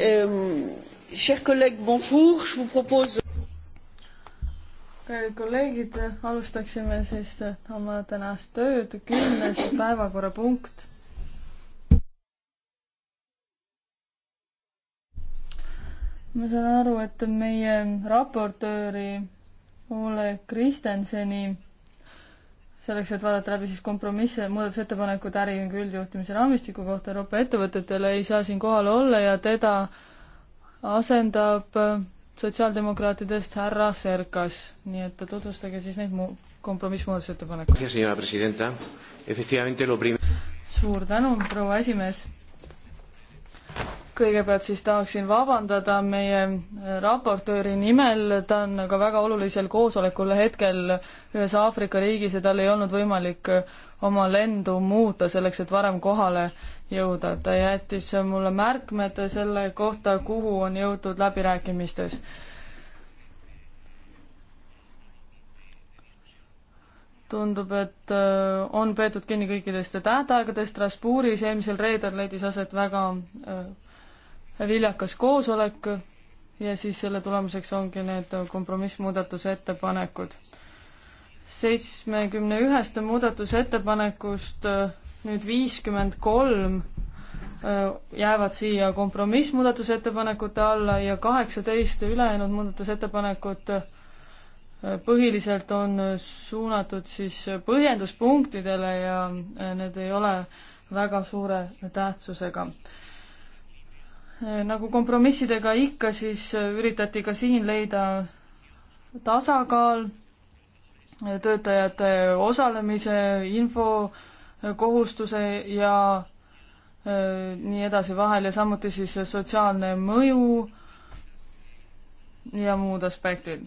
Euh, chers collègues, bonjour. Je vous propose. kallid kolleegid, alustaksime siis äh, oma tänast tööd, kümnes päevakorrapunkt. ma saan aru, et meie raportööri Ole Kristenseni selleks, et vaadata läbi siis kompromisse, muudatusettepanekud äriühingu üldjuhtimise raamistiku kohta Euroopa ettevõtetele, ei saa siin kohal olla ja teda asendab sotsiaaldemokraatidest härra Serkas, nii et tutvustage siis neid mu-, kompromissmuudatusettepanekuid. suur tänu, proua esimees kõigepealt siis tahaksin vabandada meie äh, raportööri nimel, ta on aga väga olulisel koosolekul hetkel ühes Aafrika riigis ja tal ei olnud võimalik äh, oma lendu muuta selleks, et varem kohale jõuda. ta jättis mulle märkmed selle kohta, kuhu on jõutud läbirääkimistes. tundub, et äh, on peetud kinni kõikidest tähtaegadest, Strasbourgis eelmisel reedel leidis aset väga viljakas koosolek ja siis selle tulemuseks ongi need kompromissmuudatuse ettepanekud. seitsmekümne ühest muudatusettepanekust nüüd viiskümmend kolm äh, jäävad siia kompromissmuudatusettepanekute alla ja kaheksateist ülejäänud muudatusettepanekut äh, põhiliselt on suunatud siis põhjenduspunktidele ja äh, need ei ole väga suure tähtsusega nagu kompromissidega ikka, siis üritati ka siin leida tasakaal töötajate osalemise, info äh, kohustuse ja äh, nii edasi vahel ja samuti siis sotsiaalne mõju ja muud aspektid.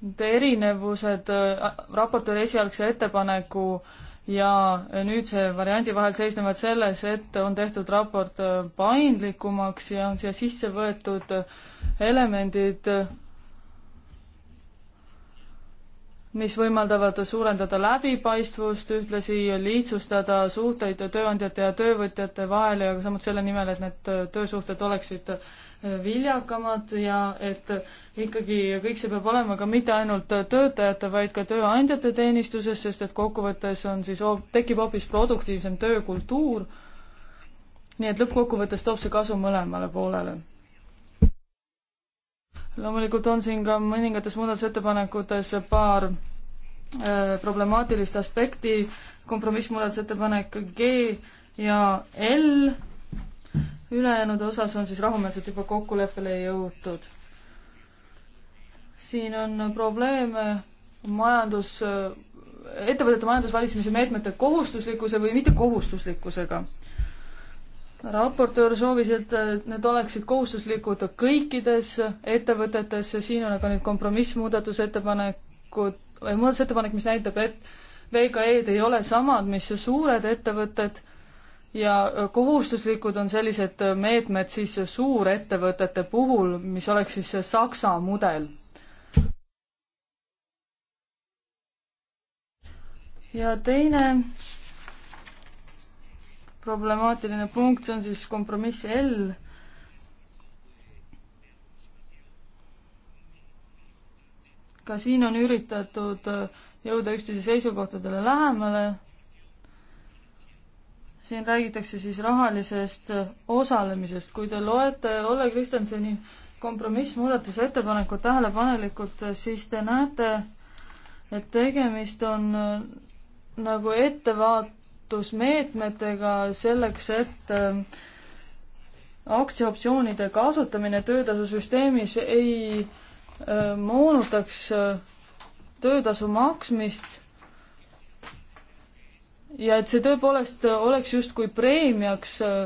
Need erinevused äh, raportööri esialgse ettepaneku äh, ja nüüdse variandi vahel seisnevad selles, et on tehtud raport äh, paindlikumaks ja on siia sisse võetud äh, elemendid, äh, mis võimaldavad suurendada läbipaistvust, ühtlasi lihtsustada suhteid tööandjate ja töövõtjate vahel ja samuti selle nimel, et need töösuhted oleksid viljakamad ja et ikkagi kõik see peab olema ka mitte ainult töötajate, vaid ka tööandjate teenistuses, sest et kokkuvõttes on siis, tekib hoopis produktiivsem töökultuur. nii et lõppkokkuvõttes toob see kasu mõlemale poolele loomulikult on siin ka mõningates muudatusettepanekutes paar äh, problemaatilist aspekti, kompromissmuudatusettepanek G ja L ülejäänud osas on siis rahumeelselt juba kokkuleppele jõutud. siin on probleeme majandus, ettevõtete majandusvalitsemise meetmete kohustuslikkuse või mittekohustuslikkusega. raportöör soovis, et need oleksid kohustuslikud kõikides ettevõtetes, siin on aga nüüd kompromissmuudatusettepanekud, muudatusettepanek, mis näitab, et VKE-d ei ole samad, mis suured ettevõtted ja äh, kohustuslikud on sellised äh, meetmed siis äh, suurettevõtete puhul, mis oleks siis see Saksa mudel. ja teine problemaatiline punkt, see on siis kompromiss L. ka siin on üritatud jõuda üksteise seisukohtadele lähemale siin räägitakse siis rahalisest osalemisest. kui te loete Olle Kristjanseni kompromissmuudatuse ettepanekut tähelepanelikult, siis te näete, et tegemist on äh, nagu ettevaatusmeetmetega selleks, et äh, aktsiaoptsioonide kasutamine töötasusüsteemis ei äh, moonutaks töötasu maksmist ja et see tõepoolest oleks justkui preemiaks äh,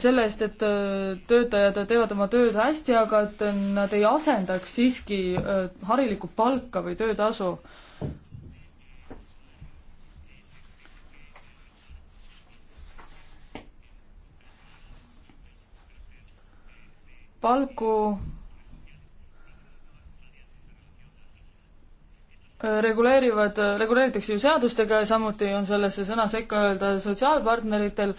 selle eest, et äh, töötajad teevad oma tööd hästi, aga et nad ei asendaks siiski äh, harilikku palka või töötasu. palku reguleerivad, reguleeritakse ju seadustega ja samuti on sellesse sõna sekka öelda sotsiaalpartneritel,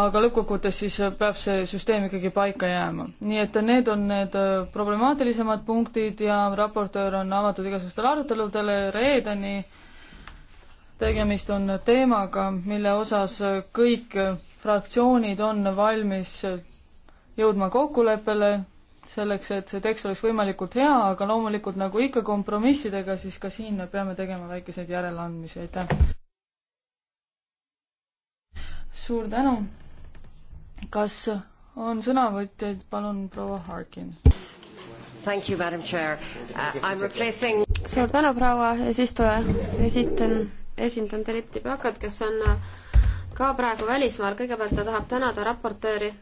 aga lõppkokkuvõttes siis peab see süsteem ikkagi paika jääma. nii et need on need problemaatilisemad punktid ja raportöör on avatud igasugustele aruteludele reedeni. tegemist on teemaga, mille osas kõik fraktsioonid on valmis jõudma kokkuleppele selleks, et see tekst oleks võimalikult hea, aga loomulikult nagu ikka kompromissidega, siis ka siin me peame tegema väikeseid järeleandmisi, aitäh. suur tänu. kas on sõnavõtjaid, palun, proua Harkin? Thank you, madam chair uh,. I am replacing. suur tänu, proua eesistuja. esitan, esindan Delipti Pakat, kes on ka praegu välismaal. kõigepealt ta tahab tänada raportööri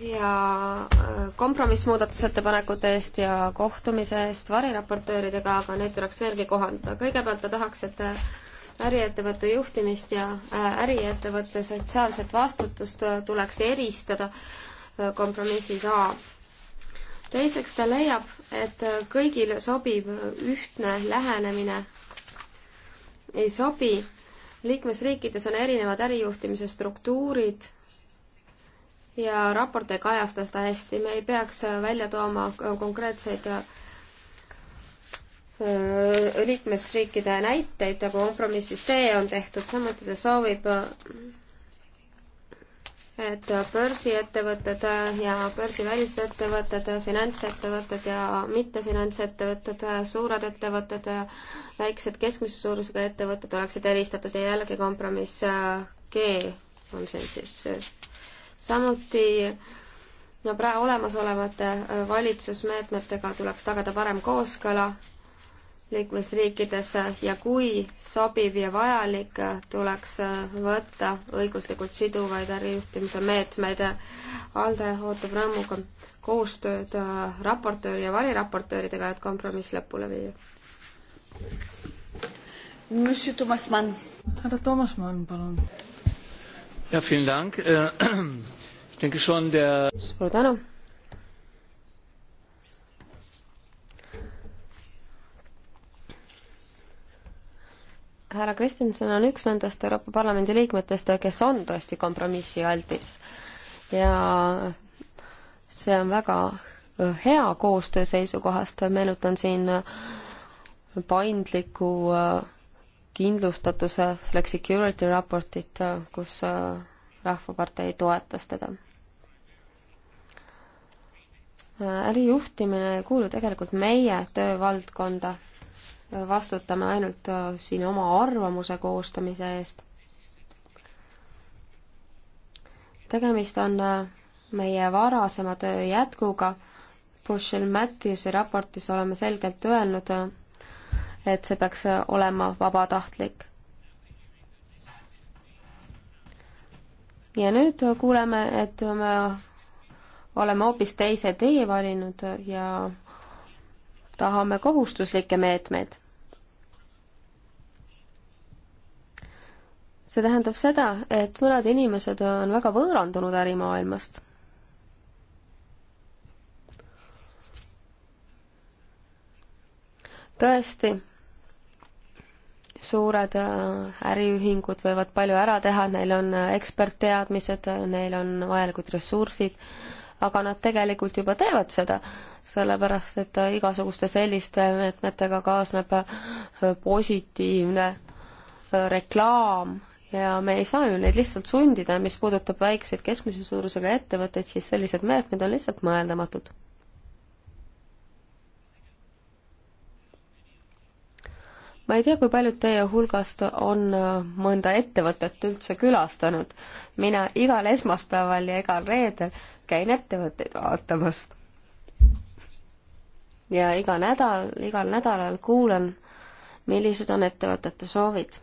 ja äh, kompromissmuudatusettepanekute eest ja kohtumise eest variraportööridega, aga neid tuleks veelgi kohandada. kõigepealt ta tahaks, et äh, äriettevõtte juhtimist ja äh, äriettevõtte sotsiaalset vastutust tuleks eristada kompromissis A. teiseks ta leiab, et kõigile sobiv ühtne lähenemine ei sobi. liikmesriikides on erinevad ärijuhtimise struktuurid ja raport ei kajasta seda hästi, me ei peaks välja tooma konkreetseid äh, liikmesriikide näiteid, aga kompromissis tee on tehtud, samuti ta soovib, et börsiettevõtted ja börsivälised ettevõtted, finantsettevõtted ja mittefinantsettevõtted, suured ettevõtted, väiksed keskmise suurusega ettevõtted oleksid eristatud ja jällegi kompromiss äh, G on siin siis äh, samuti no praegu olemasolevate äh, valitsusmeetmetega tuleks tagada parem kooskõla liikmesriikides ja kui sobiv ja vajalik, äh, tuleks äh, võtta õiguslikult siduvaid ärijuhtimise meetmeid. Alde ootab rõõmuga koostööd raportööri ja variraportööridega, et kompromiss lõpule viia. härra Toomas Mann, palun. Äh, suur tänu. härra Kristjanson on üks nendest Euroopa Parlamendi liikmetest, kes on tõesti kompromissialdis ja see on väga äh, hea koostöö seisukohast, meenutan siin paindliku äh, kindlustatuse Flexicurity raportit, kus äh, Rahvapartei toetas teda. Äh, ärijuhtimine ei kuulu tegelikult meie töövaldkonda, äh, vastutame ainult siin oma arvamuse koostamise eest. tegemist on meie varasema töö jätkuga, Bushel Matthewsi raportis oleme selgelt öelnud, et see peaks olema vabatahtlik. ja nüüd kuuleme, et me oleme hoopis teise tee valinud ja tahame kohustuslikke meetmeid. see tähendab seda, et mõned inimesed on väga võõrandunud ärimaailmast tõesti, suured äh, äriühingud võivad palju ära teha, neil on äh, ekspertteadmised, äh, neil on vajalikud ressursid, aga nad tegelikult juba teevad seda, sellepärast et igasuguste selliste meetmetega kaasneb positiivne reklaam ja me ei saa ju neid lihtsalt sundida, mis puudutab väikseid keskmise suurusega ettevõtteid, siis sellised meetmed on lihtsalt mõeldamatud ma ei tea, kui paljud teie hulgast on äh, mõnda ettevõtet üldse külastanud. mina igal esmaspäeval ja igal reedel käin ettevõtteid vaatamas. ja iga nädal, igal nädalal kuulan, millised on ettevõtete soovid.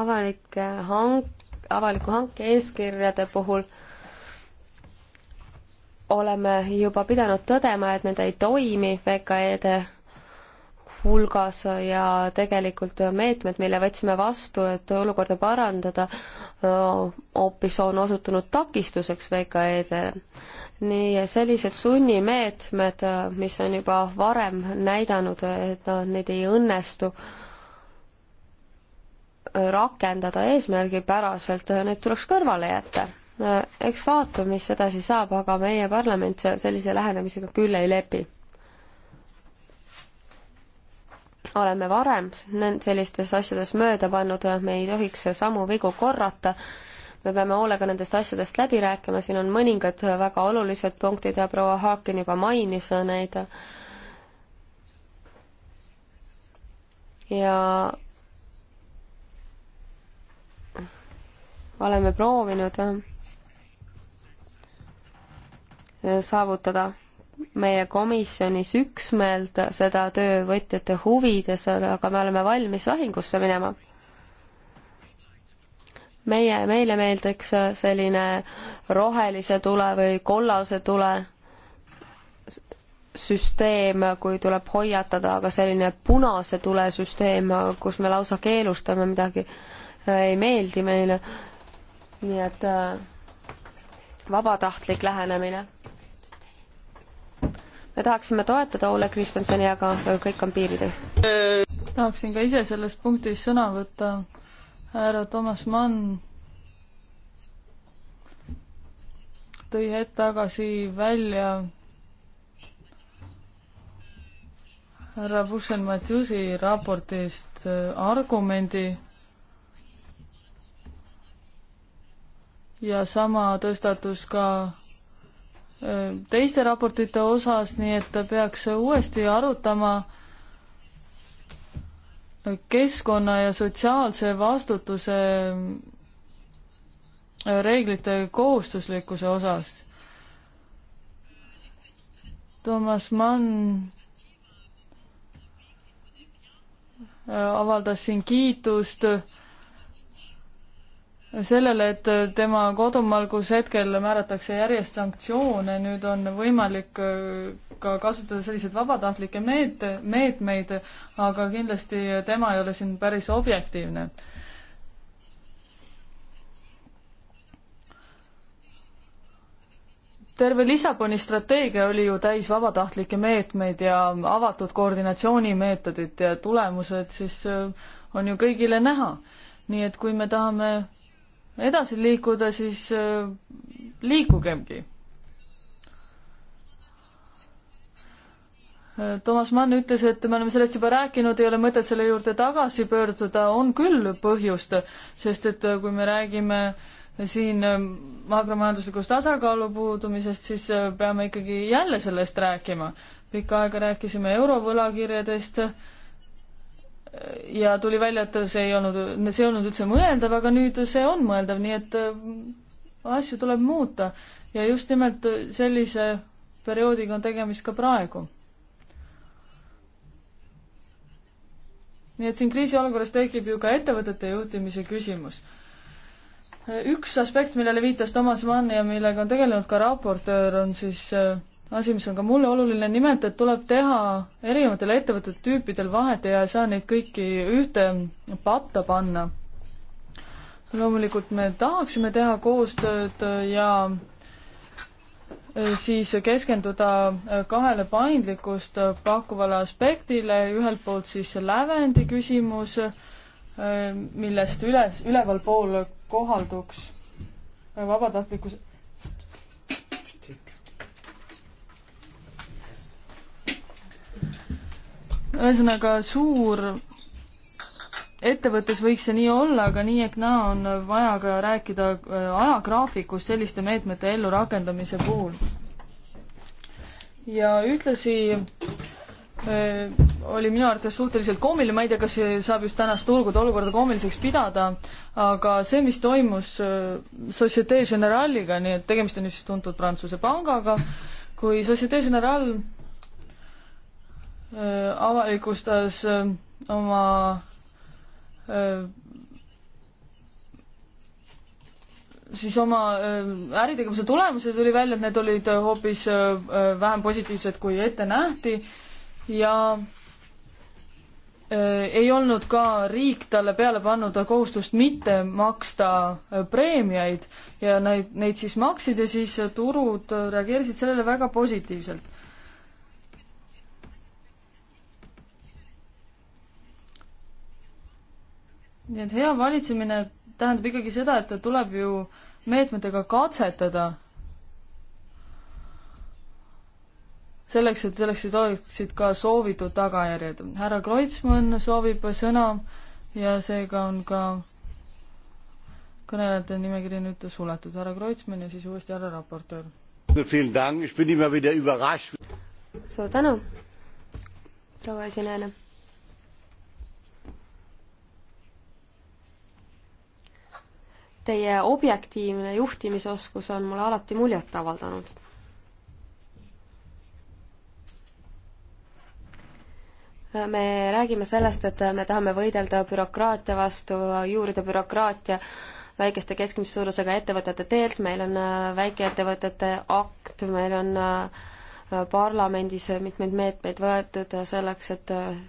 avalike hank-, avaliku hanke eeskirjade puhul oleme juba pidanud tõdema, et need ei toimi VKE-de hulgas ja tegelikult meetmed, mille võtsime vastu, et olukorda parandada, hoopis on osutunud takistuseks VKE-dele. nii sellised sunnimeetmed, mis on juba varem näidanud, et noh, neid ei õnnestu rakendada eesmärgipäraselt, need tuleks kõrvale jätta Äh, eks vaata, mis edasi saab, aga meie parlament sellise lähenemisega küll ei lepi. oleme varem sellistes asjades mööda pannud, me ei tohiks samu vigu korrata, me peame hoolega nendest asjadest läbi rääkima, siin on mõningad väga olulised punktid ja proua Haakin juba mainis neid. ja oleme proovinud äh, saavutada meie komisjonis üksmeelt seda töövõtjate huvides, aga me oleme valmis lahingusse minema. meie, meile meeldiks selline rohelise tule või kollase tule süsteem, kui tuleb hoiatada, aga selline punase tule süsteem, kus me lausa keelustame midagi, ei meeldi meile. nii et äh, vabatahtlik lähenemine me tahaksime toetada Ole Kristjansoni, aga kõik on piirides. tahaksin ka ise selles punktis sõna võtta. härra Toomas Mann tõi hetk tagasi välja härra Bushel Matjusi raportist äh, argumendi ja sama tõstatus ka teiste raportite osas, nii et peaks uuesti arutama keskkonna ja sotsiaalse vastutuse reeglite kohustuslikkuse osas. Toomas Mann avaldas siin kiitust äh, sellele, et tema kodumaal, kus hetkel määratakse järjest sanktsioone, nüüd on võimalik äh, ka kasutada selliseid vabatahtlikke meet-, meetmeid, aga kindlasti tema ei ole siin päris objektiivne. terve Lissaboni strateegia oli ju täis vabatahtlikke meetmeid ja avatud koordinatsioonimeetodit ja tulemused siis äh, on ju kõigile näha. nii et kui me tahame edasi liikuda, siis äh, liikugemgi. Äh, Toomas Mann ütles, et me oleme sellest juba rääkinud, ei ole mõtet selle juurde tagasi pöörduda, on küll põhjust, sest et äh, kui me räägime siin makromajanduslikust tasakaalu puudumisest, siis peame ikkagi jälle sellest rääkima. pikka aega rääkisime eurovõlakirjadest, ja tuli välja, et see ei olnud, see ei olnud üldse mõeldav, aga nüüd see on mõeldav, nii et äh, asju tuleb muuta. ja just nimelt sellise perioodiga on tegemist ka praegu. nii et siin kriisiolukorras tekib ju ka ettevõtete juhtimise küsimus. üks aspekt, millele viitas Toomas Mann ja millega on tegelenud ka raportöör, on siis äh, asi, mis on ka mulle oluline, nimelt, et tuleb teha erinevatel ettevõtete tüüpidel vahet ja ei saa neid kõiki ühte patta panna. loomulikult me tahaksime teha koostööd ja eh, siis keskenduda eh, kahele paindlikkust pakkuvale aspektile, ühelt poolt siis see lävendi küsimus, eh, millest üles, ülevalpool kohalduks vabatahtlikus ühesõnaga, suur ettevõttes võiks see nii olla, aga nii ehk naa on vaja ka rääkida äh, ajagraafikust selliste meetmete ellurakendamise puhul. ja ühtlasi äh, oli minu arvates suhteliselt koomiline, ma ei tea, kas saab just tänast turgude olukorda koomiliseks pidada, aga see, mis toimus äh, Societe Generaliga, nii et tegemist on siis tuntud Prantsuse pangaga, kui Societe General Äh, avalikustas äh, oma äh, siis oma äritegevuse tulemusel tuli välja, et need olid hoopis vähem positiivsed, kui ette nähti ja ei olnud ka riik talle peale pannud kohustust mitte maksta preemiaid ja neid, neid siis maksid ja siis turud reageerisid sellele väga positiivselt. nii et hea valitsemine tähendab ikkagi seda, et tuleb ju meetmetega katsetada. selleks, et selleksid oleksid ka soovitud tagajärjed. härra Kreutzmann soovib sõna ja seega on ka kõnelejate nimekiri nüüd suletud. härra Kreutzmann ja siis uuesti härra raportöör. suur tänu, proua esinejana Teie objektiivne juhtimisoskus on mulle alati muljet avaldanud. me räägime sellest, et me tahame võidelda bürokraatia vastu, juurida bürokraatia väikeste keskmise suurusega ettevõtete teelt, meil on äh, väikeettevõtete akt, meil on äh, parlamendis mitmeid meetmeid võetud selleks, et äh,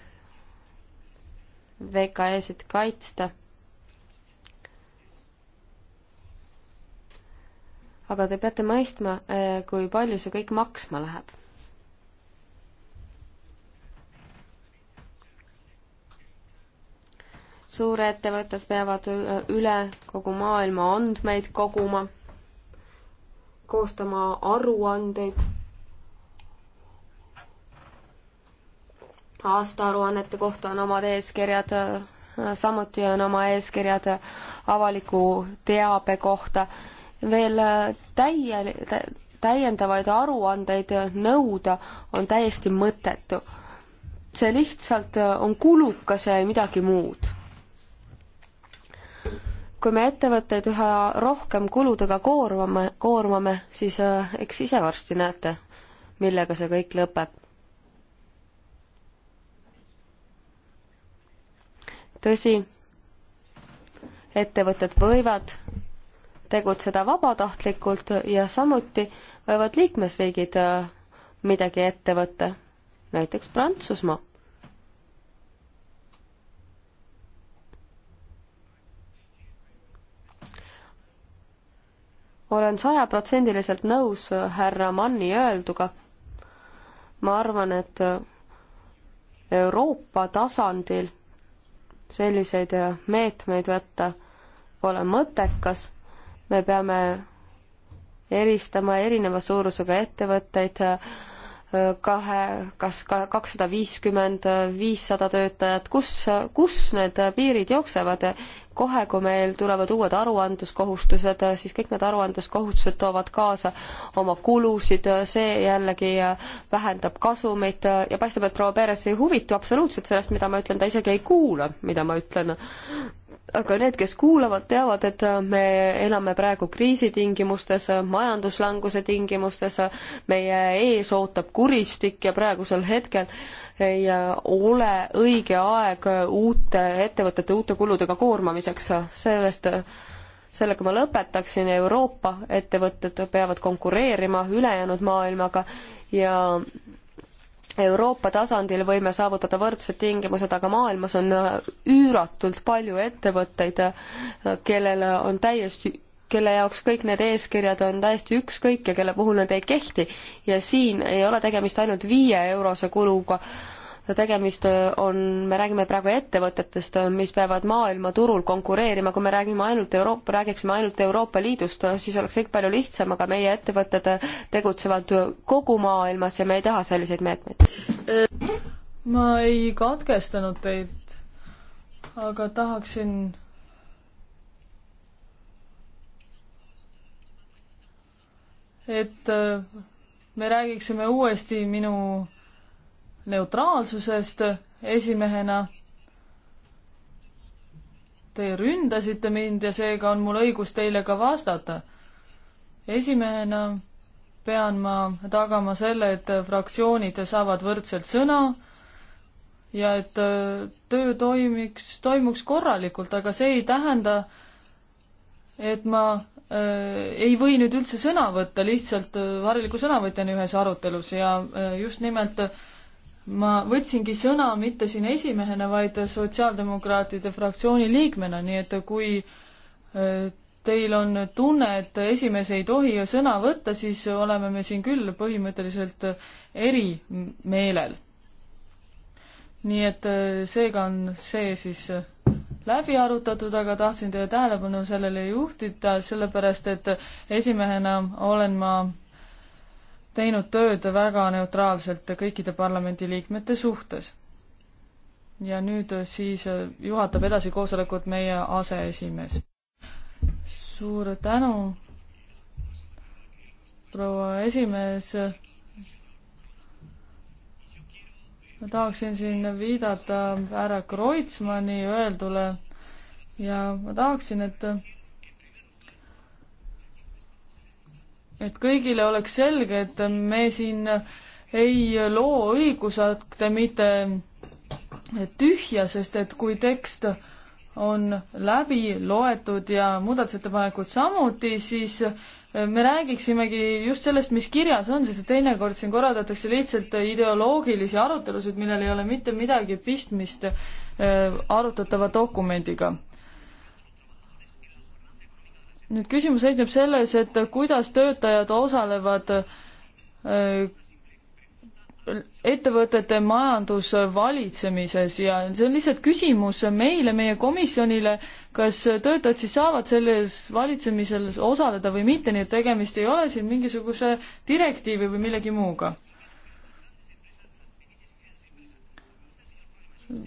VKE-sid kaitsta aga te peate mõistma, eh, kui palju see kõik maksma läheb. suurettevõtted peavad eh, üle kogu maailma andmeid koguma, koostama aruandeid, aastaaruannete kohta on omad eeskirjad, eh, samuti on oma eeskirjad avaliku teabe kohta veel äh, täie, täiendavaid aruandeid nõuda on täiesti mõttetu. see lihtsalt äh, on kulukas ja ei midagi muud. kui me ettevõtteid üha rohkem kuludega koormame, koormame, siis äh, eks ise varsti näete, millega see kõik lõpeb. tõsi, ettevõtted võivad tegutseda vabatahtlikult ja samuti võivad liikmesriigid äh, midagi ette võtta, näiteks Prantsusmaa. olen sajaprotsendiliselt nõus äh, härra Manni öelduga. ma arvan, et äh, Euroopa tasandil selliseid meetmeid võtta pole mõttekas me peame eristama erineva suurusega ettevõtteid, kahe, kas ka kakssada viiskümmend, viissada töötajat, kus, kus need piirid jooksevad? kohe, kui meil tulevad uued aruandluskohustused, siis kõik need aruandluskohustused toovad kaasa oma kulusid, see jällegi vähendab kasumit ja paistab, et proua Peres ei huvitu absoluutselt sellest, mida ma ütlen, ta isegi ei kuula, mida ma ütlen aga need, kes kuulavad, teavad, et me elame praegu kriisitingimustes, majanduslanguse tingimustes, meie ees ootab kuristik ja praegusel hetkel ei ole õige aeg uute ettevõtete uute kuludega koormamiseks, sellest sellega ma lõpetaksin, Euroopa ettevõtted peavad konkureerima ülejäänud maailmaga ja Euroopa tasandil võime saavutada võrdsed tingimused, aga maailmas on äh, üüratult palju ettevõtteid, äh, kellel on täiesti, kelle jaoks kõik need eeskirjad on täiesti ükskõik ja kelle puhul need ei kehti. ja siin ei ole tegemist ainult viie eurose kuluga tegemist äh, on, me räägime praegu ettevõtetest, äh, mis peavad maailmaturul konkureerima, kui me räägime ainult Euroopa, räägiksime ainult Euroopa Liidust, äh, siis oleks kõik palju lihtsam, aga meie ettevõtted tegutsevad kogu maailmas ja me ei taha selliseid meetmeid. ma ei katkestanud teid, aga tahaksin et me räägiksime uuesti minu neutraalsusest esimehena. Te ründasite mind ja seega on mul õigus teile ka vastata. esimehena pean ma tagama selle, et fraktsioonid saavad võrdselt sõna ja et töö toimiks, toimuks korralikult, aga see ei tähenda, et ma äh, ei või nüüd üldse sõna võtta lihtsalt äh, hariliku sõnavõtjana ühes arutelus ja äh, just nimelt äh, ma võtsingi sõna mitte siin esimehena, vaid Sotsiaaldemokraatide fraktsiooni liikmena, nii et kui äh, teil on tunne, et esimees ei tohi sõna võtta, siis oleme me siin küll põhimõtteliselt eri meelel. nii et äh, seega on see siis läbi arutatud, aga tahtsin teie tähelepanu sellele juhtida, sellepärast et esimehena olen ma teinud tööd väga neutraalselt kõikide parlamendiliikmete suhtes. ja nüüd äh, siis äh, juhatab edasi koosolekut meie aseesimees. suur tänu, proua esimees. ma tahaksin siin viidata härra Kreutzmanni öeldule ja ma tahaksin, et et kõigile oleks selge, et me siin ei loo õigusakte mitte tühja, sest et kui tekst on läbi loetud ja muudatusettepanekud samuti, siis me räägiksimegi just sellest, mis kirjas on, sest teinekord siin korraldatakse lihtsalt ideoloogilisi arutelusid, millel ei ole mitte midagi pistmist äh, arutatava dokumendiga nüüd küsimus seisneb selles, et kuidas töötajad osalevad äh, ettevõtete majandusvalitsemises ja see on lihtsalt küsimus meile, meie komisjonile, kas töötajad siis saavad selles valitsemises osaleda või mitte, nii et tegemist ei ole siin mingisuguse direktiivi või millegi muuga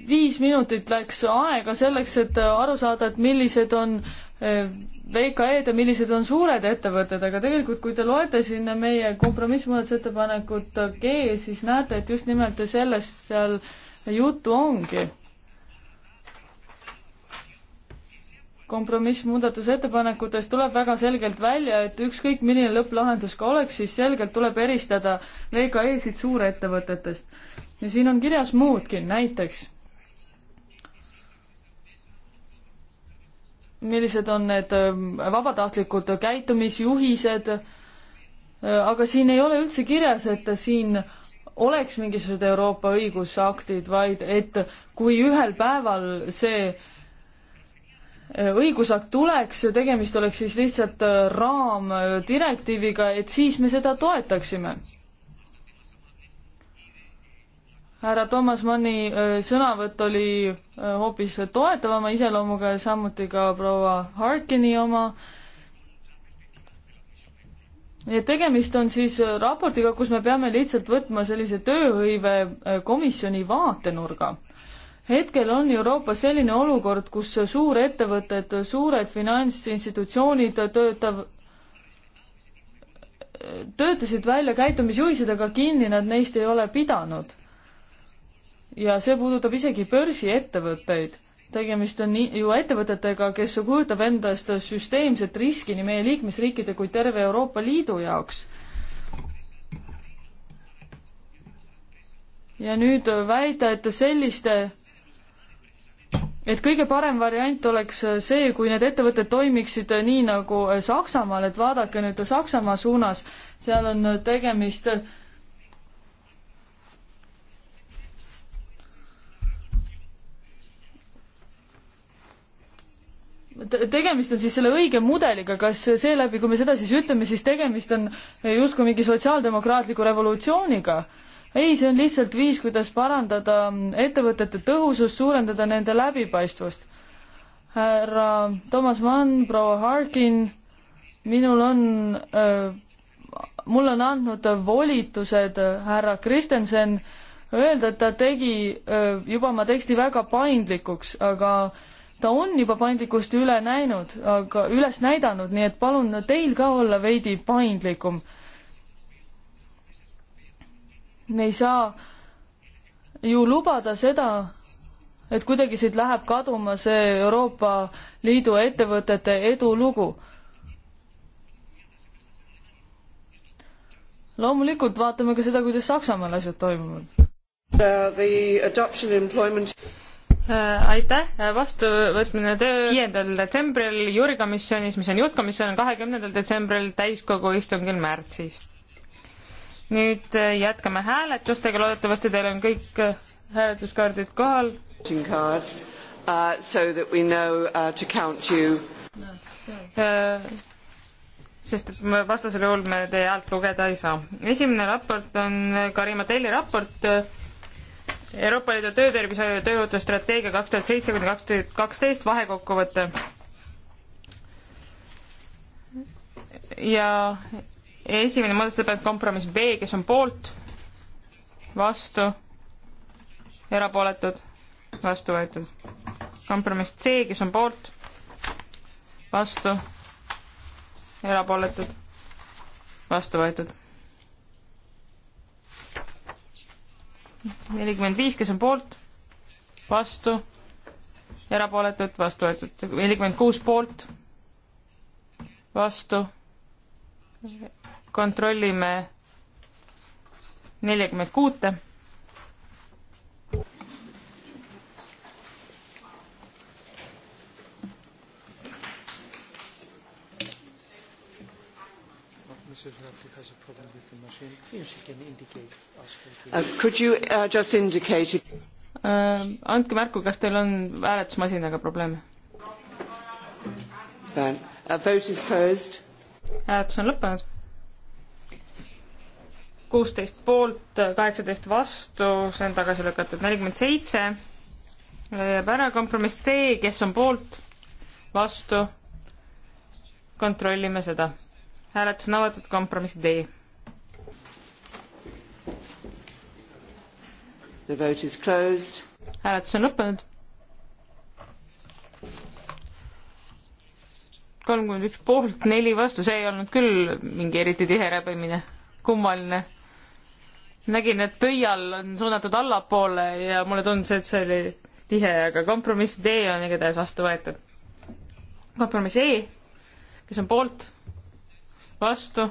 viis minutit läks aega selleks, et aru saada, et millised on VKE-d ja millised on suured ettevõtted, aga tegelikult kui te loete sinna meie kompromissmuudatusettepanekut G, siis näete, et just nimelt sellest seal juttu ongi kompromissmuudatusettepanekutest tuleb väga selgelt välja, et ükskõik milline lõpplahendus ka oleks, siis selgelt tuleb eristada VKE-sid suurettevõtetest. ja siin on kirjas muudki, näiteks millised on need ähm, vabatahtlikud käitumisjuhised, äh, aga siin ei ole üldse kirjas, et siin oleks mingisugused Euroopa õigusaktid, vaid et kui ühel päeval see äh, õigusakt tuleks, tegemist oleks siis lihtsalt äh, raamdirektiiviga, et siis me seda toetaksime härra Toomas Manni äh, sõnavõtt oli äh, hoopis toetavama iseloomuga ja samuti ka proua Harkini oma. nii et tegemist on siis raportiga, kus me peame lihtsalt võtma sellise tööhõive äh, komisjoni vaatenurga. hetkel on Euroopas selline olukord, kus suurettevõtted, suured finantsinstitutsioonid töötav, töötasid välja käitumisjuhised, aga kinni nad neist ei ole pidanud ja see puudutab isegi börsiettevõtteid. tegemist on nii, ju ettevõtetega, kes kujutab endast süsteemset riski nii meie liikmesriikide kui terve Euroopa Liidu jaoks. ja nüüd väita, et selliste et kõige parem variant oleks see, kui need ettevõtted toimiksid nii nagu Saksamaal, et vaadake nüüd Saksamaa suunas, seal on tegemist tegemist on siis selle õige mudeliga, kas seeläbi, kui me seda siis ütleme, siis tegemist on justkui mingi sotsiaaldemokraatliku revolutsiooniga? ei, see on lihtsalt viis, kuidas parandada ettevõtete tõhusust, suurendada nende läbipaistvust. härra Toomas Mann, proua Harkin, minul on öö, mulle on andnud volitused härra Kristensen öelda, et ta tegi juba oma teksti väga paindlikuks, aga ta on juba paindlikkust üle näinud, aga üles näidanud, nii et palun teil ka olla veidi paindlikum. me ei saa ju lubada seda, et kuidagi siit läheb kaduma see Euroopa Liidu ettevõtete edulugu. loomulikult vaatame ka seda, kuidas Saksamaal asjad toimuvad uh,. Äh, aitäh, äh, vastuvõtmine viiendal detsembril juurikomisjonis, mis on juhtkomisjon, kahekümnendal detsembril täiskogu istungil märtsis. nüüd äh, jätkame hääletustega, loodetavasti teil on kõik hääletuskaardid kohal. Uh, so that we know uh, to count you no,. Uh, sest et vastasel juhul me teie häält lugeda ei saa. esimene raport on Karima Telli raport uh, Euroopa Liidu töötervishoiu ja tööohutusstrateegia kaks tuhat seitse kuni kaks tuhat kaksteist vahekokkuvõte. ja esimene muudatusettepanek kompromiss B, kes on poolt, vastu, erapooletud, vastu võetud. kompromiss C, kes on poolt, vastu, erapooletud, vastu võetud nelikümmend viis, kes on poolt, vastu, erapooletud, vastu võetud, nelikümmend kuus poolt, vastu, kontrollime neljakümmet kuute Mrs. Murphy has a problem with the machine. You know, she can indicate us. Uh, could you uh, just indicate it? Uh, andke märku, kas teil on hääletusmasinaga probleeme. Uh, vote is closed. hääletus on lõppenud. kuusteist poolt, kaheksateist vastu, see on tagasi lükatud, nelikümmend seitse jääb ära, kompromiss D, kes on poolt, vastu, kontrollime seda hääletus on avatud, kompromiss D. The vote is closed. hääletus on lõppenud. kolmkümmend üks poolt, neli vastu, see ei olnud küll mingi eriti tihe räbimine, kummaline. nägin, et pöial on suunatud allapoole ja mulle tundus, et see oli tihe, aga kompromiss D on igatahes vastu võetud. kompromiss E, kes on poolt vastu,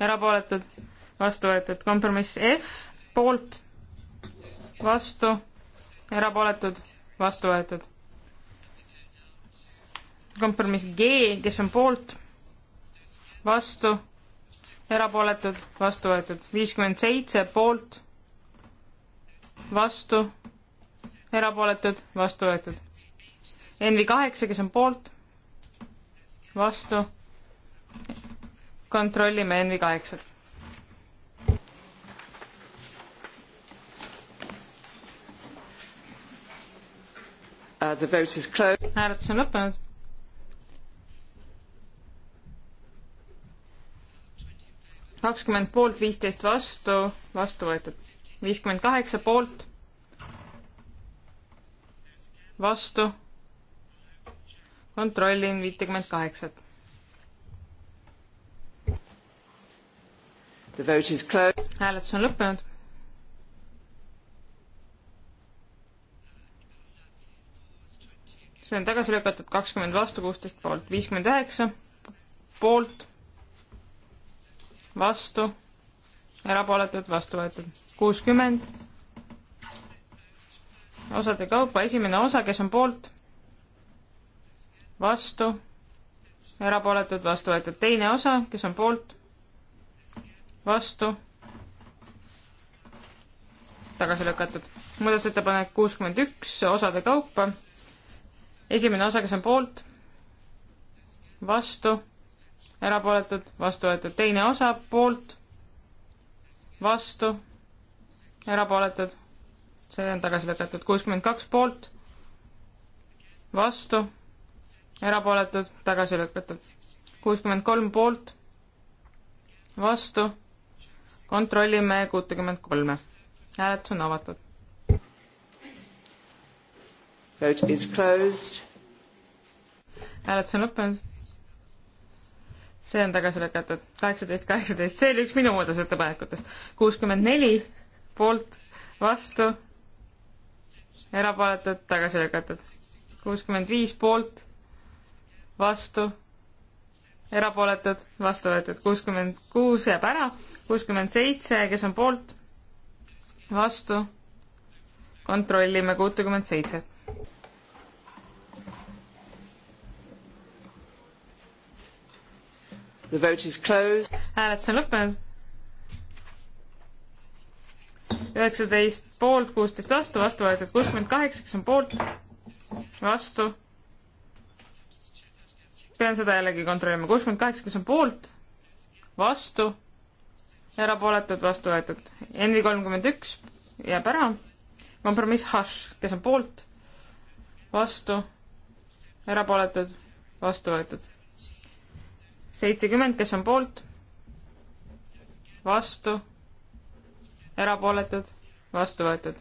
erapooletud, vastu võetud. kompromiss F, poolt, vastu, erapooletud, vastu võetud. kompromiss G, kes on poolt, vastu, erapooletud, vastu võetud. viiskümmend seitse poolt, vastu, erapooletud, vastu võetud. NV kaheksa, kes on poolt, vastu, kontrollime NV kaheksat. Uh, hääletus on lõppenud. kakskümmend poolt, viisteist vastu, vastu võetud. viiskümmend kaheksa poolt, vastu, kontrollin viitekümmet kaheksat. hääletus on lõppenud. see on tagasi lükatud kakskümmend vastu, kuusteist poolt, viiskümmend üheksa poolt, vastu, erapooletud, vastu võetud, kuuskümmend osade kaupa, esimene osa, kes on poolt, vastu, erapooletud, vastu võetud, teine osa, kes on poolt, vastu, tagasi lükatud. muudatusettepanek kuuskümmend üks osade kaupa. esimene osa, kes on poolt, vastu, erapooletud, vastu võetud. teine osa, poolt, vastu, erapooletud, see on tagasi lükatud. kuuskümmend kaks poolt, vastu, erapooletud, tagasi lükatud. kuuskümmend kolm poolt, vastu kontrollime kuutekümmet kolme. hääletus on avatud. hääletus on lõppenud. see on tagasi lükatud. kaheksateist, kaheksateist, see oli üks minu muudatusettepanekutest. kuuskümmend neli poolt, vastu, erapooletud, tagasi lükatud. kuuskümmend viis poolt, vastu erapooletud, vastu võetud kuuskümmend kuus jääb ära, kuuskümmend seitse, kes on poolt, vastu, kontrollime kuutekümmet seitset. The vote is closed. hääletus on lõppenud. üheksateist poolt, kuusteist vastu, vastu võetud kuuskümmend kaheksa, kes on poolt, vastu pean seda jällegi kontrollima, kuuskümmend kaheksa, kes on poolt, vastu, erapooletud, vastu võetud. NV kolmkümmend üks jääb ära, kompromiss Hush, kes on poolt, vastu, erapooletud, vastu võetud. seitsekümmend, kes on poolt, vastu, erapooletud, vastu võetud.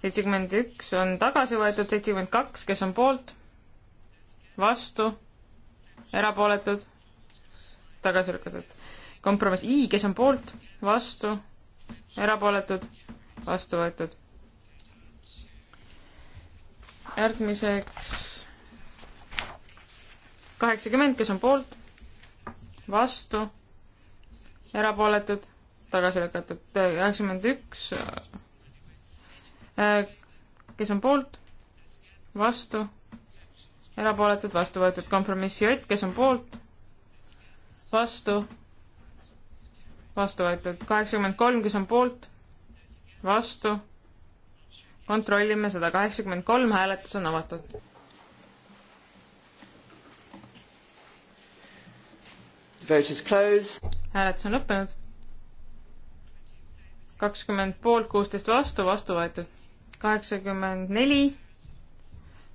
seitsekümmend üks on tagasi võetud, seitsekümmend kaks, kes on poolt, vastu erapooletud, tagasi lükatud. kompromiss I, kes on poolt, vastu, erapooletud, vastu võetud. järgmiseks kaheksakümmend, kes on poolt, vastu, erapooletud, tagasi lükatud. kaheksakümmend üks, kes on poolt, vastu erapooletud, vastu võetud kompromiss J, kes on poolt, vastu, vastu võetud kaheksakümmend kolm, kes on poolt, vastu, kontrollime sada kaheksakümmend kolm, hääletus on avatud. hääletus on lõppenud. kakskümmend poolt, kuusteist vastu, vastu võetud kaheksakümmend neli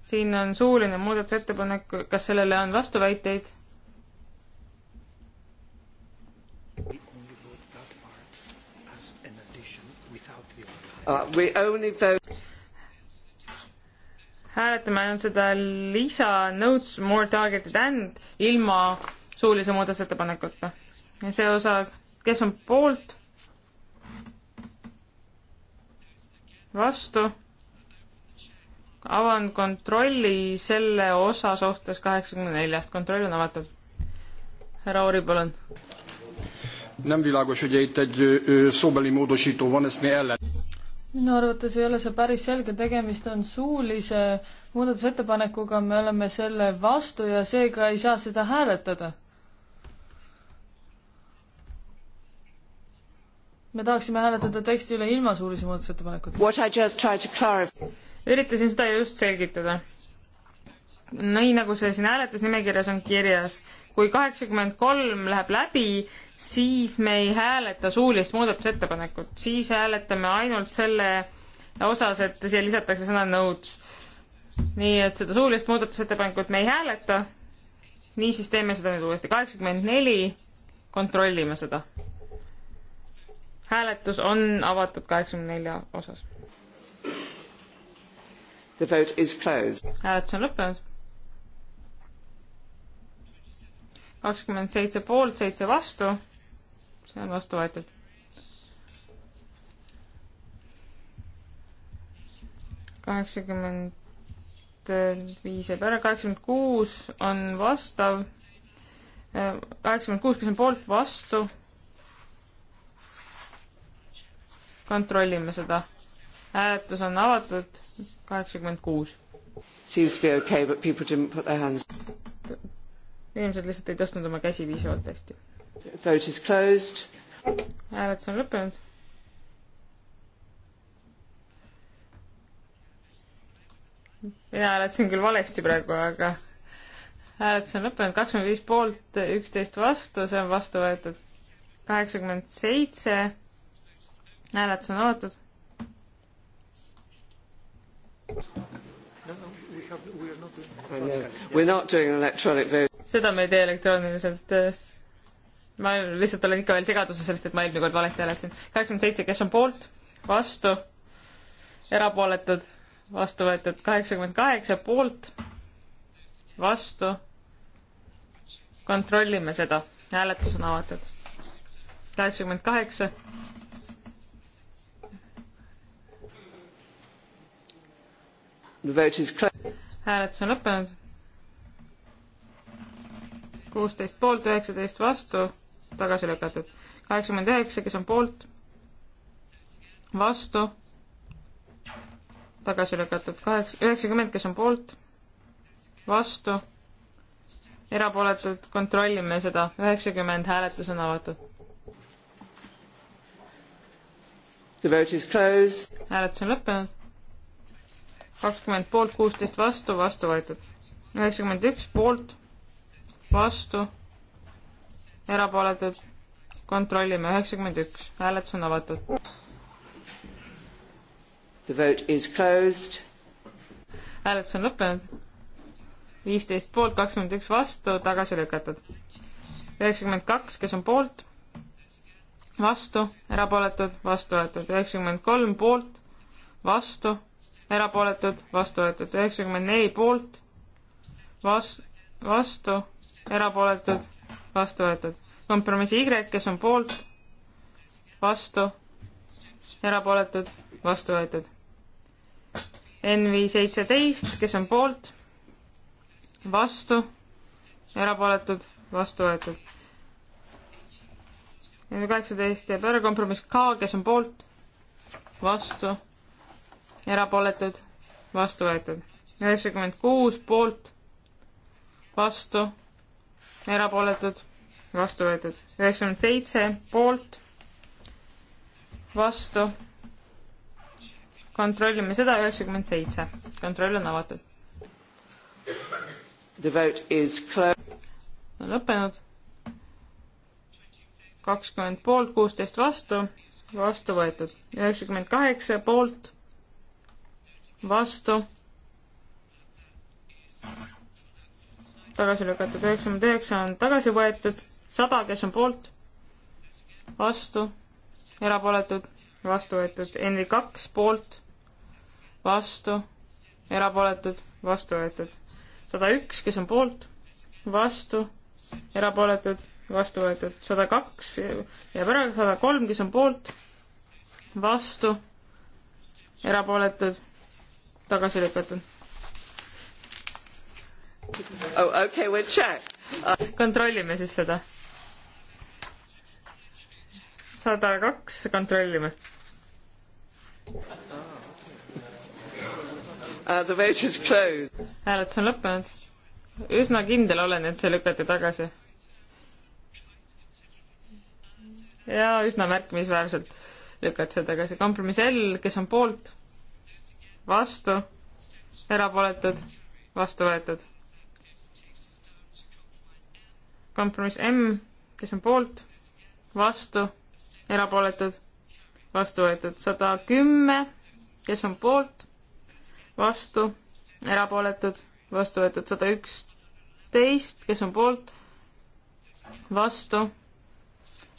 siin on suuline muudatusettepanek, kas sellele on vastuväiteid? Uh, hääletame ainult seda lisa notes more targeted and ilma suulise muudatusettepanekuta. ja see osa, kes on poolt? vastu avan kontrolli selle osa suhtes kaheksakümne neljast, kontroll on avatud. härra Oori, palun. Nem világos, hogy itt egy szóbeli módosító van, ezt mi ellen? minu arvates ei ole see päris selge, tegemist on suulise muudatusettepanekuga, me oleme selle vastu ja seega ei saa seda hääletada. me tahaksime hääletada teksti üle ilma suulise muudatusettepanekuta üritasin seda just selgitada. nii nagu see siin hääletusnimekirjas on kirjas, kui kaheksakümmend kolm läheb läbi, siis me ei hääleta suulist muudatusettepanekut, siis hääletame ainult selle osas, et siia lisatakse sõna nõuds. nii et seda suulist muudatusettepanekut me ei hääleta. niisiis teeme seda nüüd uuesti, kaheksakümmend neli, kontrollime seda. hääletus on avatud kaheksakümne nelja osas. The vote is closed. hääletus on lõppenud. kakskümmend seitse poolt, seitse vastu. see on vastu võetud. kaheksakümmend viis jääb ära, kaheksakümmend kuus on vastav, kaheksakümmend kuus, kes on poolt, vastu. kontrollime seda. hääletus on avatud kaheksakümmend kuus. Seems to be okay, but people didn't put their hands. inimesed lihtsalt ei tõstnud oma käsi piisavalt hästi. Vote is closed. hääletus on lõppenud. mina hääletasin küll valesti praegu, aga hääletus on lõppenud, kakskümmend viis poolt, üksteist vastu, see on vastu võetud kaheksakümmend seitse. hääletus on avatud. Oh, seda me ei tee elektrooniliselt. Äh, ma lihtsalt olen ikka veel segaduses sellest, et ma eelmine kord valesti hääletasin. kaheksakümmend seitse, kes on poolt, vastu, erapooletud, vastu võetud kaheksakümmend kaheksa, poolt, vastu. kontrollime seda, hääletus on avatud. kaheksakümmend kaheksa hääletus on lõppenud. kuusteist poolt, üheksateist vastu, tagasi lükatud. kaheksakümmend üheksa, kes on poolt, vastu, tagasi lükatud. kaheksa, üheksakümmend, kes on poolt, vastu, erapooletult kontrollime seda. üheksakümmend, hääletus on avatud. hääletus on lõppenud kakskümmend poolt, kuusteist vastu, vastu võetud. üheksakümmend üks poolt, vastu, erapooletud, kontrollime, üheksakümmend üks, hääletus on avatud. The vote is closed. hääletus on lõppenud. viisteist poolt, kakskümmend üks vastu, tagasi lükatud. üheksakümmend kaks, kes on poolt, vastu, erapooletud, vastu võetud. üheksakümmend kolm poolt, vastu erapooletud, vastu võetud üheksakümmend neli poolt, vas-, vastu, erapooletud, vastu võetud. kompromiss Y, kes on poolt, vastu, erapooletud, vastu võetud. NV seitseteist, kes on poolt, vastu, erapooletud, vastu võetud. NV kaheksateist jääb ära, kompromiss K, kes on poolt, vastu erapooletud, vastu võetud. üheksakümmend kuus poolt, vastu, erapooletud, vastu võetud. üheksakümmend seitse poolt, vastu, kontrollime seda, üheksakümmend seitse. kontroll on avatud. The vote is closed. on lõppenud. kakskümmend poolt, kuusteist vastu, vastu võetud. üheksakümmend kaheksa poolt vastu. tagasi lükatud üheksakümmend üheksa on tagasi võetud, sada, kes on poolt, vastu, erapooletud, vastu võetud, NV kaks poolt, vastu, erapooletud, vastu võetud, sada üks, kes on poolt, vastu, erapooletud, vastu võetud, sada kaks jääb ära, sada kolm, kes on poolt, vastu, erapooletud tagasi lükatud oh,. Okay, we'll check uh.... kontrollime siis seda. sada kaks, kontrollime uh,. The vote is closed. hääletus on lõppenud. üsna kindel olen, et see lükati tagasi. ja üsna märkimisväärselt lükati see tagasi. kompromiss L, kes on poolt vastu, erapooletud, vastu võetud. kompromiss M, kes on poolt, vastu, erapooletud, vastu võetud. sada kümme, kes on poolt, vastu, erapooletud, vastu võetud. sada üksteist, kes on poolt, vastu,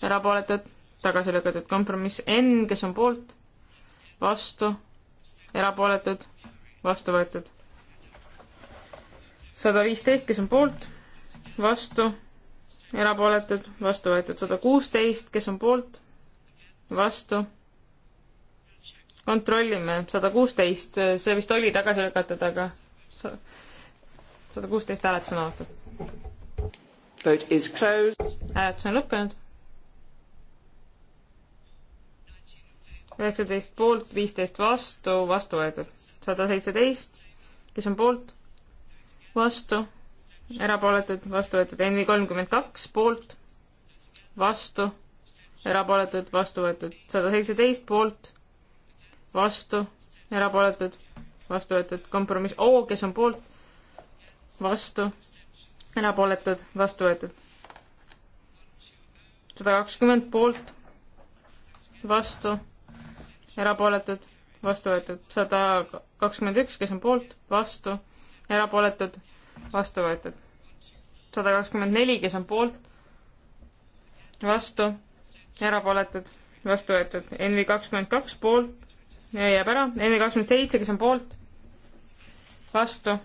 erapooletud, tagasi lükatud. kompromiss N, kes on poolt, vastu erapooletud, vastu võetud. sada viisteist, kes on poolt, vastu, erapooletud, vastu võetud. sada kuusteist, kes on poolt, vastu. kontrollime, sada kuusteist, see vist oli tagasi lükatud, aga sada kuusteist hääletus on avatud. hääletus on lõppenud üheksateist poolt, viisteist vastu, vastu võetud. sada seitseteist, kes on poolt, vastu, erapooletud, vastu võetud. NV kolmkümmend kaks poolt, vastu, erapooletud, vastu võetud. sada seitseteist poolt, vastu, erapooletud, vastu võetud. kompromiss O, kes on poolt, vastu, erapooletud, vastu võetud. sada kakskümmend poolt, vastu erapooletud, vastu võetud. sada kakskümmend üks, kes on poolt, vastu, erapooletud, vastu võetud. sada kakskümmend neli, kes on poolt, vastu, erapooletud, vastu võetud. NV kakskümmend kaks poolt, jääb ära. NV kakskümmend seitse, kes on poolt, vastu,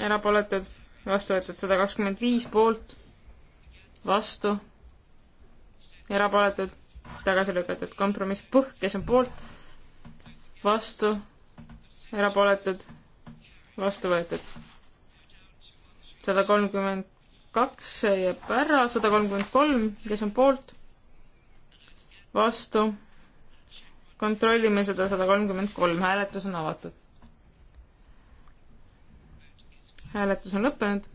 erapooletud, vastu võetud. sada kakskümmend viis poolt, vastu, erapooletud, tagasi lükatud. kompromiss Põhk, kes on poolt vastu, erapooletud, vastu võetud. sada kolmkümmend kaks, see jääb ära, sada kolmkümmend kolm, kes on poolt, vastu, kontrollime seda sada kolmkümmend kolm, hääletus on avatud. hääletus on lõppenud.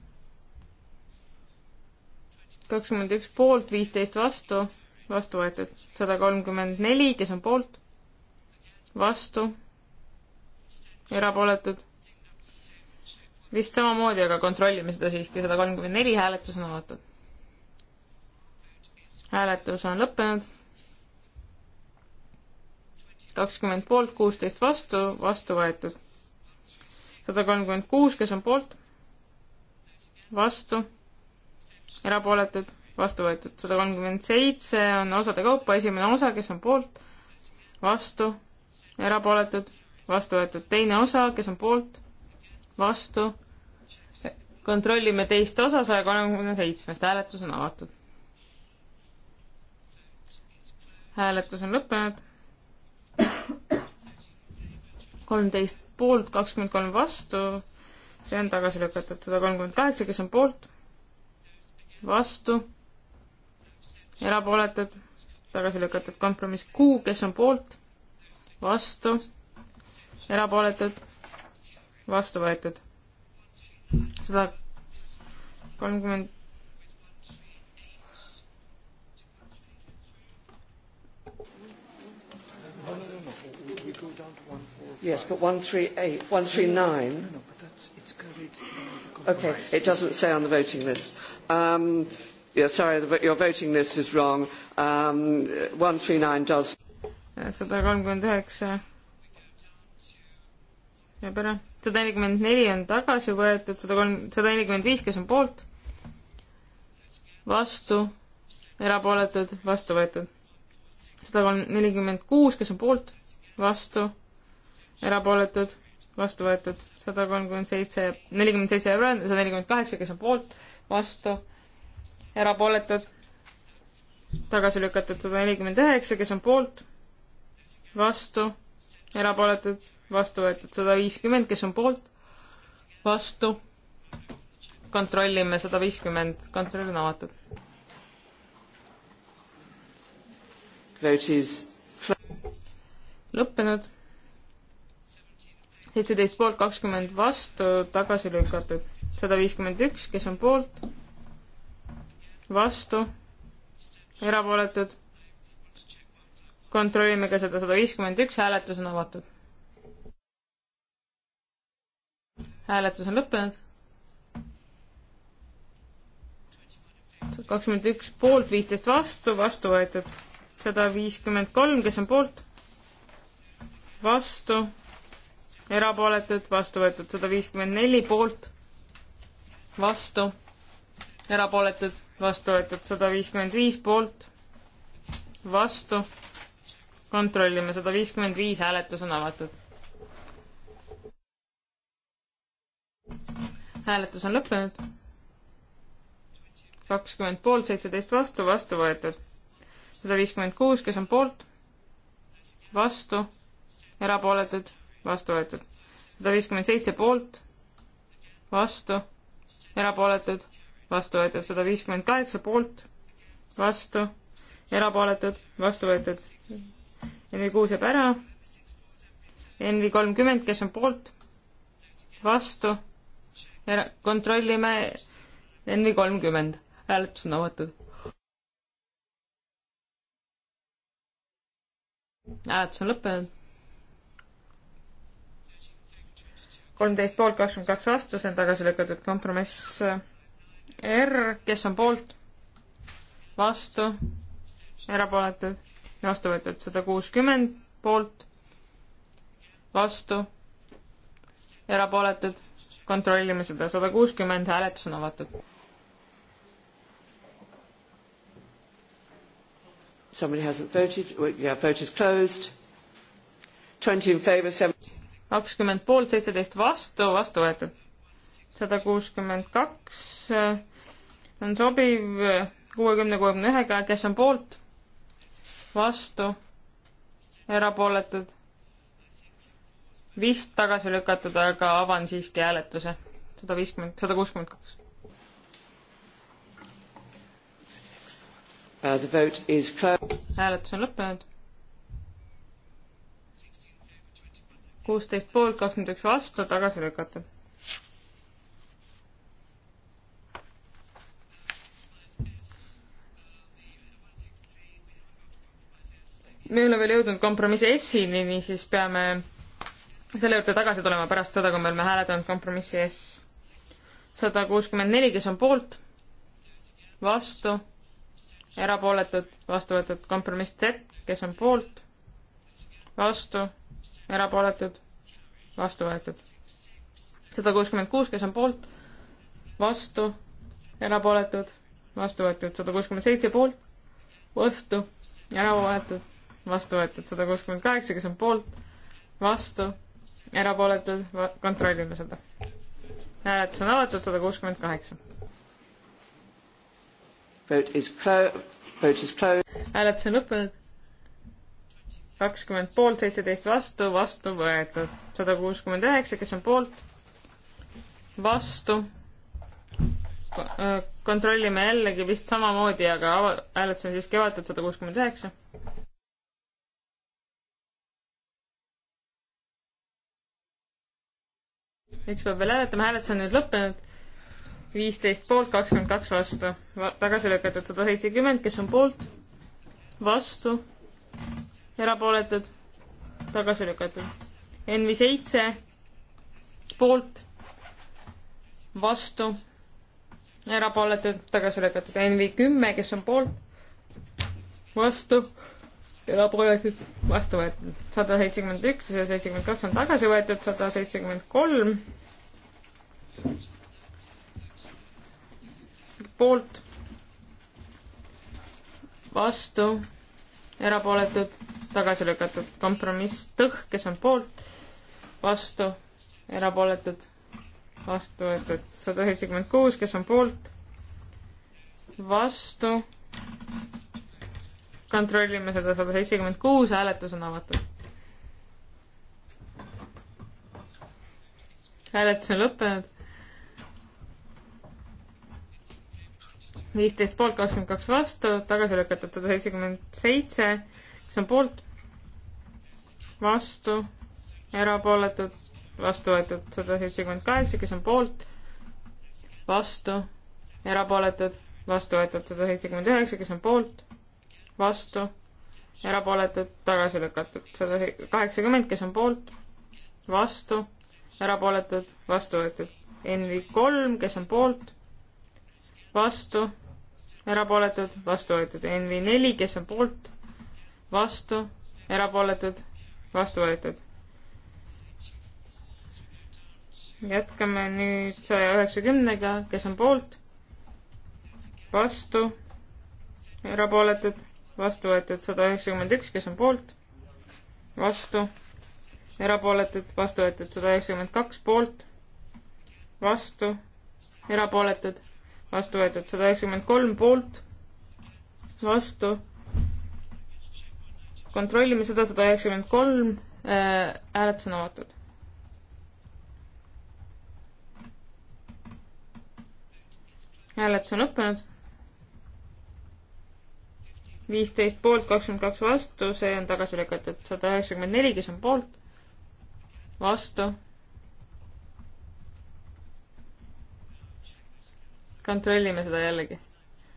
kakskümmend üks poolt, viisteist vastu, vastu võetud. sada kolmkümmend neli, kes on poolt vastu, erapooletud. vist samamoodi, aga kontrollime seda siiski, sada kolmkümmend neli hääletus on avatud. hääletus on lõppenud. kakskümmend poolt, kuusteist vastu, vastu võetud. sada kolmkümmend kuus, kes on poolt, vastu, erapooletud, vastu võetud. sada kolmkümmend seitse on osade kaupa, esimene osa, kes on poolt, vastu erapooletud, vastu võetud. teine osa, kes on poolt, vastu, kontrollime teist osa saja kolmekümne seitsmest, hääletus on avatud. hääletus on lõppenud. kolmteist poolt, kakskümmend kolm vastu, see on tagasi lükatud, sada kolmkümmend kaheksa, kes on poolt, vastu, erapooletud, tagasi lükatud kompromiss Q, kes on poolt vastu, erapooletud, vastu võetud. sada kolmkümmend Yes, but 138, 139. No, no, but that's, it's carried. No, okay, it doesn't say on the voting list. Um, yeah, sorry, the, your voting list is wrong. Um, 139 does sada kolmkümmend üheksa jääb ära, sada nelikümmend neli on tagasi võetud, sada kolm, sada nelikümmend viis, kes on poolt, vastu, erapooletud, vastu võetud. sada kolm, nelikümmend kuus, kes on poolt, vastu, erapooletud, vastu võetud, sada kolmkümmend seitse, nelikümmend seitse jääb ära, sada nelikümmend kaheksa, kes on poolt, vastu, erapooletud, tagasi lükatud sada nelikümmend üheksa, kes on poolt vastu, erapooletud, vastu võetud sada viiskümmend, kes on poolt, vastu, kontrollime sada viiskümmend, kontroll on avatud. lõppenud seitseteist poolt, kakskümmend vastu, tagasi lükatud. sada viiskümmend üks, kes on poolt, vastu, erapooletud, kontrollime ka seda sada viiskümmend üks, hääletus on avatud. hääletus on lõppenud. kakskümmend üks poolt, viisteist vastu, vastu võetud sada viiskümmend kolm, kes on poolt? vastu, erapooletud, vastu võetud sada viiskümmend neli poolt, vastu, erapooletud, vastu võetud sada viiskümmend viis poolt, vastu kontrollime, sada viiskümmend viis hääletus on avatud. hääletus on lõppenud. kakskümmend poolt, seitseteist vastu, vastu võetud. sada viiskümmend kuus, kes on poolt, vastu, erapooletud, vastu võetud. sada viiskümmend seitse poolt, vastu, erapooletud, vastu võetud. sada viiskümmend kaheksa poolt, vastu, erapooletud, vastu võetud NV kuus jääb ära. NV kolmkümmend, kes on poolt, vastu, kontrollime NV kolmkümmend, hääletus on avatud. hääletus on lõppenud. kolmteist poolt, kakskümmend kaks vastu, see on tagasi lükatud kompromiss eh, R, kes on poolt, vastu, erapooletud vastu võetud sada kuuskümmend poolt, vastu, erapooletud, kontrollime seda, sada kuuskümmend, hääletus on avatud. Somebody hasn't voted, yeah, vote is closed. Twenty in favour, seven. kakskümmend poolt, seitseteist vastu, vastu võetud. sada kuuskümmend kaks äh, on sobiv kuuekümne, kuuekümne ühega, kes on poolt vastu, erapooletud, vist tagasi lükatud, aga avan siiski hääletuse. sada viiskümmend, sada kuuskümmend kaks. Uh, hääletus on lõppenud. kuusteist poolt, kakskümmend üks vastu, tagasi lükatud me ei ole veel jõudnud kompromissi S-ini, niisiis peame selle juurde tagasi tulema pärast seda, kui me oleme hääletanud kompromissi S. sada kuuskümmend neli, kes on poolt, vastu, erapooletud, vastu võetud kompromiss Z, kes on poolt, vastu, erapooletud, vastu võetud. sada kuuskümmend kuus, kes on poolt, vastu, erapooletud, vastu võetud, sada kuuskümmend seitse poolt, vastu, erapooletud vastu võetud sada kuuskümmend kaheksa, kes on poolt, vastu, erapooletud, kontrollime seda. hääletus on avatud, sada kuuskümmend kaheksa. hääletus on lõppenud. kakskümmend poolt, seitseteist vastu, vastu võetud. sada kuuskümmend üheksa, kes on poolt, vastu kontrollime jällegi vist samamoodi, aga hääletus on siiski avatud sada kuuskümmend üheksa. üks peab veel hääletama, hääletus on nüüd lõppenud. viisteist poolt, kakskümmend kaks vastu. tagasi lükatud sada seitsekümmend, kes on poolt, vastu, erapooletud, tagasi lükatud. NV seitse, poolt, vastu, erapooletud, tagasi lükatud. NV kümme, kes on poolt, vastu erapooletud vastu võetud. sada seitsekümmend üks ja seitsekümmend kaks on tagasi võetud, sada seitsekümmend kolm poolt, vastu, erapooletud, tagasi lükatud. kompromiss tõh, kes on poolt, vastu, erapooletud, vastu võetud. sada seitsekümmend kuus, kes on poolt, vastu, kontrollime seda sada seitsekümmend kuus, hääletus on avatud. hääletus on lõppenud. viisteist poolt, kakskümmend kaks vastu, tagasi lükatud sada seitsekümmend seitse, kes on poolt, vastu, erapooletud, vastu võetud sada seitsekümmend kaheksa, kes on poolt, vastu, erapooletud, vastu võetud sada seitsekümmend üheksa, kes on poolt vastu, erapooletud, tagasi lükatud. sada kaheksakümmend, kes on poolt, vastu, erapooletud, vastu võetud. NV kolm, kes on poolt, vastu, erapooletud, vastu võetud. NV neli, kes on poolt, vastu, erapooletud, vastu võetud. jätkame nüüd saja üheksakümnega, kes on poolt, vastu, erapooletud, vastu võetud sada üheksakümmend üks, kes on poolt, vastu, erapooletud, vastu võetud sada üheksakümmend kaks, poolt, vastu, erapooletud, vastu võetud sada üheksakümmend kolm, poolt, vastu, kontrollime seda, sada üheksakümmend kolm, äh, hääletus on avatud. hääletus on lõppenud viisteist poolt, kakskümmend kaks vastu, see on tagasi lükatud. sada üheksakümmend neli, kes on poolt, vastu. kontrollime seda jällegi.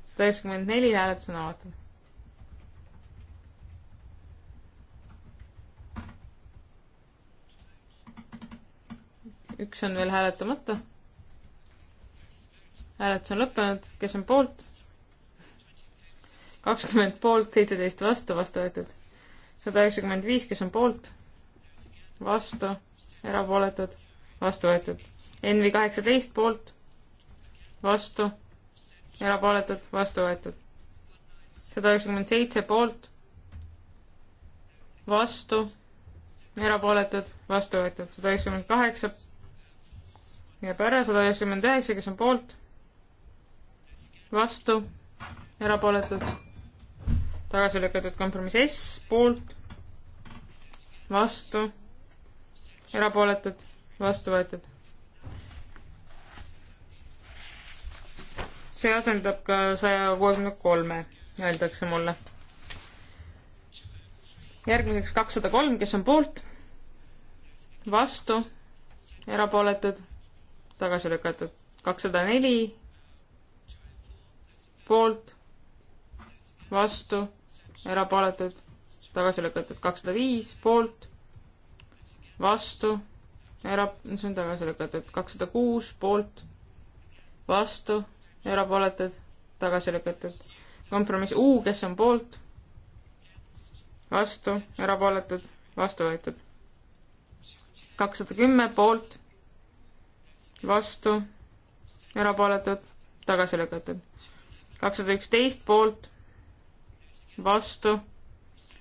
sada üheksakümmend neli, hääletus on avatud. üks on veel hääletamata. hääletus on lõppenud, kes on poolt? kakskümmend poolt, seitseteist vastu, vastu võetud. sada üheksakümmend viis, kes on poolt, vastu, erapooletud, vastu võetud. NV kaheksateist poolt, vastu, erapooletud, vastu võetud. sada üheksakümmend seitse poolt, vastu, erapooletud, vastu võetud. sada üheksakümmend kaheksa jääb ära, sada üheksakümmend üheksa, kes on poolt, vastu, erapooletud tagasi lükatud kompromiss S poolt, vastu, erapooletud, vastu võetud. see asendab ka saja kuuekümne kolme, öeldakse mulle. järgmiseks kakssada kolm, kes on poolt, vastu, erapooletud, tagasi lükatud. kakssada neli, poolt, vastu erapooletud, tagasi lükatud kakssada viis poolt, vastu, era-, see on tagasi lükatud, kakssada kuus poolt, vastu, erapooletud, tagasi lükatud. kompromiss U, kes on poolt, vastu, erapooletud, vastu võetud. kakssada kümme poolt, vastu, erapooletud, tagasi lükatud. kakssada üksteist poolt vastu,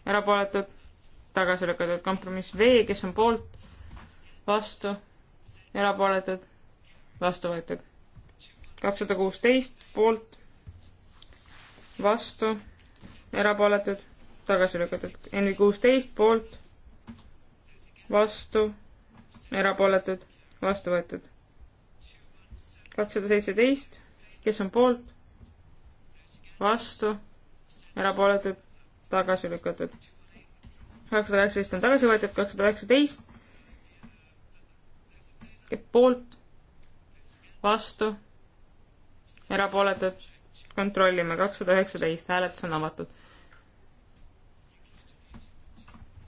erapooletud, tagasi lükatud. kompromiss V, kes on poolt, vastu, erapooletud, vastu võetud. kakssada kuusteist poolt, vastu, erapooletud, tagasi lükatud. N kuusteist poolt, vastu, erapooletud, vastu võetud. kakssada seitseteist, kes on poolt, vastu erapooletud, tagasi lükatud. kakssada kaheksateist on tagasi võetud, kakssada üheksateist poolt, vastu, erapooletud, kontrollime, kakssada üheksateist, hääletus on avatud.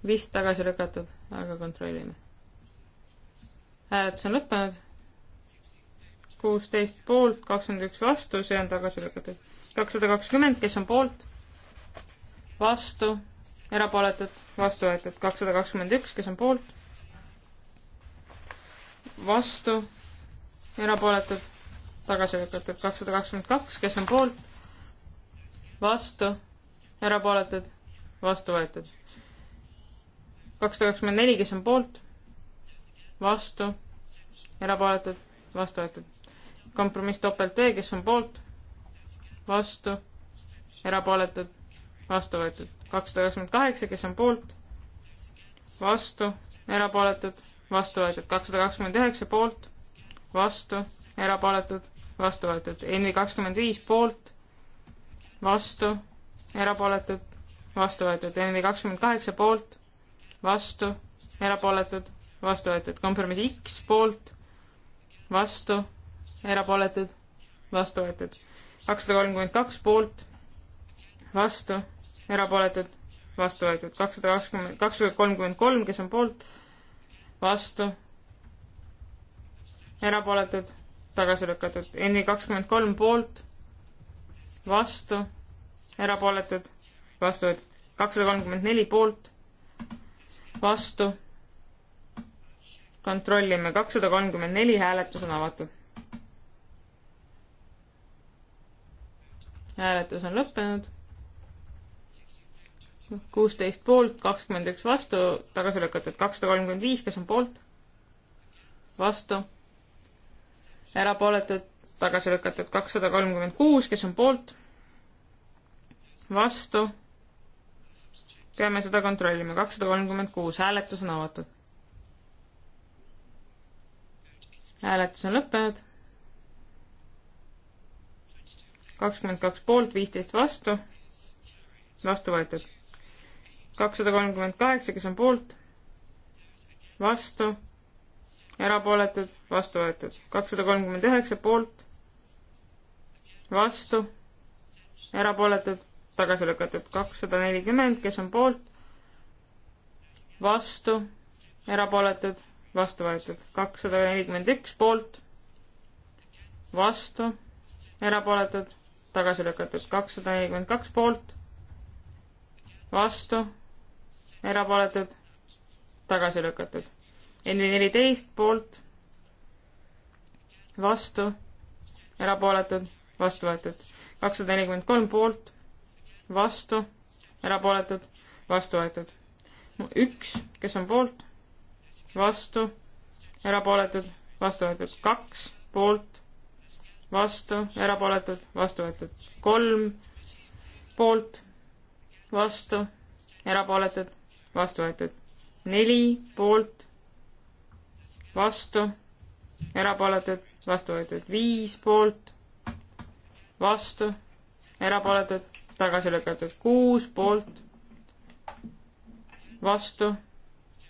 vist tagasi lükatud, aga kontrollime. hääletus on lõppenud, kuusteist poolt, kakskümmend üks vastu, see on tagasi lükatud. kakssada kakskümmend, kes on poolt? vastu, erapooletud, vastu võetud kakssada kakskümmend üks, kes on poolt, vastu, erapooletud, tagasi lükatud kakssada kakskümmend kaks, kes on poolt, vastu, erapooletud, vastu võetud. kakssada kakskümmend neli, kes on poolt, vastu, erapooletud, vastu võetud. kompromiss topelt V, kes on poolt, vastu, erapooletud, vastu võetud. kakssada kakskümmend kaheksa, kes on poolt, vastu, erapooletud, vastu võetud. kakssada kakskümmend üheksa poolt, vastu, erapooletud, vastu võetud. ENV kakskümmend viis poolt, vastu, erapooletud, vastu võetud. ENV kakskümmend kaheksa poolt, vastu, erapooletud, vastu võetud. kompromiss X poolt, vastu, erapooletud, vastu võetud. kakssada kolmkümmend kaks poolt, vastu, erapooletud, vastu võetud kakssada kakskümmend, kakssada kolmkümmend kolm, kes on poolt, vastu, erapooletud, tagasi lükatud, N kakskümmend kolm poolt, vastu, erapooletud, vastu võetud, kakssada kolmkümmend neli poolt, vastu, kontrollime, kakssada kolmkümmend neli hääletus on avatud. hääletus on lõppenud kuusteist poolt, kakskümmend üks vastu, tagasi lükatud kakssada kolmkümmend viis, kes on poolt, vastu, erapooletud, tagasi lükatud kakssada kolmkümmend kuus, kes on poolt, vastu, peame seda kontrollima, kakssada kolmkümmend kuus, hääletus on avatud. hääletus on lõppenud. kakskümmend kaks poolt, viisteist vastu, vastu võetud kakssada kolmkümmend kaheksa, kes on poolt, vastu, erapooletud, vastu võetud. kakssada kolmkümmend üheksa poolt, vastu, erapooletud, tagasi lükatud. kakssada nelikümmend, kes on poolt, vastu, erapooletud, vastu võetud. kakssada nelikümmend üks poolt, vastu, erapooletud, tagasi lükatud. kakssada nelikümmend kaks poolt, vastu erapooletud, tagasi lükatud. Envi neliteist poolt, vastu, erapooletud, vastu võetud. kakssada nelikümmend kolm poolt, vastu, erapooletud, vastu võetud. üks, kes on poolt, vastu, erapooletud, vastu võetud. kaks, poolt, vastu, erapooletud, vastu võetud. kolm, poolt, vastu, erapooletud, vastu võetud. neli poolt, vastu, erapooletud, vastu võetud. viis poolt, vastu, erapooletud, tagasi lükatud. kuus poolt, vastu,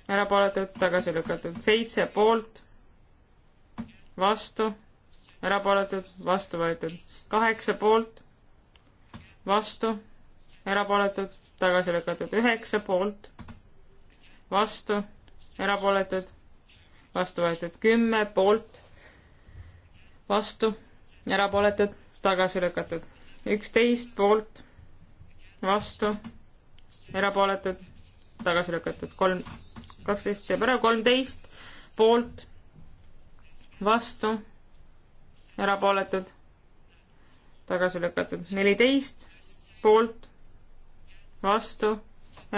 erapooletud, tagasi lükatud. seitse poolt, vastu, erapooletud, vastu võetud. kaheksa poolt, vastu, erapooletud, tagasi lükatud. üheksa poolt vastu, erapooletud, vastu võetud kümme poolt, vastu, erapooletud, tagasi lükatud üksteist poolt, vastu, erapooletud, tagasi lükatud kolm, kaksteist jääb ära, kolmteist poolt, vastu, erapooletud, tagasi lükatud neliteist poolt, vastu,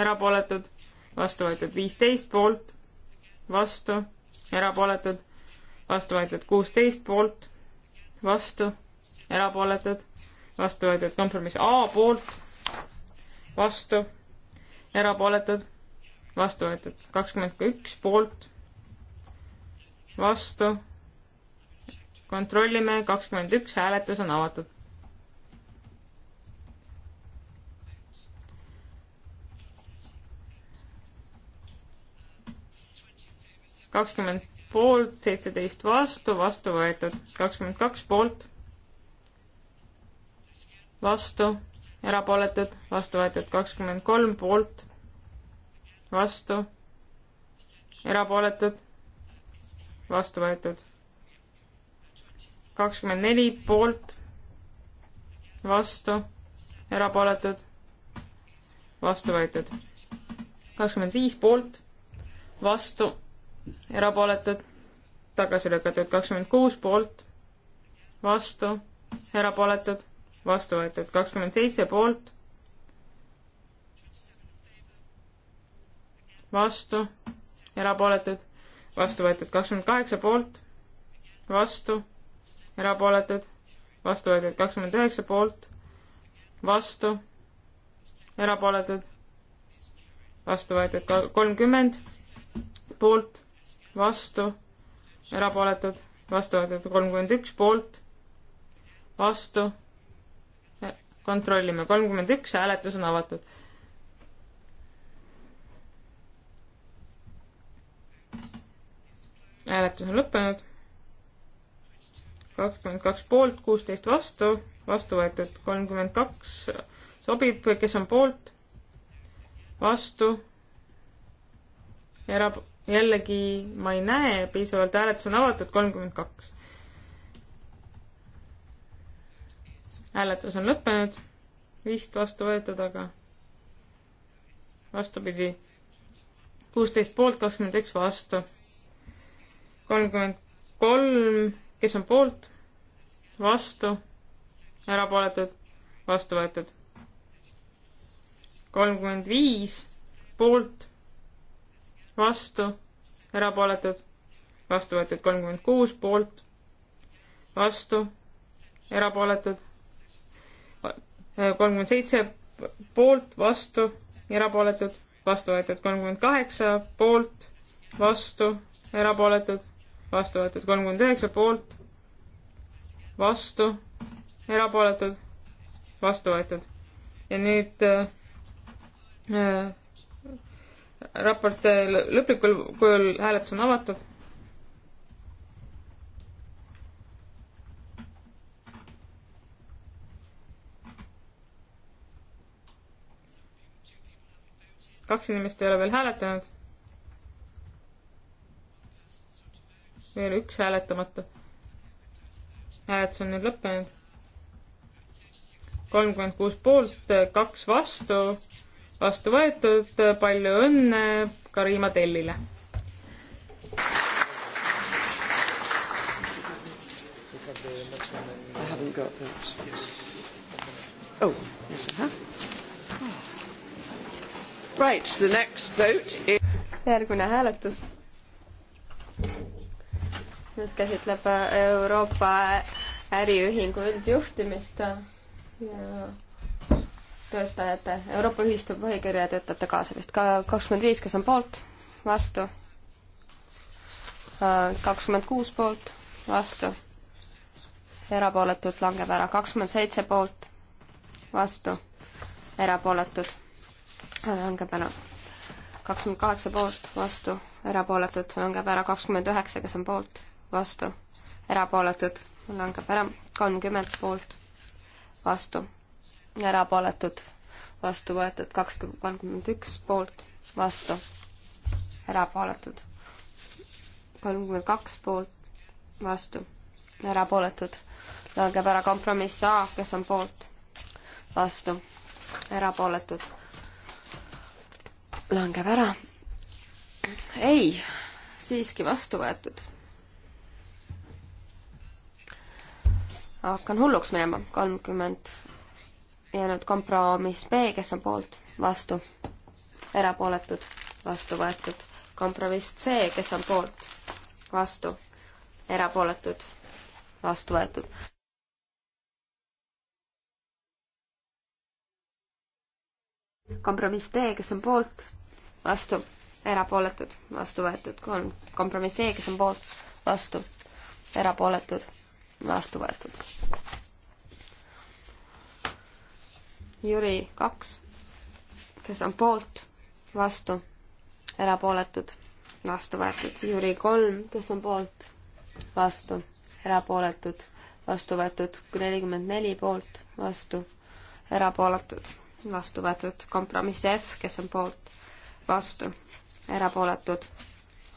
erapooletud, vastu võetud viisteist poolt, vastu, erapooletud, vastu võetud kuusteist poolt, vastu, erapooletud, vastu võetud kompromiss A poolt, vastu, erapooletud, vastu võetud kakskümmend üks poolt, vastu, kontrollime, kakskümmend üks hääletus on avatud. kakskümmend poolt, seitseteist vastu, vastu võetud kakskümmend kaks poolt, vastu, erapooletud, vastu võetud kakskümmend kolm poolt, vastu, erapooletud, vastu võetud kakskümmend neli poolt, vastu, erapooletud, vastu võetud kakskümmend viis poolt, vastu erapooletud, tagasi lükatud kakskümmend kuus poolt, vastu, erapooletud, vastu võetud kakskümmend seitse poolt, vastu, erapooletud, vastu võetud kakskümmend kaheksa poolt, vastu, erapooletud, vastu võetud kakskümmend üheksa poolt, vastu, erapooletud, vastu võetud kolmkümmend poolt vastu, erapooletud, vastu võetud kolmkümmend üks poolt, vastu, kontrollime, kolmkümmend üks, hääletus on avatud. hääletus on lõppenud, kakskümmend kaks poolt, kuusteist vastu, vastu võetud kolmkümmend kaks, sobib, kes on poolt, vastu, erap-, jällegi ma ei näe piisavalt, hääletus on avatud, kolmkümmend kaks. hääletus on lõppenud, vist vastu võetud, aga vastupidi, kuusteist poolt, kakskümmend üks vastu. kolmkümmend kolm, kes on poolt, vastu, erapooletud, vastu võetud. kolmkümmend viis poolt vastu, erapooletud, vastu võetud kolmkümmend kuus poolt, vastu, erapooletud, kolmkümmend seitse poolt, vastu, erapooletud, vastu võetud kolmkümmend kaheksa poolt, vastu, erapooletud, vastu võetud kolmkümmend üheksa poolt, vastu, erapooletud, vastu võetud. ja nüüd äh, äh raport äh, lõplikul kujul hääletus on avatud. kaks inimest ei ole veel hääletanud. veel üks hääletamata. hääletus on nüüd lõppenud. kolmkümmend kuus poolt, kaks vastu vastu võetud, palju õnne Karima Tellile. I haven't got that. Oh, yes I have. Right, the next vote is... järgmine hääletus, mis käsitleb Euroopa äriühingu üldjuhtimist ja töötajate, Euroopa Ühistu põhikirja töötajate kaasamist. ka kakskümmend viis, kes on poolt, vastu. kakskümmend kuus poolt, vastu. erapooletud langeb ära, kakskümmend seitse poolt, vastu. erapooletud langeb ära. kakskümmend kaheksa poolt, vastu. erapooletud langeb ära, kakskümmend üheksa, kes on poolt, vastu. erapooletud langeb ära, kolmkümmend poolt, vastu erapooletud, vastu võetud kakskümmend, kolmkümmend üks poolt, vastu, erapooletud, kolmkümmend kaks poolt, vastu, erapooletud, langeb ära kompromiss A, kes on poolt, vastu, erapooletud, langeb ära. ei, siiski vastu võetud hakkan hulluks minema, kolmkümmend ja nüüd kompromiss B, kes on poolt, vastu, erapooletud, vastu võetud. kompromiss C, kes on poolt, vastu, erapooletud, vastu võetud. kompromiss D, kes on poolt, vastu, erapooletud, vastu võetud. kolm, kompromiss E, kes on poolt, vastu, erapooletud, vastu võetud Jüri kaks, kes on poolt, vastu, erapooletud, vastu võetud. Jüri kolm, kes on poolt, vastu, erapooletud, vastu võetud. nelikümmend neli poolt, vastu, erapooletud, vastu võetud. kompromiss F, kes on poolt, vastu, erapooletud,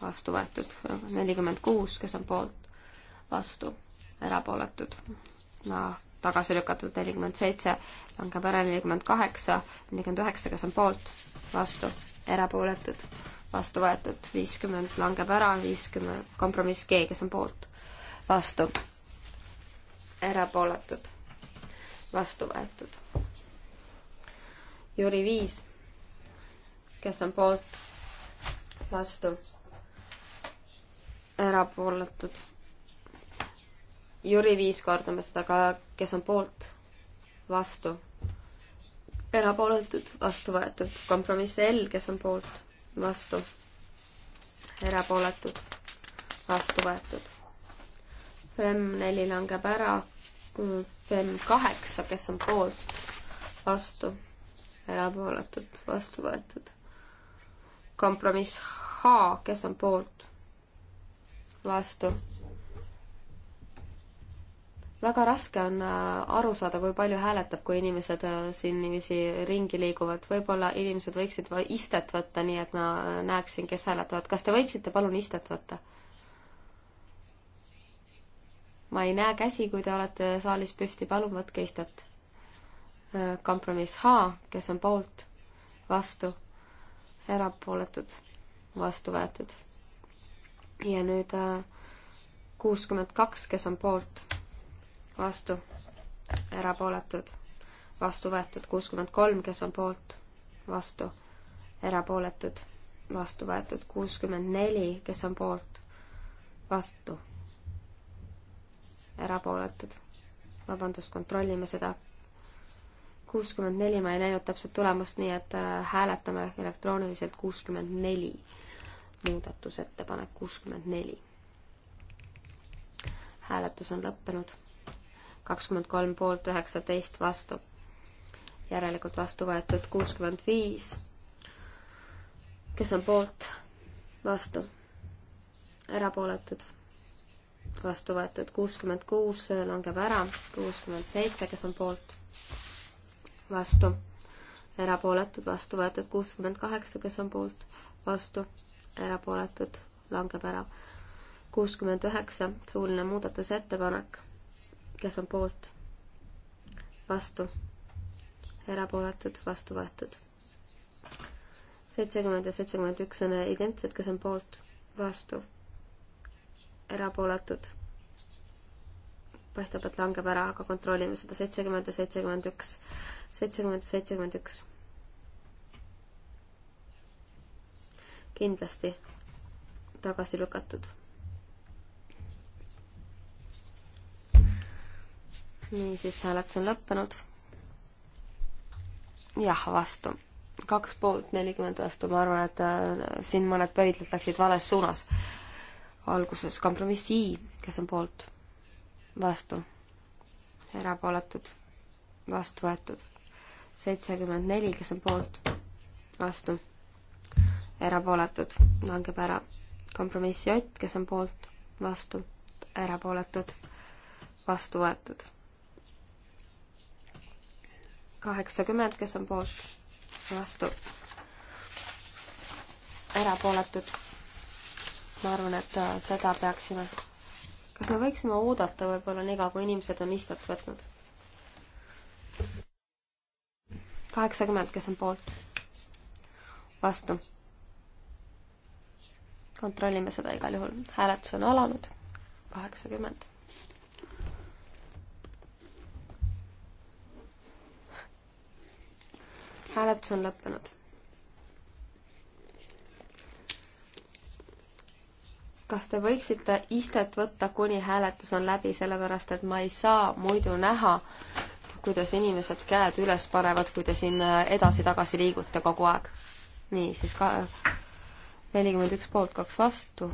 vastu võetud. nelikümmend kuus, kes on poolt, vastu, erapooletud no, tagasi lükatud, nelikümmend seitse langeb ära, nelikümmend kaheksa, nelikümmend üheksa, kes on poolt, vastu, erapooletud, vastu võetud, viiskümmend langeb ära, viiskümmend, kompromiss G, kes on poolt, vastu, erapooletud, vastu võetud. Jüri Viis, kes on poolt, vastu, erapooletud Jüri viis korda me seda ka, kes on poolt, vastu, erapooletud, vastu võetud. kompromiss L, kes on poolt, vastu, erapooletud, vastu võetud. FEM neli langeb ära, FEM kaheksa, kes on poolt, vastu, erapooletud, vastu võetud. kompromiss H, kes on poolt, vastu väga raske on äh, aru saada, kui palju hääletab, kui inimesed äh, siin niiviisi ringi liiguvad. võib-olla inimesed võiksid istet võtta, nii et ma äh, näeksin, kes hääletavad. kas te võiksite palun istet võtta? ma ei näe käsi, kui te olete saalis püsti, palun võtke istet. kompromiss H, kes on poolt, vastu, erapooletud, vastu võetud. ja nüüd kuuskümmend kaks, kes on poolt vastu, erapooletud, vastu võetud kuuskümmend kolm, kes on poolt, vastu, erapooletud, vastu võetud kuuskümmend neli, kes on poolt, vastu, erapooletud. vabandust, kontrollime seda. kuuskümmend neli, ma ei näinud täpset tulemust, nii et äh, hääletame elektrooniliselt kuuskümmend neli, muudatusettepanek kuuskümmend neli. hääletus on lõppenud kakskümmend kolm poolt, üheksateist vastu. järelikult vastu võetud kuuskümmend viis. kes on poolt, vastu, erapooletud, vastu võetud kuuskümmend kuus, langeb ära, kuuskümmend seitse, kes on poolt, vastu, erapooletud, vastu võetud kuuskümmend kaheksa, kes on poolt, vastu, erapooletud, langeb ära kuuskümmend üheksa, suuline muudatusettepanek kes on poolt, vastu, erapooletud, vastu võetud. seitsekümmend ja seitsekümmend üks on identsed, kes on poolt, vastu, erapooletud. paistab, et langeb ära, aga kontrollime seda seitsekümmend ja seitsekümmend üks, seitsekümmend ja seitsekümmend üks. kindlasti tagasi lükatud niisiis, hääletus on lõppenud. jah, vastu. kaks poolt, nelikümmend vastu, ma arvan, et äh, siin mõned pöidlad läksid vales suunas. alguses kompromiss I, kes on poolt, vastu, erapooletud, vastu võetud. seitsekümmend neli, kes on poolt, vastu, erapooletud, langeb ära. kompromiss J, kes on poolt, vastu, erapooletud, vastu võetud kaheksakümmend, kes on poolt, vastu, erapooletud. ma arvan, et äh, seda peaksime, kas me võiksime oodata võib-olla niikaua, kui inimesed on istet võtnud? kaheksakümmend, kes on poolt, vastu. kontrollime seda igal juhul, hääletus on alanud, kaheksakümmend hääletus on lõppenud. kas te võiksite istet võtta, kuni hääletus on läbi, sellepärast et ma ei saa muidu näha, kuidas inimesed käed üles panevad, kui te siin äh, edasi-tagasi liigute kogu aeg. nii, siis ka nelikümmend üks poolt, kaks vastu.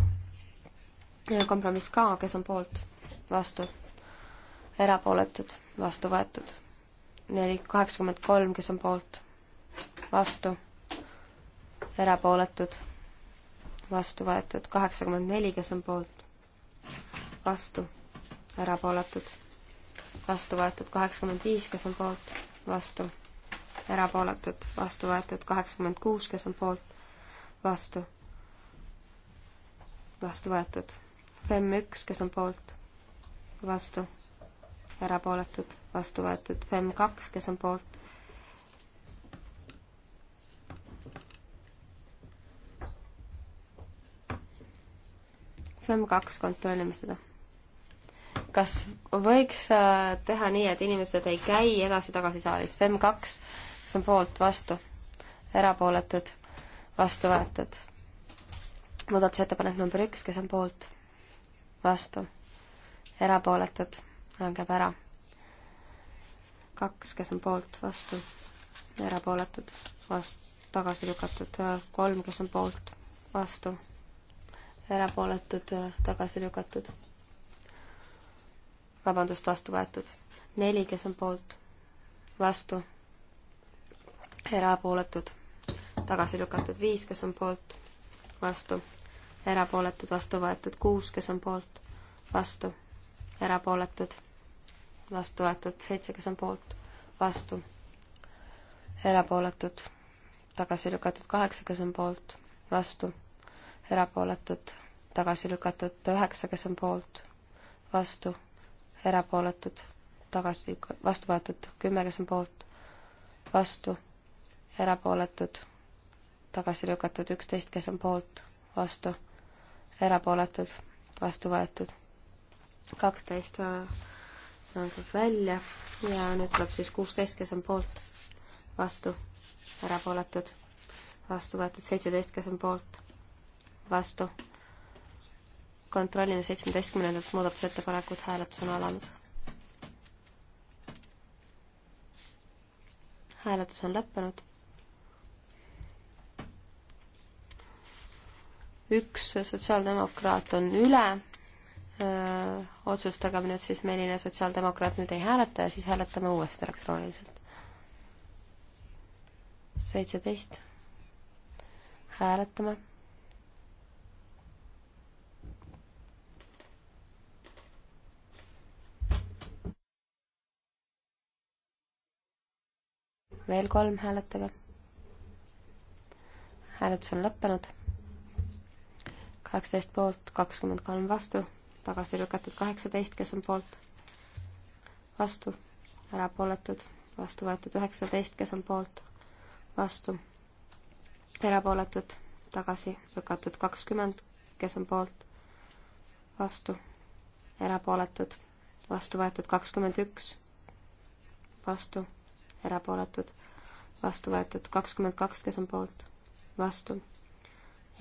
kompromiss ka, kes on poolt, vastu, erapooletud, vastu võetud. neli, kaheksakümmend kolm, kes on poolt vastu, erapooletud, vastu võetud, kaheksakümmend neli, kes on poolt, vastu, erapooletud, vastu võetud, kaheksakümmend viis, kes on poolt, vastu, erapooletud, vastu võetud, kaheksakümmend kuus, kes on poolt, vastu, vastu võetud, FEM üks, kes on poolt, vastu erapooletud, vastu võetud FEM kaks, kes on poolt, FEM kaks, kontrollime seda. kas võiks äh, teha nii, et inimesed ei käi edasi-tagasi saalis? FEM kaks, kes on poolt, vastu, erapooletud, vastu võetud. muudatusettepanek number üks, kes on poolt, vastu, erapooletud, langeb ära. kaks, kes on poolt, vastu, erapooletud, vastu, tagasi lükatud. kolm, kes on poolt, vastu erapooletud, tagasi lükatud. vabandust, vastu võetud. neli, kes on poolt, vastu, erapooletud, tagasi lükatud. viis, kes on poolt, vastu, erapooletud, vastu võetud. kuus, kes on poolt, vastu, erapooletud, vastu võetud. seitse, kes on poolt, vastu, erapooletud, tagasi lükatud. kaheksa, kes on poolt, vastu erapooletud, tagasi lükatud üheksa, kes on poolt, vastu, erapooletud, tagasi, vastu võetud kümme, kes on poolt, vastu, erapooletud, tagasi lükatud üksteist, kes on poolt, vastu, erapooletud, vastu võetud kaksteist äh, langeb välja ja nüüd tuleb siis kuusteist, kes on poolt, vastu, erapooletud, vastu võetud seitseteist, kes on poolt, vastu. kontrollime seitsmeteistkümnendat muudatusettepanekut, hääletus on alanud. hääletus on lõppenud. üks sotsiaaldemokraat on üle öö, otsustage nüüd siis, milline sotsiaaldemokraat nüüd ei hääleta ja siis hääletame uuesti elektrooniliselt. seitseteist. hääletame veel kolm, hääletage. hääletus on lõppenud. kaheksateist poolt, kakskümmend kolm vastu, tagasi lükatud kaheksateist, kes on poolt, vastu, erapooletud, vastu võetud üheksateist, kes on poolt, vastu, erapooletud, tagasi lükatud kakskümmend, kes on poolt, vastu, erapooletud, vastu võetud kakskümmend üks, vastu erapooletud, vastu võetud kakskümmend kaks, kes on poolt, vastu,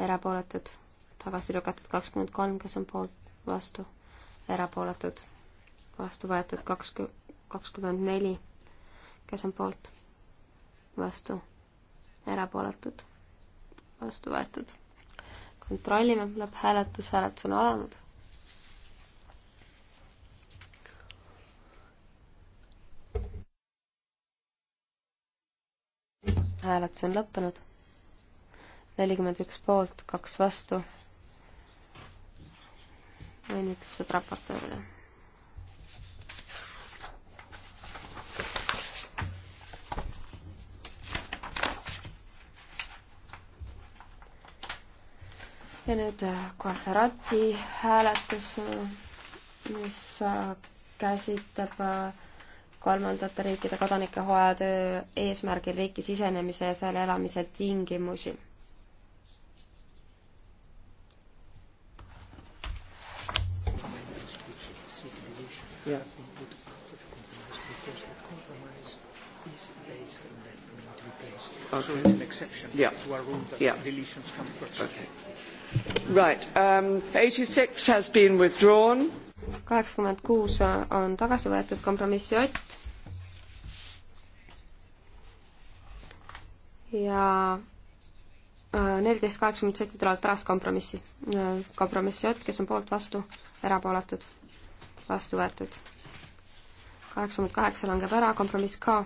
erapooletud, tagasi lükatud kakskümmend kolm, kes on poolt, vastu, erapooletud, vastu võetud kaks, kakskümmend neli, kes on poolt, vastu, erapooletud, vastu võetud. kontrollime, lõpphääletus, hääletus on alanud hääletus on lõppenud. nelikümmend üks poolt, kaks vastu. õnnitlused raportöörile. ja nüüd Konferati äh, hääletus, äh, mis äh, käsitleb kolmandate riikide kodanike hooajatöö eesmärgil riiki sisenemise ja seal elamise tingimusi. Yeah. Okay. Oh, so it's an exception yeah. to our rule that yeah. deletions come first. Okay. Right. Um, 86 has been withdrawn kaheksakümmend kuus on tagasi võetud, kompromissi Ott. ja äh, neliteist kaheksakümmend seitse tulevad pärast kompromissi. Äh, kompromissi Ott, kes on poolt, vastu, erapooletud, vastu võetud. kaheksakümmend kaheksa langeb ära, kompromiss K,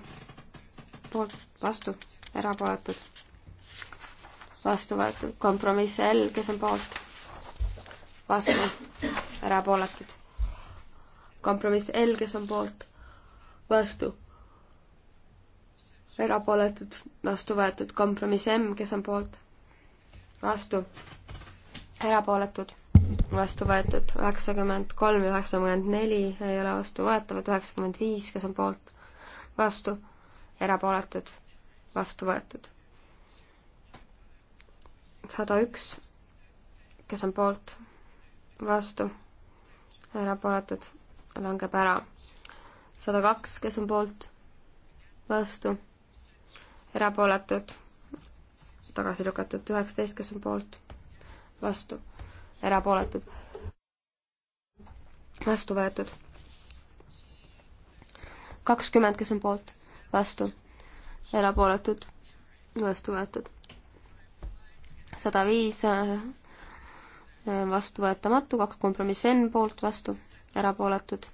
poolt, vastu, erapooletud, vastu võetud. kompromiss L, kes on poolt, vastu, erapooletud kompromiss L, kes on poolt, vastu. erapooletud, vastu võetud, kompromiss M, kes on poolt, vastu. erapooletud, vastu võetud, üheksakümmend kolm ja üheksakümmend neli ei ole vastuvõetavad, üheksakümmend viis, kes on poolt, vastu, erapooletud, vastu võetud. sada üks, kes on poolt, vastu, erapooletud langeb ära. sada kaks, kes on poolt, vastu, erapooletud, tagasi lükatud, üheksateist, kes on poolt, vastu, erapooletud, vastu võetud. kakskümmend, kes on poolt, vastu, erapooletud, vastu võetud. sada viis äh, vastu võetamatu, kaks kompromiss N poolt vastu, erapooletud,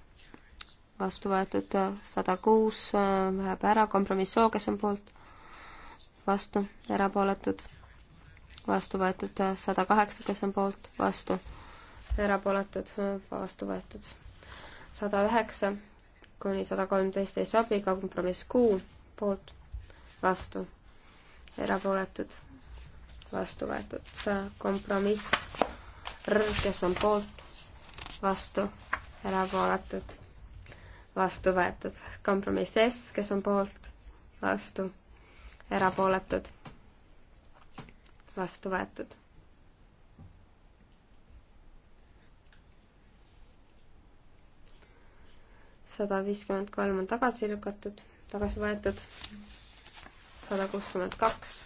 vastu võetud äh, sada kuus, äh, läheb ära, kompromiss O, kes on poolt, vastu, erapooletud, vastu võetud äh, sada kaheksa, kes on poolt, vastu, erapooletud, vastu võetud sada üheksa kuni sada kolmteist ei sobi, kompromiss Q poolt, vastu, erapooletud, vastu võetud, kompromiss R, kes on poolt, vastu erapooletud, vastu võetud. kompromiss S, kes on poolt, vastu, erapooletud, vastu võetud. sada viiskümmend kolm on tagasi lükatud, tagasi võetud. sada kuuskümmend kaks,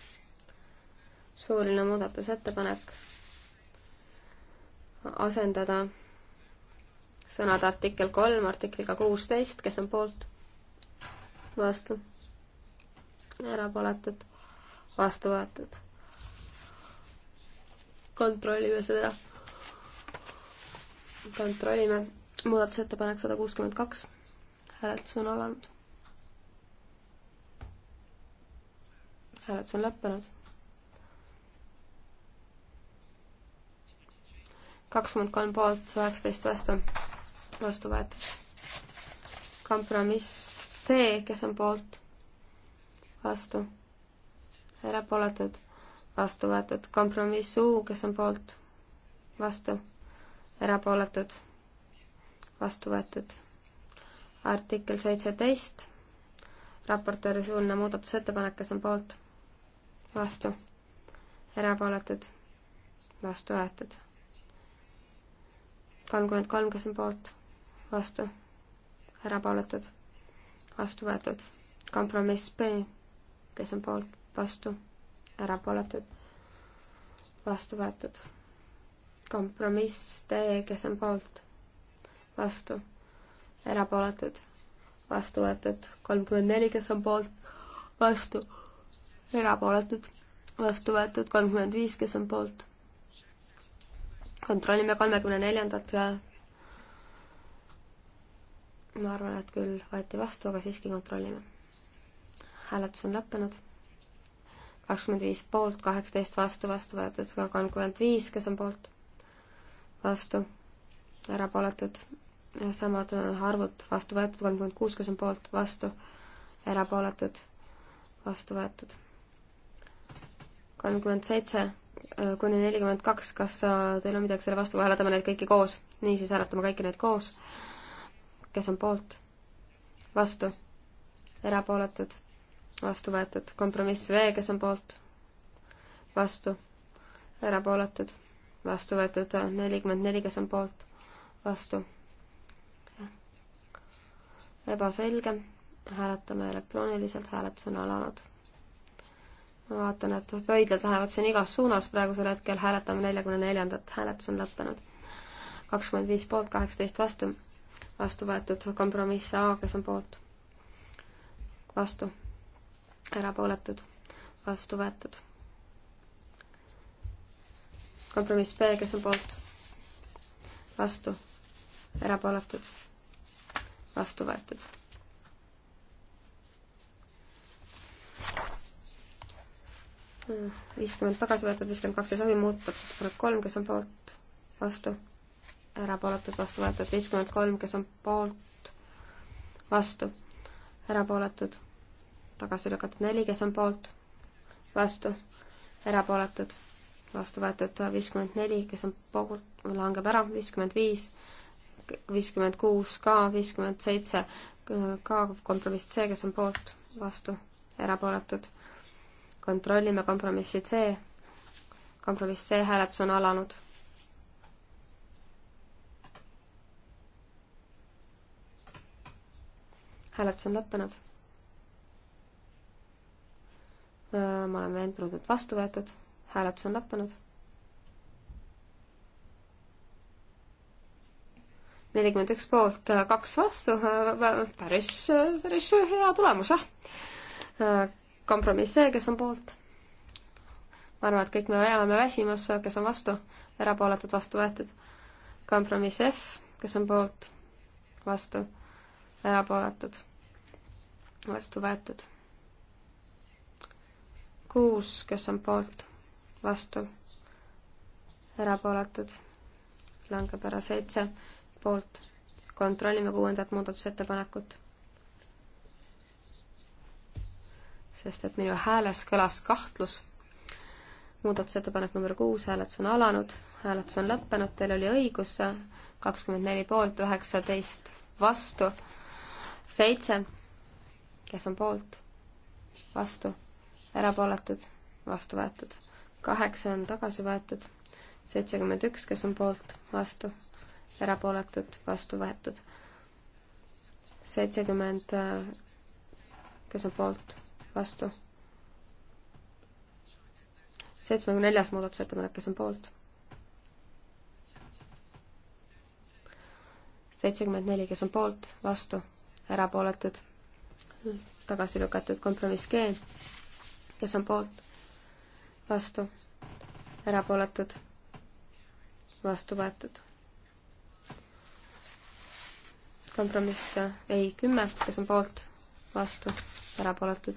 suuline muudatusettepanek asendada sõnad artikkel kolm artikliga kuusteist, kes on poolt? vastu. erapooletud. vastu võetud. kontrollime seda. kontrollime muudatusettepanek sada kuuskümmend kaks. hääletus on alanud. hääletus on lõppenud. kakskümmend kolm poolt, üheksateist vastu vastu võetud. kompromiss C, kes on poolt, vastu, erapooletud, vastu võetud. kompromiss U, kes on poolt, vastu, erapooletud, vastu võetud. artikkel seitseteist, raportööri suuline muudatusettepanek, kes on poolt, vastu, erapooletud, vastu võetud. kolmkümmend kolm, kes on poolt vastu, erapooletud, vastu võetud. kompromiss B, kes on poolt, vastu, erapooletud, vastu võetud. kompromiss D, kes on poolt, vastu, erapooletud, vastu võetud. kolmkümmend neli, kes on poolt, vastu, erapooletud, vastu võetud. kolmkümmend viis, kes on poolt kontrollime kolmekümne neljandat ma arvan, et küll võeti vastu, aga siiski kontrollime. hääletus on lõppenud. kakskümmend viis poolt, kaheksateist vastu, vastu võetud ka kolmkümmend viis, kes on poolt, vastu, erapooletud, samad arvud, vastu võetud kolmkümmend kuus, kes on poolt, vastu, erapooletud, vastu võetud. kolmkümmend seitse äh, kuni nelikümmend kaks, kas äh, teil on midagi selle vastu, hääletame neid kõiki koos, niisiis hääletame kõiki neid koos kes on poolt, vastu, erapooletud, vastu võetud. kompromiss V, kes on poolt, vastu, erapooletud, vastu võetud. nelikümmend neli, kes on poolt, vastu. ebaselge, hääletame elektrooniliselt, hääletus on alanud ma vaatan, et pöidlad lähevad siin igas suunas praegusel hetkel, hääletame neljakümne neljandat, hääletus on lõppenud. kakskümmend viis poolt, kaheksateist vastu, vastu võetud kompromiss A, kes on poolt? vastu. erapooletud, vastu võetud. kompromiss B, kes on poolt? vastu. erapooletud, vastu võetud. viiskümmend tagasi võetud, viiskümmend kaks ei sobi, muudatakse kolm, kes on poolt, vastu erapooletud, vastu võetud viiskümmend kolm, kes on poolt, vastu, erapooletud, tagasi lükatud neli, kes on poolt, vastu, erapooletud, vastu võetud viiskümmend neli, kes on poolt, langeb ära, viiskümmend viis, viiskümmend kuus ka, viiskümmend seitse ka, kompromiss C, kes on poolt, vastu, erapooletud. kontrollime kompromissi C, kompromiss C hääletus on alanud hääletus on lõppenud. ma olen veendunud, et vastu võetud, hääletus on lõppenud. nelikümmend üks poolt, kaks vastu, päris, päris hea tulemus, jah. kompromiss see, kes on poolt. ma arvan, et kõik me oleme väsimas, kes on vastu, erapooletud, vastu võetud. kompromiss F, kes on poolt, vastu erapooletud, vastu võetud. kuus, kes on poolt, vastu, erapooletud, langeb ära seitse, poolt. kontrollime kuuendat muudatusettepanekut. sest et minu hääles kõlas kahtlus muudatusettepanek number kuus, hääletus on alanud, hääletus on lõppenud, teil oli õigus, kakskümmend neli poolt, üheksateist vastu seitse, kes on poolt, vastu, erapooletud, vastu võetud. kaheksa on tagasi võetud, seitsekümmend üks, kes on poolt, vastu, erapooletud, vastu võetud. seitsekümmend, kes on poolt, vastu. seitsmekümne neljas muudatusettepanek, kes on poolt seitsekümmend neli, kes on poolt, vastu, erapooletud, tagasi lükatud kompromiss G, kes on poolt, vastu, erapooletud, vastu võetud. kompromiss ei kümme, kes on poolt, vastu, erapooletud,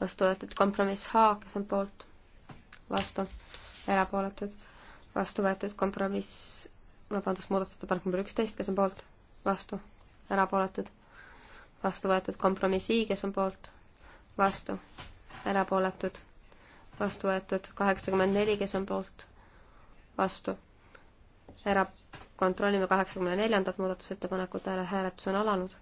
vastu võetud. kompromiss H, kes on poolt, vastu, erapooletud, vastu võetud. kompromiss, vabandust, muudatusettepanek number üksteist, kes on poolt, vastu, erapooletud vastu võetud kompromiss I, kes on poolt, vastu, erapooletud, vastu võetud kaheksakümmend neli, kes on poolt, vastu, era-, kontrollime kaheksakümne neljandat muudatusettepanekut, hääletus on alanud.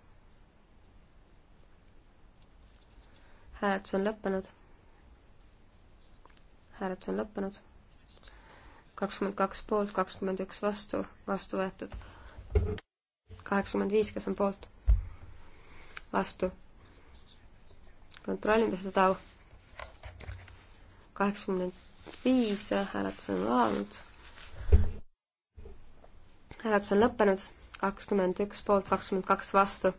hääletus on lõppenud. hääletus on lõppenud. kakskümmend kaks poolt, kakskümmend üks vastu, vastu võetud. kaheksakümmend viis, kes on poolt vastu. kontrollime seda. kaheksakümmend viis, hääletus on alanud. hääletus on lõppenud, kakskümmend üks poolt, kakskümmend kaks vastu.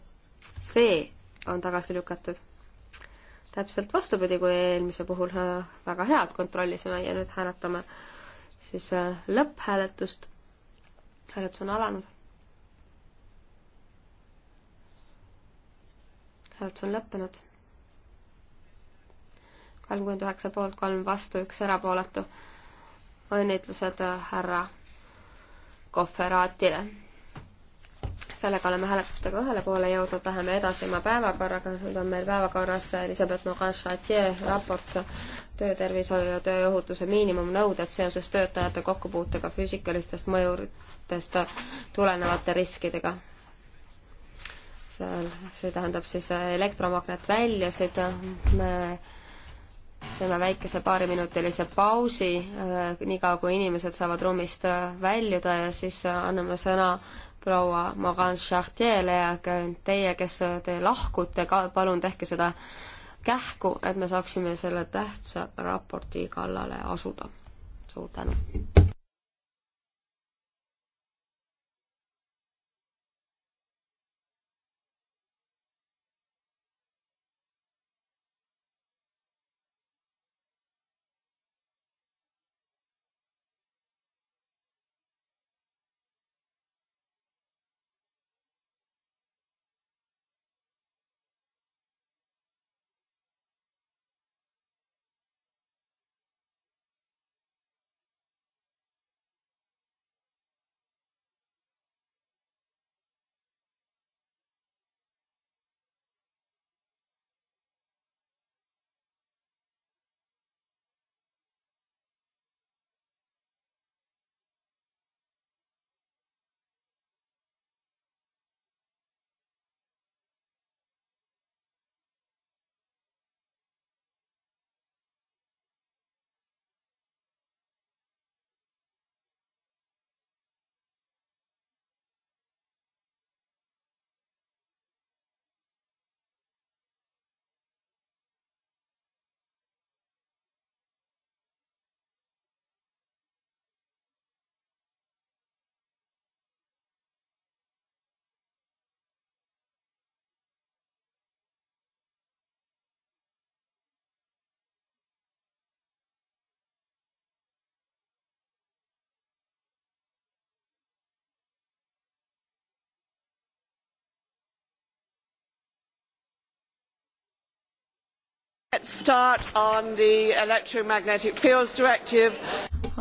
see on tagasi lükatud. täpselt vastupidi, kui eelmise puhul väga head kontrollisime ja nüüd hääletame siis lõpphääletust. hääletus on alanud hääletus on lõppenud. kolmkümmend üheksa poolt, kolm vastu, üks erapooletu. õnnitlused äh, härra Kohveraatile. sellega oleme hääletustega ühele poole jõudnud, läheme edasi oma päevakorraga, nüüd on meil päevakorras Elizabeth Morin-Chartier raport töötervishoiu ja tööohutuse miinimumnõuded seoses töötajate kokkupuutega füüsikalistest mõjuritest tulenevate riskidega seal, see tähendab siis äh, elektromagnetväljasõid, me teeme väikese paariminutilise pausi, äh, niikaua kui inimesed saavad ruumist äh, väljuda ja siis anname sõna proua Morane Chartier'le ja teie, kes te lahkute, ka palun tehke seda kähku, et me saaksime selle tähtsa raporti kallale asuda. suur tänu!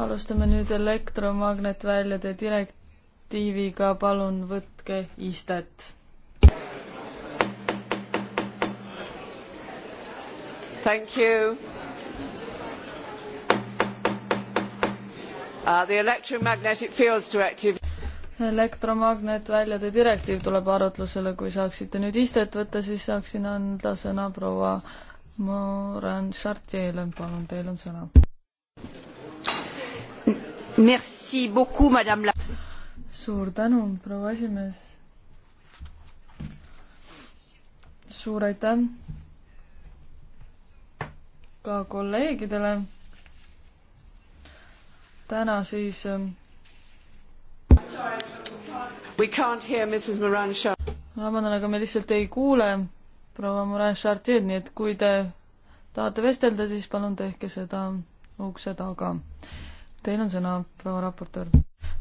alustame nüüd elektromagnetväljade direktiiviga, palun võtke istet. Thank you. Uh, the electromagnetic fields directive elektromagnetväljade direktiiv tuleb arutlusele, kui saaksite nüüd istet võtta, siis saaksin anda sõna proua Moran Chartierile, palun, teil on sõna. Merci beaucoup, madame la. suur tänu, proua esimees. suur aitäh ka kolleegidele. täna siis. Ähm, vabandan, aga me lihtsalt ei kuule proua Morin Chartier, nii et kui te tahate vestelda, siis palun tehke seda ukse taga. Teil on sõna, proua raportöör.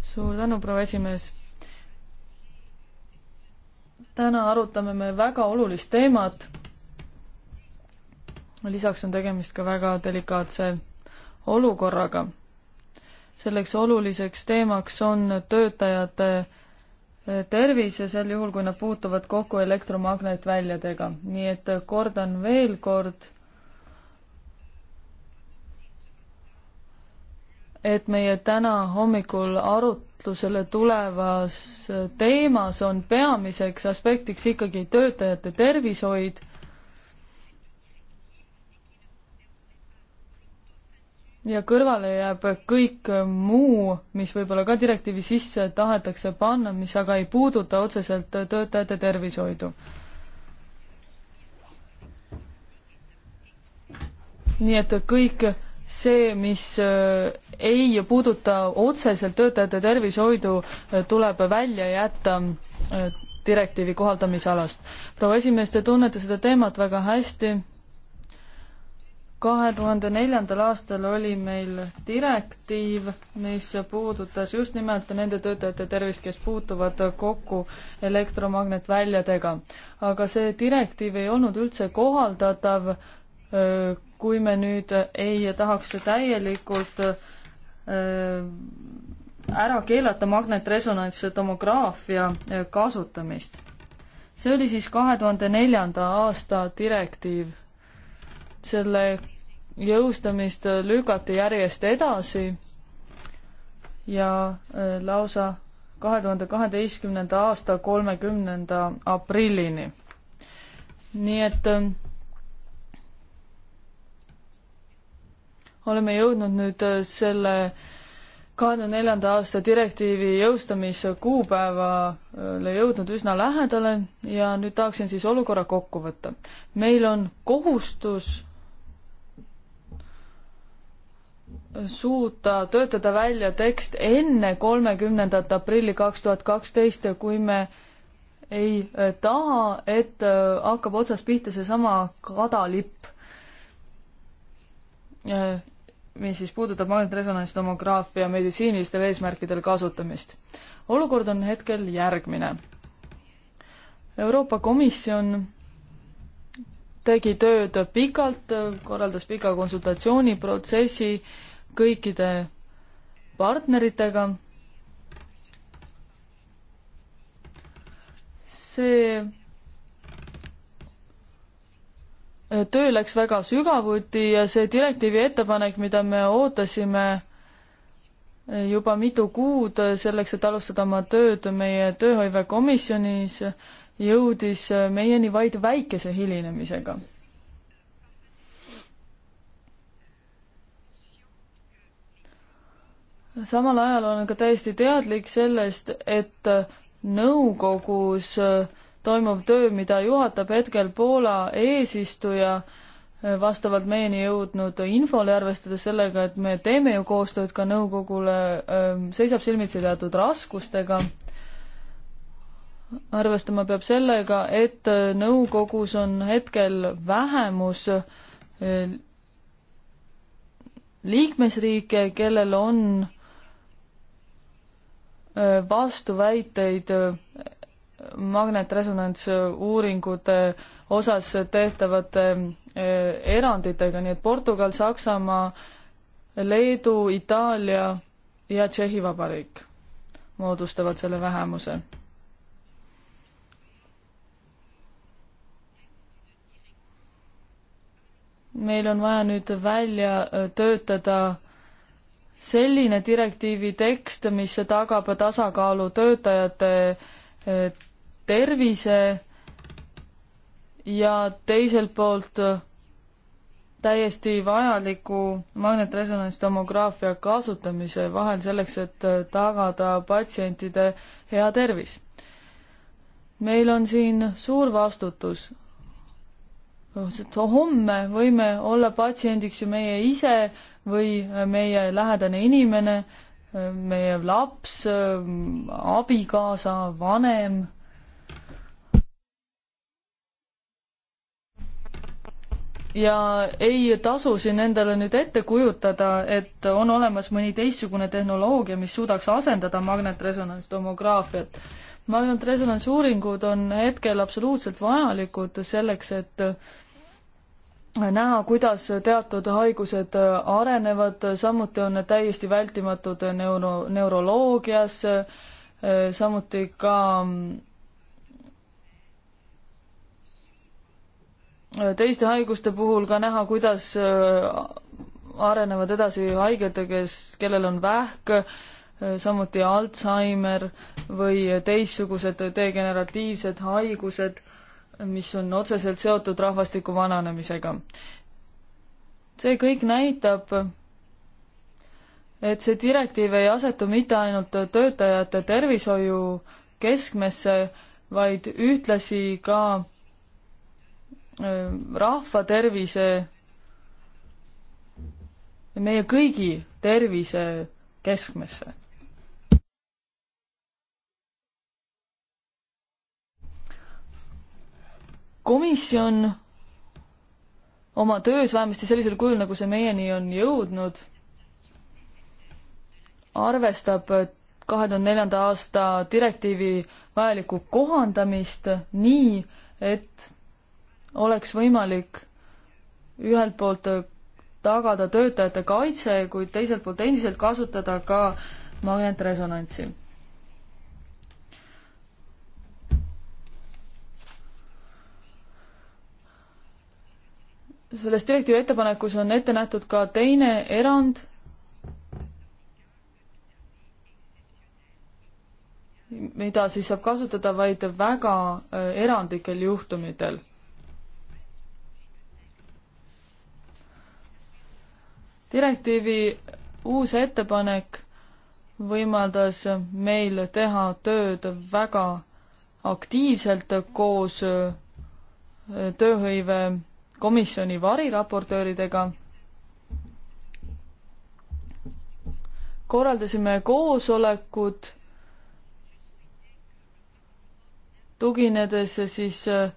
suur tänu, proua esimees. täna arutame me väga olulist teemat. lisaks on tegemist ka väga delikaatse olukorraga. selleks oluliseks teemaks on töötajate tervis ja sel juhul, kui nad puutuvad kokku elektromagnetväljadega. nii et kordan veel kord, et meie täna hommikul arutlusele tulevas teemas on peamiseks aspektiks ikkagi töötajate tervishoid ja kõrvale jääb kõik muu, mis võib-olla ka direktiivi sisse tahetakse panna, mis aga ei puuduta otseselt töötajate tervishoidu. nii et kõik see, mis äh, ei puuduta otseselt töötajate tervishoidu, äh, tuleb välja jätta äh, direktiivi kohaldamisalast. proua esimees, te tunnete seda teemat väga hästi kahe tuhande neljandal aastal oli meil direktiiv, mis puudutas just nimelt nende töötajate tervist, kes puutuvad kokku elektromagnetväljadega. aga see direktiiv ei olnud üldse kohaldatav, kui me nüüd ei tahaks täielikult ära keelata magnetresonantstomograafia kasutamist. see oli siis kahe tuhande neljanda aasta direktiiv selle jõustamist lükati järjest edasi ja äh, lausa kahe tuhande kaheteistkümnenda aasta kolmekümnenda aprillini. nii et ähm, oleme jõudnud nüüd äh, selle kahe tuhande neljanda aasta direktiivi jõustamise kuupäevale jõudnud üsna lähedale ja nüüd tahaksin siis olukorra kokku võtta. meil on kohustus suuta töötada välja tekst enne kolmekümnendat aprilli kaks tuhat kaksteist ja kui me ei eh, taha, et eh, hakkab otsast pihta seesama kadalipp, eh, mis siis puudutab magnetresonantstomograafia meditsiinilistel eesmärkidel kasutamist. olukord on hetkel järgmine. Euroopa Komisjon tegi tööd pikalt, korraldas pika konsultatsiooniprotsessi, kõikide partneritega. see töö läks väga sügavuti ja see direktiivi ettepanek, mida me ootasime juba mitu kuud selleks, et alustada oma tööd meie tööhõivekomisjonis, jõudis meieni vaid väikese hilinemisega samal ajal olen ka täiesti teadlik sellest, et nõukogus äh, toimuv töö, mida juhatab hetkel Poola eesistuja, äh, vastavalt meieni jõudnud infole, arvestades sellega, et me teeme ju koostööd ka nõukogule, ähm, seisab silmitsi teatud raskustega. arvestama peab sellega, et äh, nõukogus on hetkel vähemus liikmesriike, kellel on vastuväiteid äh, magnetresonantsuuringute äh, äh, osas tehtavate eranditega, nii et Portugal, Saksamaa, Leedu, Itaalia ja Tšehhi Vabariik moodustavad selle vähemuse meil on vaja nüüd välja töötada selline direktiivi tekst, mis tagab tasakaalu töötajate eh, tervise ja teiselt poolt täiesti vajaliku magnetresonantstomograafia kasutamise vahel selleks, et tagada patsientide hea tervis. meil on siin suur vastutus. homme võime olla patsiendiks ju meie ise, või äh, meie lähedane inimene, äh, meie laps, äh, abikaasa, vanem. ja ei tasu siin endale nüüd ette kujutada, et on olemas mõni teistsugune tehnoloogia, mis suudaks asendada magnetresonantstomograafiat. magnetresonantsuuringud on hetkel absoluutselt vajalikud selleks, et näha, kuidas teatud haigused äh, arenevad, samuti on need täiesti vältimatud neuro, neuroloogias, äh, samuti ka äh, teiste haiguste puhul ka näha, kuidas arenevad edasi haiged, kes, kellel on vähk, samuti Alzheimer või teistsugused degeneratiivsed haigused mis on otseselt seotud rahvastiku vananemisega. see kõik näitab, et see direktiiv ei asetu mitte ainult töötajate tervishoiu keskmesse, vaid ühtlasi ka rahva tervise, meie kõigi tervise keskmesse komisjon oma töös, vähemasti sellisel kujul, nagu see meieni on jõudnud, arvestab kahe tuhande neljanda aasta direktiivi vajalikku kohandamist nii, et oleks võimalik ühelt poolt tagada töötajate kaitse, kuid teiselt poolt endiselt kasutada ka magnetresonantsi selles direktiivi ettepanekus on ette nähtud ka teine erand, mida siis saab kasutada vaid väga äh, erandlikel juhtumitel. direktiivi uus ettepanek võimaldas meil teha tööd väga aktiivselt koos äh, tööhõive komisjoni variraportööridega korraldasime koosolekud, tuginedes siis äh,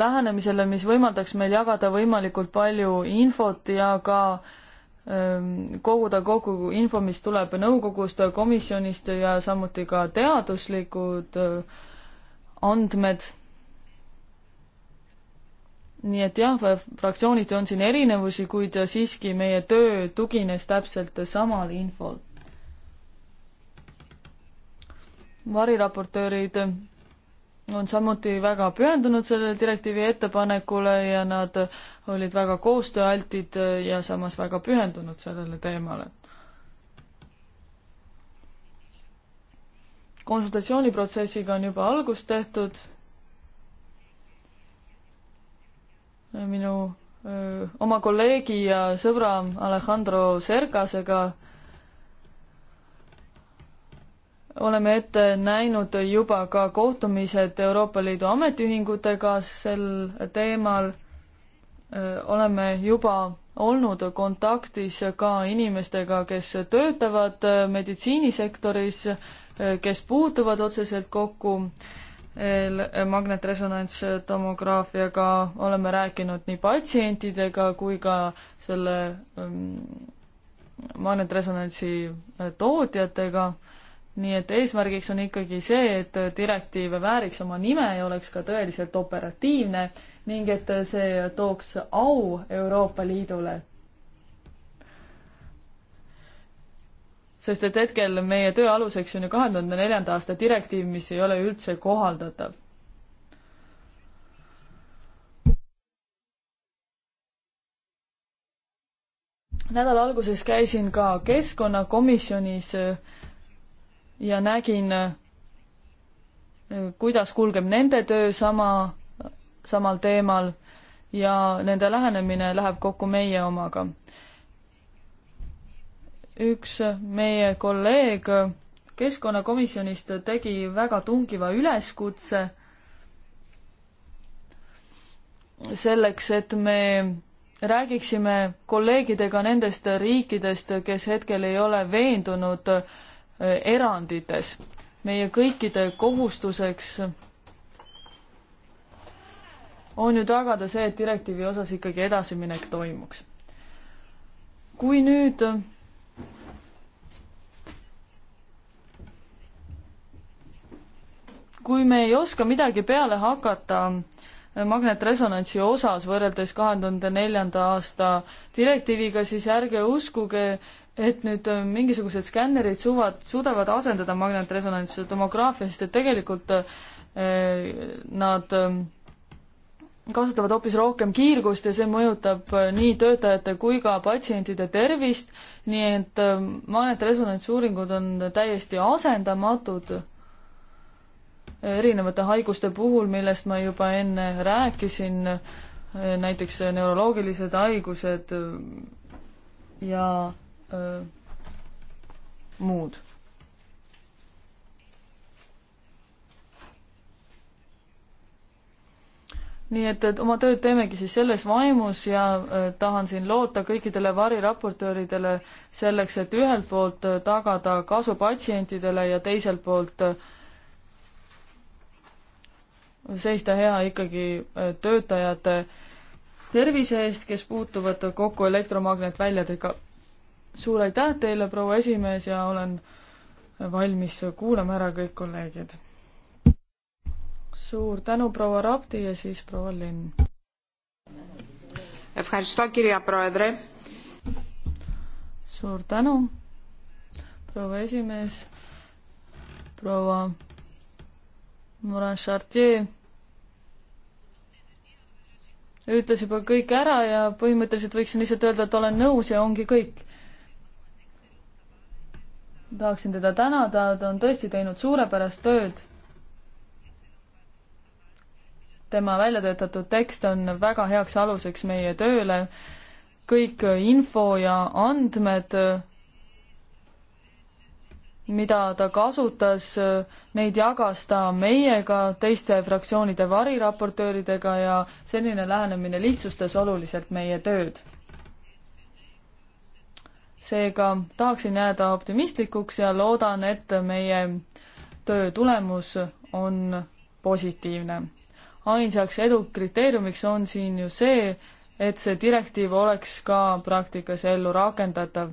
lähenemisele, mis võimaldaks meil jagada võimalikult palju infot ja ka ähm, koguda kogu info, mis tuleb nõukogust, komisjonist ja samuti ka teaduslikud äh, andmed nii et jah, fraktsiooniti on siin erinevusi, kuid siiski meie töö tugines täpselt samal infol. variraportöörid on samuti väga pühendunud sellele direktiivi ettepanekule ja nad olid väga koostööaltid ja samas väga pühendunud sellele teemale. konsultatsiooniprotsessiga on juba algust tehtud minu öö, oma kolleegi ja sõbra Alejandro Sergasega oleme ette näinud juba ka kohtumised Euroopa Liidu ametiühingutega sel teemal. oleme juba olnud kontaktis ka inimestega, kes töötavad äh, meditsiinisektoris, äh, kes puutuvad otseselt kokku äh, magnetresonantstomograafiaga oleme rääkinud nii patsientidega kui ka selle mm, magnetresonantsi äh, tootjatega, nii et eesmärgiks on ikkagi see, et direktiiv vääriks oma nime ja oleks ka tõeliselt operatiivne ning et see tooks au Euroopa Liidule sest et hetkel meie töö aluseks on ju kahe tuhande neljanda aasta direktiiv, mis ei ole üldse kohaldatav. nädala alguses käisin ka keskkonnakomisjonis äh, ja nägin, äh, kuidas kulgeb nende töö sama, samal teemal ja nende lähenemine läheb kokku meie omaga üks meie kolleeg keskkonnakomisjonist tegi väga tungiva üleskutse selleks, et me räägiksime kolleegidega nendest riikidest, kes hetkel ei ole veendunud äh, erandites. meie kõikide kohustuseks on ju tagada see, et direktiivi osas ikkagi edasiminek toimuks. kui nüüd kui me ei oska midagi peale hakata eh, magnetresonantsi osas võrreldes kahe tuhande neljanda aasta direktiiviga, siis ärge uskuge, et nüüd eh, mingisugused skännerid suvad, suudavad asendada magnetresonantsi tomograafia, sest et tegelikult eh, nad kasutavad hoopis rohkem kiirgust ja see mõjutab nii töötajate kui ka patsientide tervist, nii et magnetresonantsuuringud on täiesti asendamatud erinevate haiguste puhul, millest ma juba enne rääkisin, näiteks neuroloogilised haigused ja öö, muud. nii et, et oma tööd teemegi siis selles vaimus ja äh, tahan siin loota kõikidele variraportööridele selleks, et ühelt poolt tagada kasu patsientidele ja teiselt poolt äh, seista hea ikkagi äh, töötajate tervise eest, kes puutuvad kokku elektromagnetväljadega. suur aitäh teile, proua esimees, ja olen valmis kuulama ära kõik kolleegid. suur tänu, proua Rapti ja siis proua Linn. suur tänu, proua esimees, proua Morin Chartier ütles juba kõik ära ja põhimõtteliselt võiksin lihtsalt öelda, et olen nõus ja ongi kõik. tahaksin teda tänada, ta on tõesti teinud suurepärast tööd. tema välja töötatud tekst on väga heaks aluseks meie tööle. kõik info ja andmed mida ta kasutas, neid jagas ta meiega, teiste fraktsioonide variraportööridega ja selline lähenemine lihtsustas oluliselt meie tööd. seega tahaksin jääda optimistlikuks ja loodan, et meie töö tulemus on positiivne. ainsaks edu kriteeriumiks on siin ju see, et see direktiiv oleks ka praktikas ellu rakendatav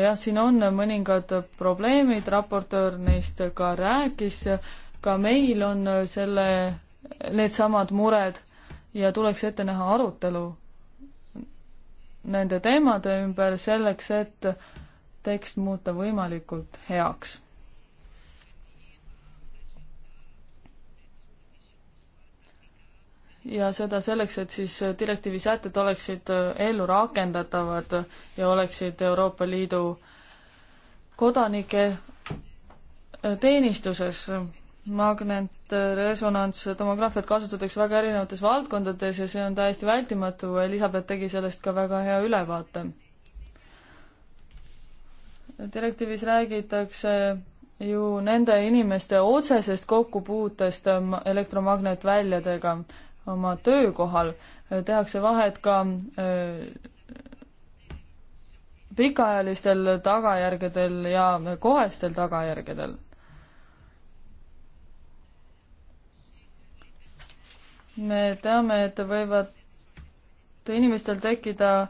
jah, siin on mõningad probleemid, raportöör neist ka rääkis, ka meil on selle, needsamad mured ja tuleks ette näha arutelu nende teemade ümber selleks, et tekst muuta võimalikult heaks ja seda selleks, et siis direktiivi sätted oleksid äh, ellu rakendatavad ja oleksid Euroopa Liidu kodanike äh, teenistuses. magnetresonantstomograafiat äh, kasutatakse väga erinevates valdkondades ja see on täiesti vältimatu, Elizabeth tegi sellest ka väga hea ülevaate. direktiivis räägitakse ju nende inimeste otsesest kokkupuutest ähm, elektromagnetväljadega oma töökohal, tehakse vahet ka pikaajalistel tagajärgedel ja kohestel tagajärgedel. me teame, et võivad inimestel tekkida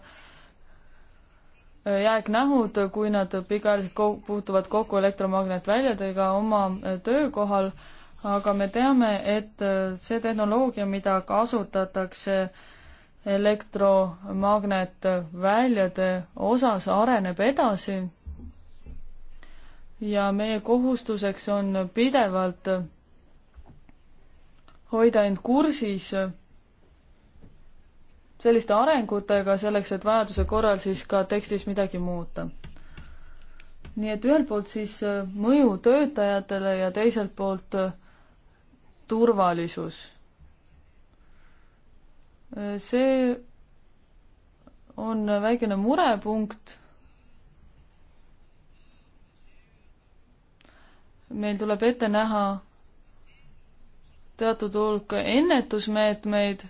jääknähud, kui nad pikaajaliselt ko-, puutuvad kokku elektromagnetväljadega oma töökohal äh, aga me teame, et äh, see tehnoloogia, mida kasutatakse elektromagnetväljade osas, areneb edasi ja meie kohustuseks on pidevalt hoida end kursis selliste arengutega selleks, et vajaduse korral siis ka tekstis midagi muuta. nii et ühelt poolt siis äh, mõju töötajatele ja teiselt poolt äh, turvalisus. see on väikene murepunkt. meil tuleb ette näha teatud hulk ennetusmeetmeid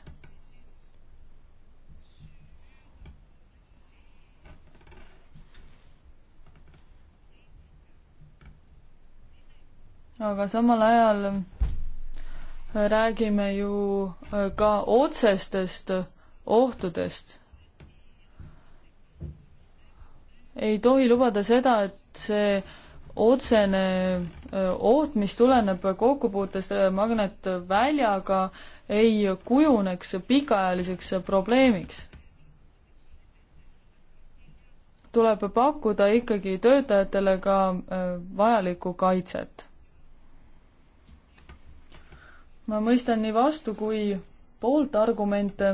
aga samal ajal räägime ju äh, ka otsestest äh, ohtudest. ei tohi lubada seda, et see otsene äh, oht, mis tuleneb kokkupuutest magnetväljaga, ei kujuneks pikaajaliseks probleemiks tuleb pakkuda ikkagi töötajatele ka vajalikku kaitset ma mõistan nii vastu kui poolt argumente.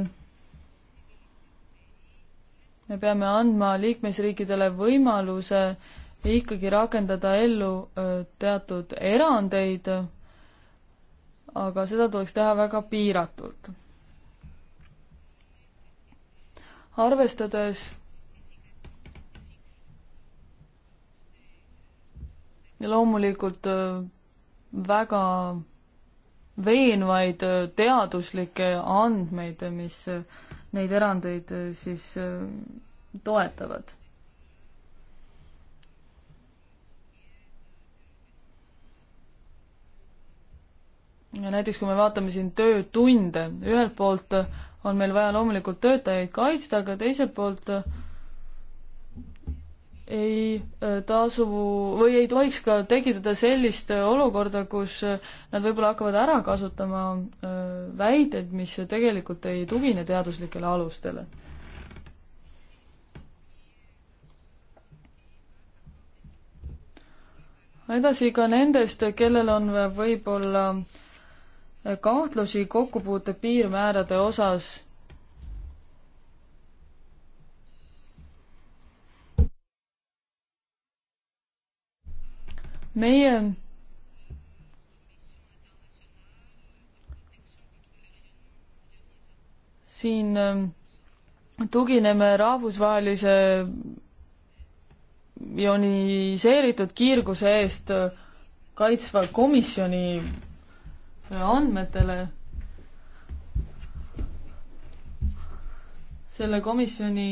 me peame andma liikmesriikidele võimaluse ikkagi rakendada ellu teatud erandeid, aga seda tuleks teha väga piiratult. arvestades ja loomulikult väga veenvaid äh, teaduslikke andmeid, mis äh, neid erandeid äh, siis toetavad. ja näiteks, kui me vaatame siin töötunde, ühelt poolt on meil vaja loomulikult töötajaid kaitsta, aga teiselt poolt äh, ei äh, tasu või ei tohiks ka tekitada sellist äh, olukorda, kus äh, nad võib-olla hakkavad ära kasutama väiteid, mis tegelikult ei tugine teaduslikele alustele. edasi ka nendest, kellel on võib-olla kahtlusi kokkupuute piirmäärade osas meie siin ähm, tugineme rahvusvahelise ioniseeritud kiirguse eest äh, kaitsva komisjoni äh, andmetele. selle komisjoni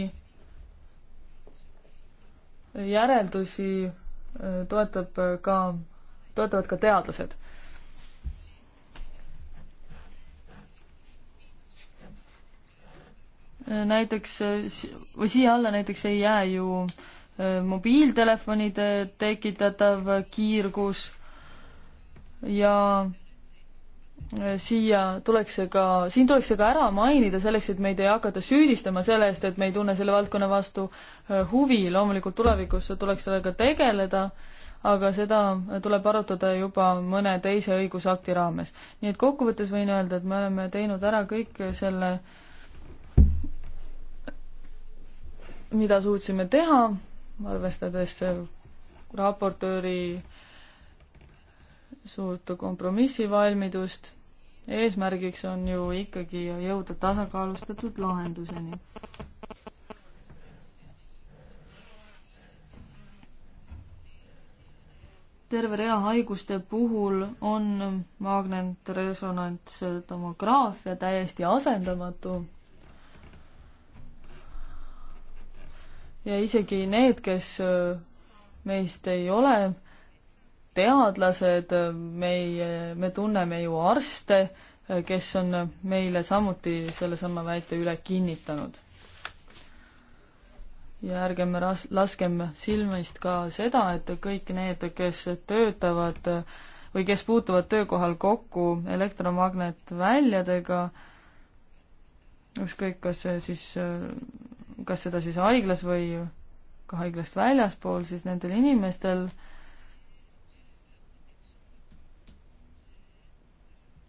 järeldusi toetab äh, ka, toetavad ka teadlased. näiteks äh, või siia alla näiteks ei jää ju äh, mobiiltelefonide tekitatav kiirgus ja siia tuleks see ka, siin tuleks see ka ära mainida, selleks et meid ei hakata süüdistama selle eest, et me ei tunne selle valdkonna vastu äh, huvi, loomulikult tulevikus tuleks sellega tegeleda, aga seda tuleb arutada juba mõne teise õigusakti raames. nii et kokkuvõttes võin öelda, et me oleme teinud ära kõik selle, mida suutsime teha, arvestades äh, raportööri äh, suurt kompromissivalmidust. eesmärgiks on ju ikkagi jõuda tasakaalustatud lahenduseni. terve rea haiguste puhul on magnetresonantstomograafia täiesti asendamatu ja isegi need, kes meist ei ole teadlased, meie, me tunneme ju arste, kes on meile samuti sellesama väite üle kinnitanud. ja ärgem ras-, laskem silmist ka seda, et kõik need, kes töötavad või kes puutuvad töökohal kokku elektromagnetväljadega, ükskõik, kas see siis, kas seda siis haiglas või ka haiglast väljaspool, siis nendel inimestel äh,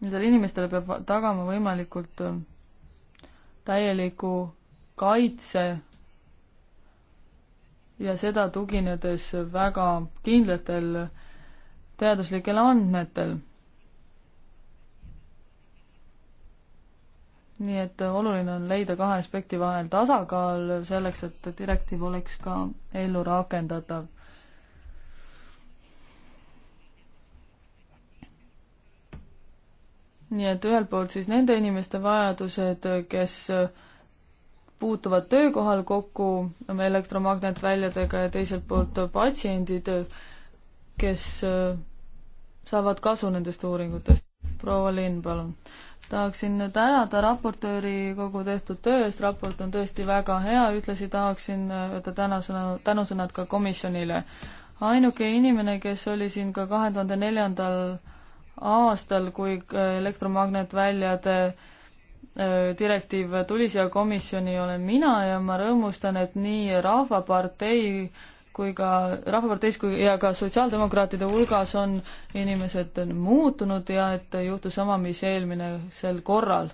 nendele inimestele peab tagama võimalikult äh, täieliku kaitse ja seda tuginedes väga kindlatel teaduslikel andmetel. nii et oluline on leida kahe aspekti vahel tasakaal selleks, et direktiiv oleks ka ellu rakendatav nii et ühelt poolt siis nende inimeste vajadused, kes puutuvad töökohal kokku elektromagnetväljadega ja teiselt poolt patsiendid, kes äh, saavad kasu nendest uuringutest. proua Linn, palun. tahaksin tänada raportööri kogu tehtud töö eest, raport on tõesti väga hea, ühtlasi tahaksin äh, öelda tänasõna, tänusõnad ka komisjonile. ainuke inimene, kes oli siin ka kahe tuhande neljandal aastal, kui elektromagnetväljade äh, direktiiv tuli siia komisjoni, olen mina ja ma rõõmustan, et nii Rahvapartei kui ka Rahvaparteis kui ja ka sotsiaaldemokraatide hulgas on inimesed muutunud ja et juhtus sama, mis eelminesel korral.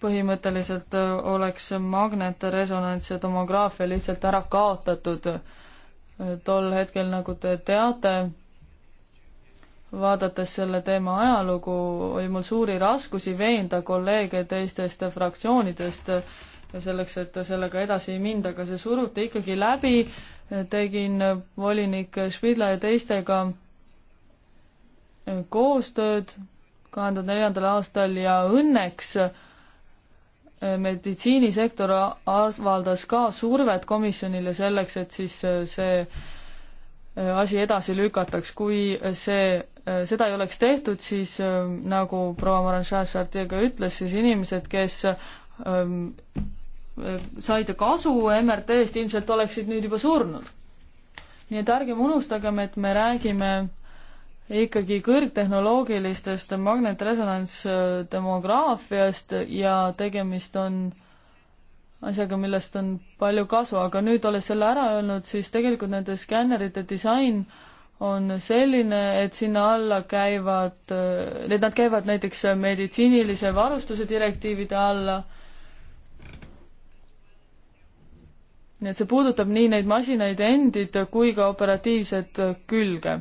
põhimõtteliselt äh, oleks magnetresonants ja tomograafia lihtsalt ära kaotatud. Äh, tol hetkel, nagu te teate, vaadates selle teema ajalugu, oli mul suuri raskusi veenda kolleege teistest fraktsioonidest selleks, et sellega edasi ei minda, aga see suruti ikkagi läbi, tegin volinik Špidla ja teistega koostööd kahe tuhande neljandal aastal ja õnneks meditsiinisektor avaldas ka survet komisjonile selleks, et siis see asi edasi lükataks, kui see Äh, seda ei oleks tehtud, siis äh, nagu proua Maranšašartje ka ütles, siis inimesed, kes ähm, äh, said kasu MRT-st, ilmselt oleksid nüüd juba surnud. nii et ärgem unustagem, et me räägime ikkagi kõrgtehnoloogilistest magnetresonantstomograafiast ja tegemist on asjaga, millest on palju kasu, aga nüüd olles selle ära öelnud, siis tegelikult nende skännerite disain äh, on selline, et sinna alla käivad, et nad käivad näiteks meditsiinilise varustuse direktiivide alla. nii et see puudutab nii neid masinaid endid kui ka operatiivset külge.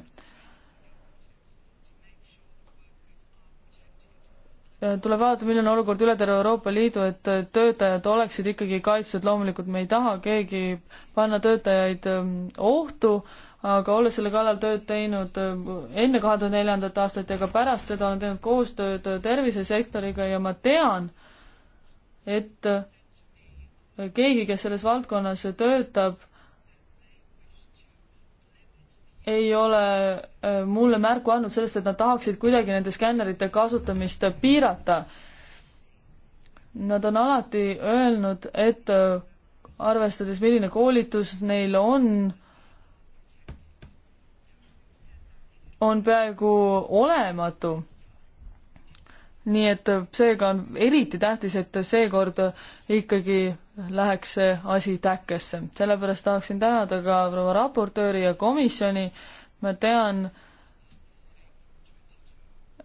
tuleb vaadata, milline olukord üle terve Euroopa Liidu, et töötajad oleksid ikkagi kaitstud, loomulikult me ei taha keegi panna töötajaid ähm, ohtu aga olles selle kallal tööd teinud äh, enne kahe tuhande neljandat aastat ja ka pärast seda olen teinud koostööd äh, tervisesektoriga ja ma tean, et äh, keegi, kes selles valdkonnas töötab, ei ole mulle märku andnud sellest, et nad tahaksid kuidagi nende skännerite kasutamist piirata. Nad on alati öelnud, et arvestades, milline koolitus neil on, on peaaegu olematu. nii et seega on eriti tähtis, et seekord ikkagi läheks see asi täkkesse. sellepärast tahaksin tänada ka proua raportööri ja komisjoni. ma tean,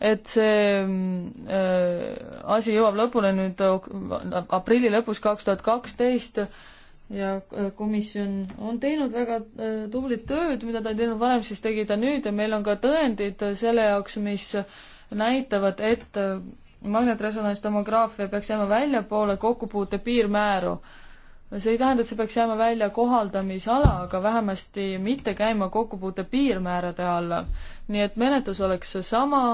et see äh, asi jõuab lõpule nüüd aprilli lõpus kaks tuhat kaksteist ja äh, komisjon on teinud väga äh, tublit tööd, mida ta ei teinud varem, siis tegi ta nüüd ja meil on ka tõendid selle jaoks, mis näitavad, et äh, magnetresonantstomograafia peaks jääma väljapoole kokkupuute piirmääru. see ei tähenda, et see peaks jääma välja kohaldamisala, aga vähemasti mitte käima kokkupuute piirmäärade alla. nii et menetlus oleks sama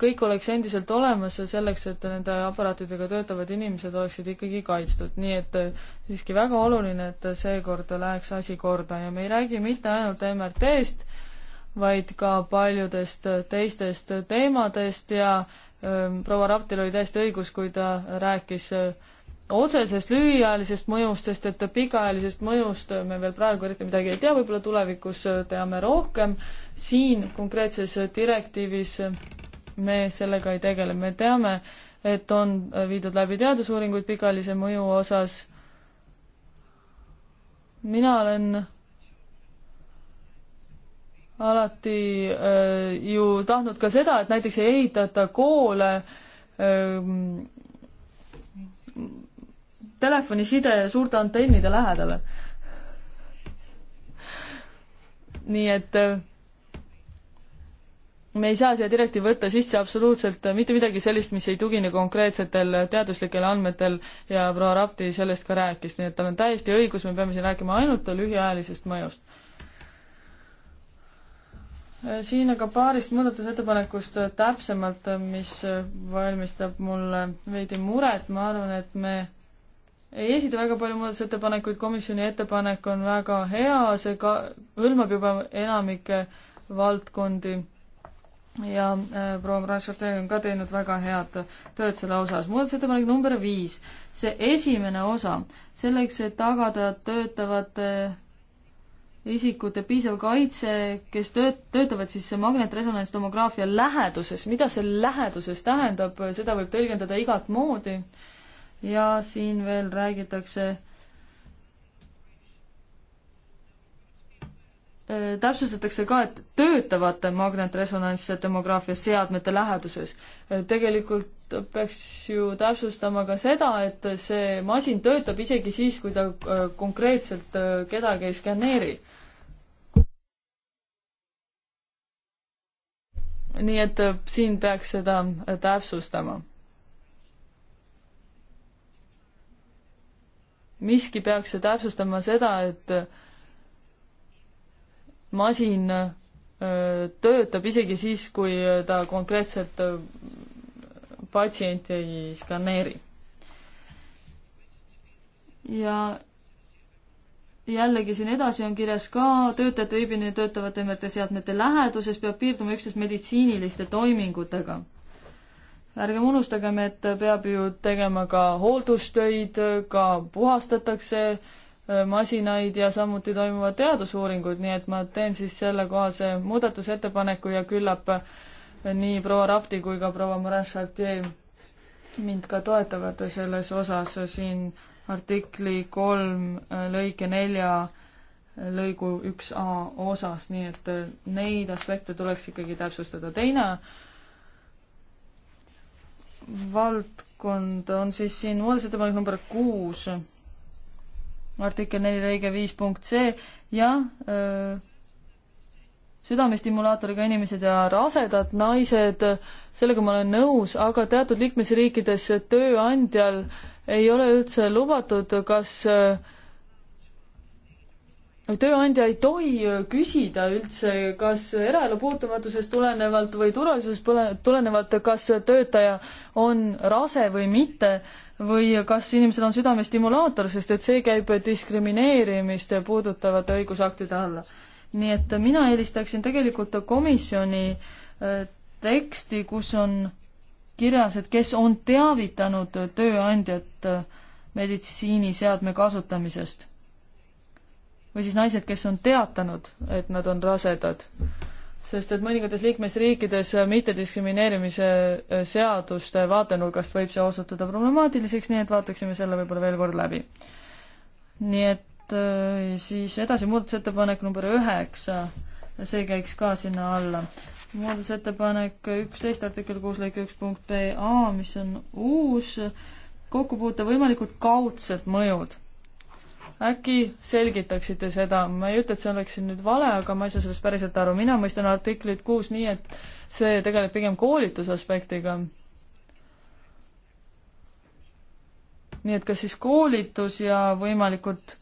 kõik oleks endiselt olemas ja selleks, et nende aparaatidega töötavad inimesed oleksid ikkagi kaitstud, nii et äh, siiski väga oluline, et seekord läheks asi korda ja me ei räägi mitte ainult MRT-st, vaid ka paljudest äh, teistest teemadest ja ähm, proua Raptil oli täiesti õigus, kui ta rääkis äh, otsesest lühiajalisest mõjust, sest et pikaajalisest mõjust äh, me veel praegu eriti midagi ei tea, võib-olla tulevikus teame rohkem. siin konkreetses direktiivis äh, me sellega ei tegele, me teame, et on viidud läbi teadusuuringuid pikaajalise mõju osas. mina olen alati äh, ju tahtnud ka seda, et näiteks ei ehitata koole ähm, telefoniside suurte antennide lähedale. nii et äh, me ei saa siia direktiivi võtta sisse absoluutselt äh, mitte midagi sellist, mis ei tugine konkreetsetel äh, teaduslikel andmetel ja proua Rapti sellest ka rääkis, nii et tal on täiesti õigus, me peame siin rääkima ainult lühiajalisest mõjust. Äh, siin aga paarist muudatusettepanekust täpsemalt, mis valmistab mulle veidi muret, ma arvan, et me ei esita väga palju muudatusettepanekuid, komisjoni ettepanek on väga hea, see ka hõlmab juba enamike valdkondi ja äh, proua Brasšote on ka teinud väga head tööd selle osas. muudatusettepanek number viis, see esimene osa, selleks, et tagada töötavate äh, isikute piisav kaitse, kes tööt-, töötavad siis magnetresonantstomograafia läheduses, mida see läheduses tähendab, seda võib tõlgendada igat moodi ja siin veel räägitakse täpsustatakse ka, et töötavate magnetresonantstomograafias seadmete läheduses. tegelikult peaks ju täpsustama ka seda, et see masin töötab isegi siis, kui ta konkreetselt kedagi ei skaneeri. nii et siin peaks seda täpsustama. miski peaks ju täpsustama seda, et masin äh, töötab isegi siis, kui ta konkreetselt äh, patsienti ei skaneeri. ja jällegi siin edasi on kirjas ka töötajate viibimine töötavate MRT-seadmete läheduses peab piirduma üksnes meditsiiniliste toimingutega. ärgem unustagem, et peab ju tegema ka hooldustöid, ka puhastatakse äh, Äh, masinaid ja samuti toimuvad teadusuuringud, nii et ma teen siis sellekohase muudatusettepaneku ja küllap äh, nii proua Rapti kui ka proua Morin-Chartier mind ka toetavad selles osas siin artikli kolm äh, lõike nelja lõigu üks A osas, nii et neid aspekte tuleks ikkagi täpsustada. teine valdkond on siis siin muudatusettepanek number kuus artikkel neli lõige viis punkt C ja öö, südamestimulaatoriga inimesed ja rasedad naised, sellega ma olen nõus, aga teatud liikmesriikides tööandjal ei ole üldse lubatud kas öö, tööandja ei tohi äh, küsida üldse, kas eraelu puutumatusest tulenevalt või turvalisusest tulenevalt, kas töötaja on rase või mitte või kas inimesel on südamestimulaator, sest et see käib diskrimineerimist puudutavate õigusaktide alla. nii et mina eelistaksin tegelikult komisjoni äh, teksti, kus on kirjas, et kes on teavitanud tööandjat äh, meditsiiniseadme kasutamisest või siis naised, kes on teatanud, et nad on rasedad. sest et mõningates liikmesriikides mittediskrimineerimise äh, seaduste vaatenurgast võib see osutuda problemaatiliseks, nii et vaataksime selle võib-olla veel kord läbi. nii et äh, siis edasi muudatusettepanek number üheksa, see käiks ka sinna alla. muudatusettepanek üksteist artikkel kuus lõike üks punkt BA, mis on uus kokkupuute võimalikud kaudsed mõjud äkki selgitaksite seda, ma ei ütle, et see oleks nüüd vale, aga ma ei saa sellest päriselt aru, mina mõistan artiklit kuus nii, et see tegeleb pigem koolitusaspektiga. nii et kas siis koolitus ja võimalikud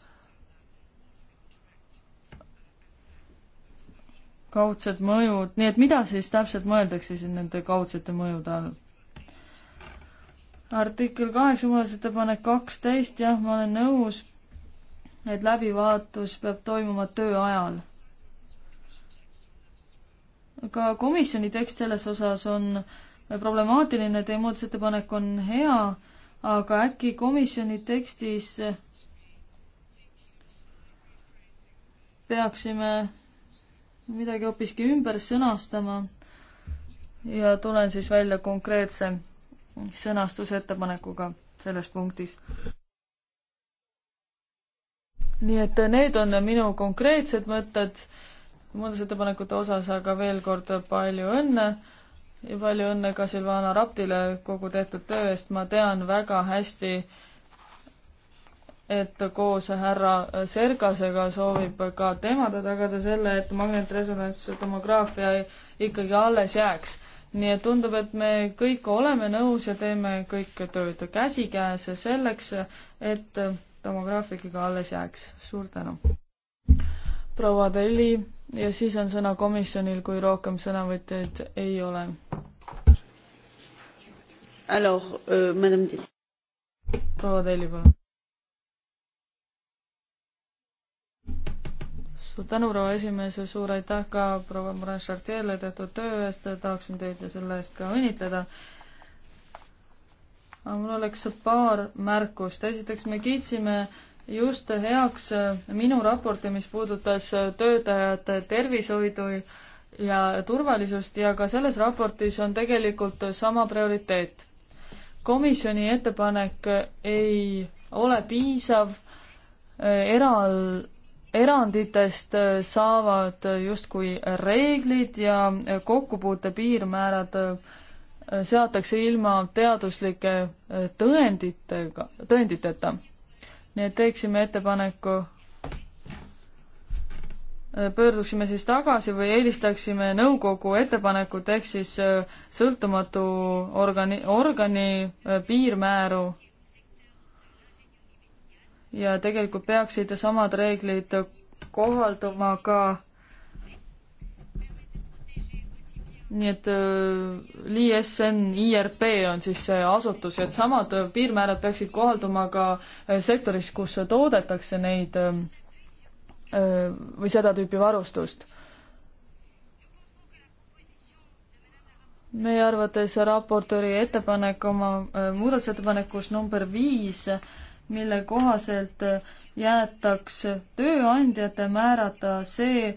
kaudsed mõjud, nii et mida siis täpselt mõeldakse siin nende kaudsete mõjude all? artikkel kaheksa muudatusettepanek kaksteist, jah, ma olen nõus et läbivaatus peab toimuma töö ajal. ka komisjoni tekst selles osas on problemaatiline, teie muudatusettepanek on hea, aga äkki komisjoni tekstis peaksime midagi hoopiski ümber sõnastama ja tulen siis välja konkreetse sõnastusettepanekuga selles punktis nii et äh, need on minu konkreetsed mõtted muudatusettepanekute osas, aga veel kord äh, palju õnne ja palju õnne ka Silvana Raptile kogu tehtud töö eest, ma tean väga hästi, et koos härra äh, Sergasega soovib ka tema tagada selle, et magnetresonantstomograafia ikkagi alles jääks. nii et tundub, et me kõik oleme nõus ja teeme kõik tööd käsikäes selleks, et ta oma graafikiga alles jääks. suur tänu! proua Telli ja siis on sõna komisjonil, kui rohkem sõnavõtjaid ei ole. Euh, proua Telli, palun. suur tänu, proua esimees ja suur aitäh ka proua Morin Chartier'le tehtud töö eest, tahaksin teid selle eest ka õnnitleda aga mul oleks paar märkust. esiteks, me kiitsime just heaks minu raporti, mis puudutas töötajate tervishoidu ja turvalisust ja ka selles raportis on tegelikult sama prioriteet. komisjoni ettepanek ei ole piisav, eral-, eranditest saavad justkui reeglid ja kokkupuute piirmäärad äh, seatakse ilma teaduslike eh, tõenditega, tõenditeta. nii et teeksime ettepaneku, eh, pöörduksime siis tagasi või eelistaksime nõukogu ettepanekut ehk siis eh, sõltumatu organi, organi piirmääru ja tegelikult peaksid samad reeglid kohalduma ka nii et äh, LISN, IRP on siis see asutus ja et samad äh, piirmäärad peaksid kohalduma ka äh, sektoris, kus toodetakse neid või seda tüüpi varustust. meie arvates raportööri ettepanek oma muudatusettepanekus number viis, mille kohaselt jäetakse tööandjate määrata see,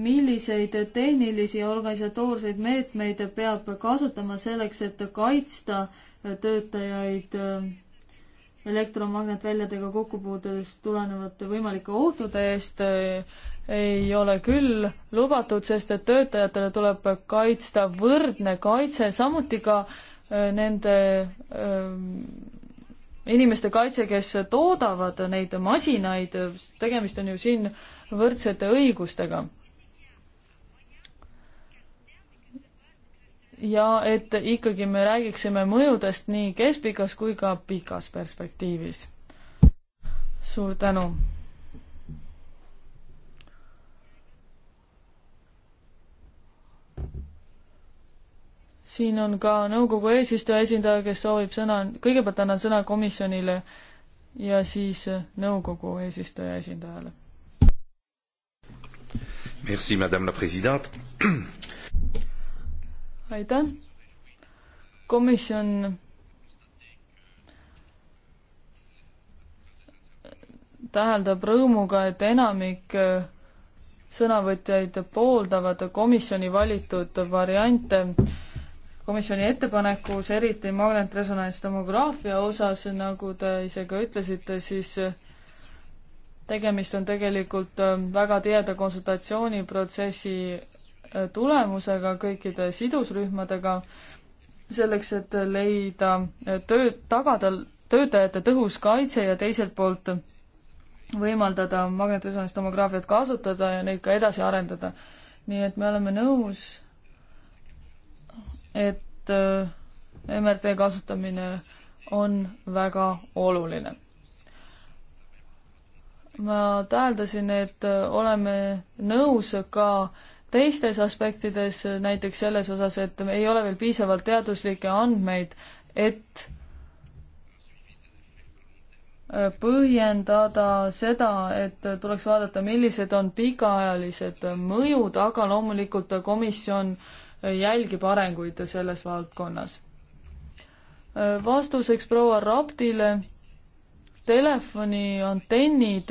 milliseid tehnilisi ja organisatoorseid meetmeid peab kasutama selleks, et kaitsta töötajaid äh, elektromagnetväljadega kokkupuutudest tulenevate võimalike ohtude eest äh, ei ole küll lubatud, sest et töötajatele tuleb kaitsta võrdne kaitse, samuti ka äh, nende inimeste kaitse, kes toodavad neid masinaid, tegemist on ju siin võrdsete õigustega ja et ikkagi me räägiksime mõjudest nii keskpikas kui ka pikas perspektiivis. suur tänu. siin on ka nõukogu eesistuja esindaja, kes soovib sõna, kõigepealt annan sõna komisjonile ja siis nõukogu eesistuja esindajale. Merci, madame la president aitäh. komisjon täheldab rõõmuga, et enamik sõnavõtjaid pooldavad komisjoni valitud variante komisjoni ettepanekus, eriti magnetresonantstomograafia osas, nagu te ise ka ütlesite, siis tegemist on tegelikult väga tiheda konsultatsiooniprotsessi tulemusega kõikide sidusrühmadega, selleks, et leida eh, töö, tagada töötajate tõhus kaitse ja teiselt poolt võimaldada magnetresonantsi tomograafiat kasutada ja neid ka edasi arendada. nii et me oleme nõus, et eh, MRT kasutamine on väga oluline. ma täheldasin, et eh, oleme nõus ka äh, teistes aspektides, näiteks selles osas, et ei ole veel piisavalt teaduslikke andmeid, et põhjendada seda, et tuleks vaadata, millised on pikaajalised mõjud, aga loomulikult komisjon jälgib arenguid selles valdkonnas. vastuseks proua Raptile, telefonii antennid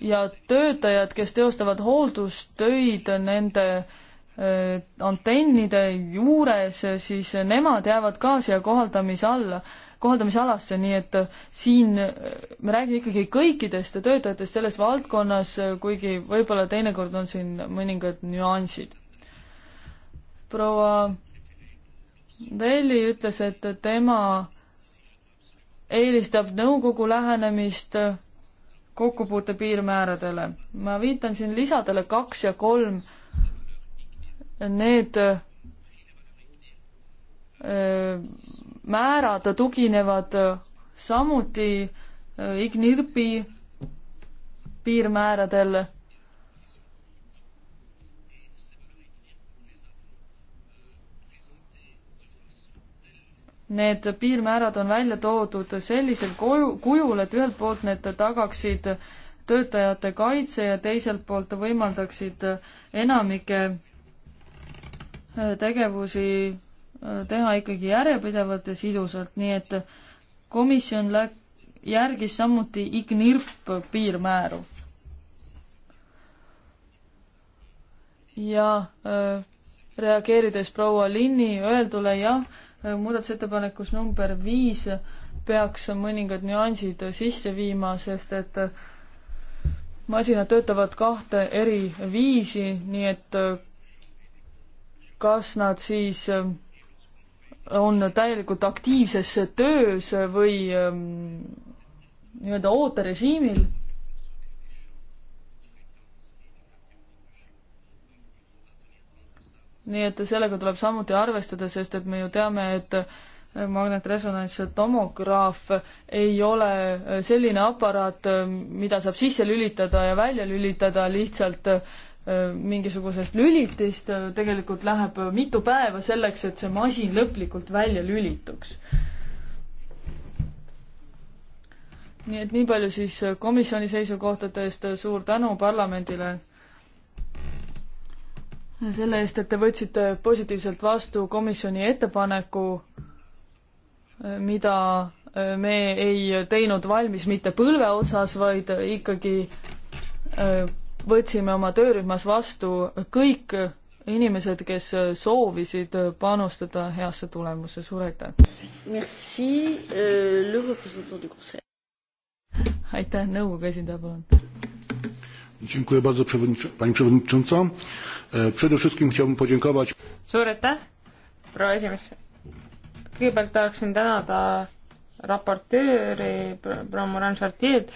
ja töötajad, kes teostavad hooldustöid nende äh, antennide juures, siis nemad jäävad ka siia kohaldamise alla, kohaldamisalasse, nii et siin äh, me räägime ikkagi kõikidest töötajatest selles valdkonnas, kuigi võib-olla teinekord on siin mõningad nüansid. proua Velli ütles, et tema eelistab nõukogu lähenemist kokkupuute piirmääradele. ma viitan siin lisadele kaks ja kolm. Need äh, määrad tuginevad samuti äh, IGNIRP-i piirmääradel need piirmäärad on välja toodud sellisel koju, kujul, et ühelt poolt need tagaksid töötajate kaitse ja teiselt poolt võimaldaksid enamike äh, tegevusi äh, teha ikkagi järjepidevalt ja sidusalt, nii et komisjon läk-, järgis samuti IGNIRP piirmääru. ja öö, äh, reageerides proua Linni öeldule, jah, Äh, muudatusettepanekus number viis peaks mõningad nüansid sisse viima, sest et äh, masinad töötavad kahte eri viisi, nii et äh, kas nad siis on täielikult aktiivses töös või ähm, nii-öelda ooterežiimil nii et sellega tuleb samuti arvestada, sest et me ju teame, et äh, magnetresonantstomograaf ei ole äh, selline aparaat, äh, mida saab sisse lülitada ja välja lülitada lihtsalt mingisugusest lülitist, tegelikult läheb mitu päeva selleks, et see masin lõplikult välja lülituks. nii et nii palju siis komisjoni seisukohtadest, suur tänu parlamendile selle eest, et te võtsite positiivselt vastu komisjoni ettepaneku, äh, mida äh, me ei teinud valmis mitte põlve otsas, vaid ikkagi äh, võtsime oma töörühmas vastu kõik inimesed, kes soovisid panustada heasse tulemusse. suur aitäh! Euh, aitäh, nõukogu esindaja, palun! E, przede wszystkim chciałbym podziękować. suur aitäh, proua esimees. kõigepealt tahaksin tänada raportööri proua Moran Chartier'd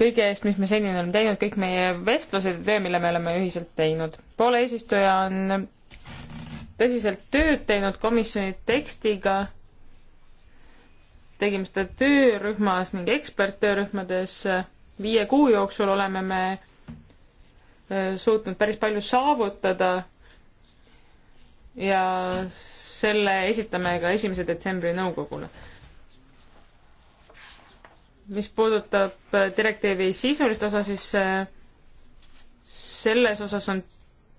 kõige eest, mis me senini oleme teinud, kõik meie vestlused ja töö, mille me oleme ühiselt teinud. Poola eesistuja on tõsiselt tööd teinud komisjoni tekstiga tegime seda töörühmas ning eksperttöörühmades. viie kuu jooksul oleme me Äh, suutnud päris palju saavutada ja selle esitame ka esimese detsembri nõukogule. mis puudutab äh, direktiivi sisulist osa, siis äh, selles osas on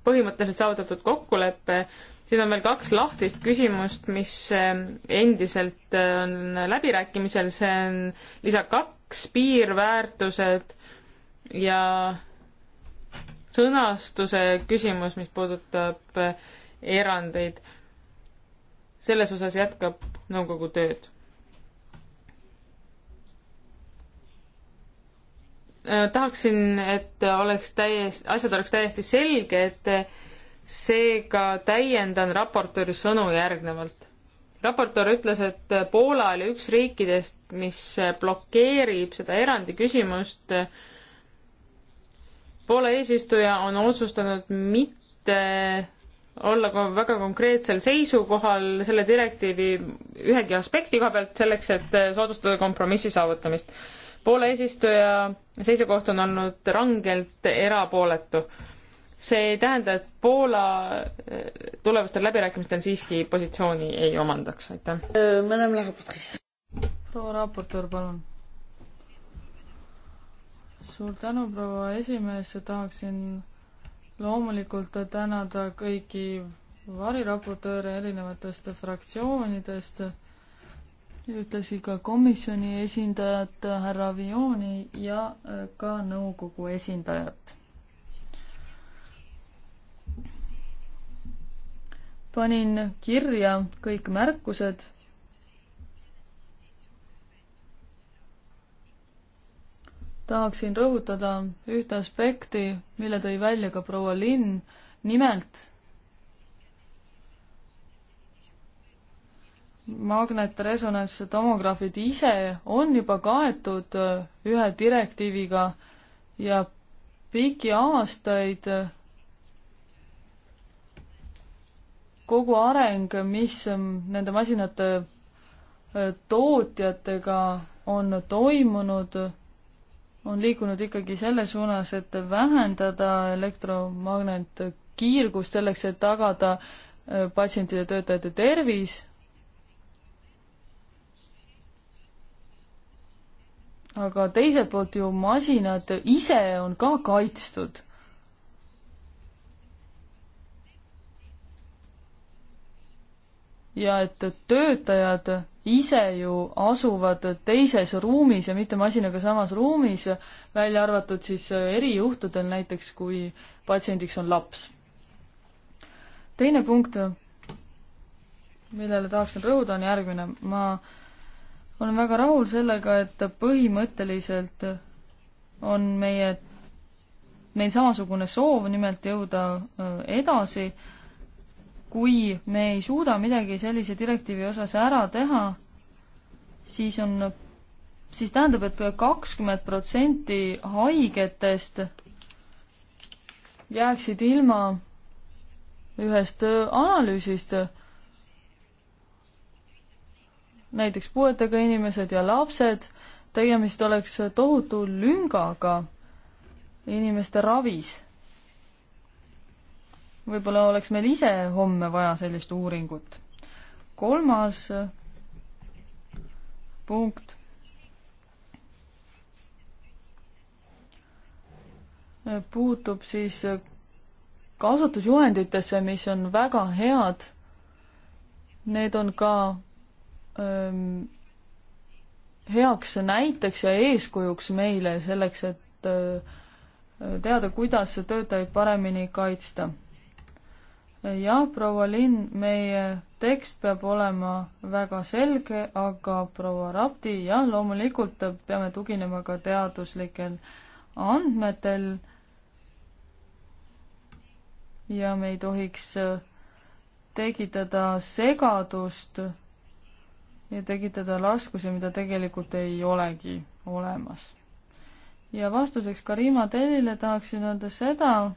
põhimõtteliselt saavutatud kokkulepe, siin on veel kaks lahtist küsimust, mis endiselt on läbirääkimisel, see on lisa kaks, piirväärtused ja sõnastuse küsimus, mis puudutab eh, erandeid. selles osas jätkab nõukogu tööd. Äh, tahaksin, et oleks täiesti, asjad oleks täiesti selged, eh, seega täiendan raportööri sõnu järgnevalt raportöör ütles, et Poola oli üks riikidest, mis eh, blokeerib seda erandi küsimust Poola eesistuja on otsustanud mitte olla ka väga konkreetsel seisukohal selle direktiivi ühegi aspekti koha pealt selleks, et soodustada kompromissi saavutamist. Poola eesistuja seisukoht on olnud rangelt erapooletu. see ei tähenda, et Poola eh, tulevastel läbirääkimistel siiski positsiooni ei omandaks, aitäh. Äh, proua raportöör, palun suur tänu, proua esimees, tahaksin loomulikult tänada kõiki variraportööre erinevatest fraktsioonidest, ühtlasi ka komisjoni esindajat härra Vioni ja äh, ka nõukogu esindajat. panin kirja kõik märkused tahaksin rõhutada ühte aspekti, mille tõi välja ka proua Linn, nimelt magnetresonantstomograafid ise on juba kaetud äh, ühe direktiiviga ja pikki aastaid äh, kogu areng, mis ähm, nende masinate äh, tootjatega on toimunud on liikunud ikkagi selle suunas, et vähendada elektromagnetkiirgust selleks, et tagada äh, patsientide ja töötajate tervis. aga teiselt poolt ju masinad ise on ka kaitstud. ja et töötajad ise ju asuvad teises ruumis ja mitte masinaga samas ruumis, välja arvatud siis äh, erijuhtudel, näiteks kui patsiendiks on laps. teine punkt, millele tahaksin rõhuda, on järgmine. ma olen väga rahul sellega, et põhimõtteliselt on meie, meil samasugune soov nimelt jõuda äh, edasi äh, kui me ei suuda midagi sellise direktiivi osas ära teha, siis on, siis tähendab et, et kakskümmend protsenti haigetest jääksid ilma ühest analüüsist. näiteks puuetega inimesed ja lapsed, tegemist oleks tohutu lüngaga inimeste ravis võib-olla oleks meil ise homme vaja sellist uuringut. kolmas äh, punkt. Äh, puutub siis äh, kasutusjuhenditesse, mis on väga head. Need on ka ähm, heaks näiteks ja eeskujuks meile selleks, et äh, teada, kuidas töötajaid paremini kaitsta jah, proua Linn, meie tekst peab olema väga selge, aga proua Rapti, jah, loomulikult peame tuginema ka teaduslikel andmetel. ja me ei tohiks äh, tekitada segadust ja tekitada raskusi, mida tegelikult ei olegi olemas. ja vastuseks Karima Tellile tahaksin öelda seda,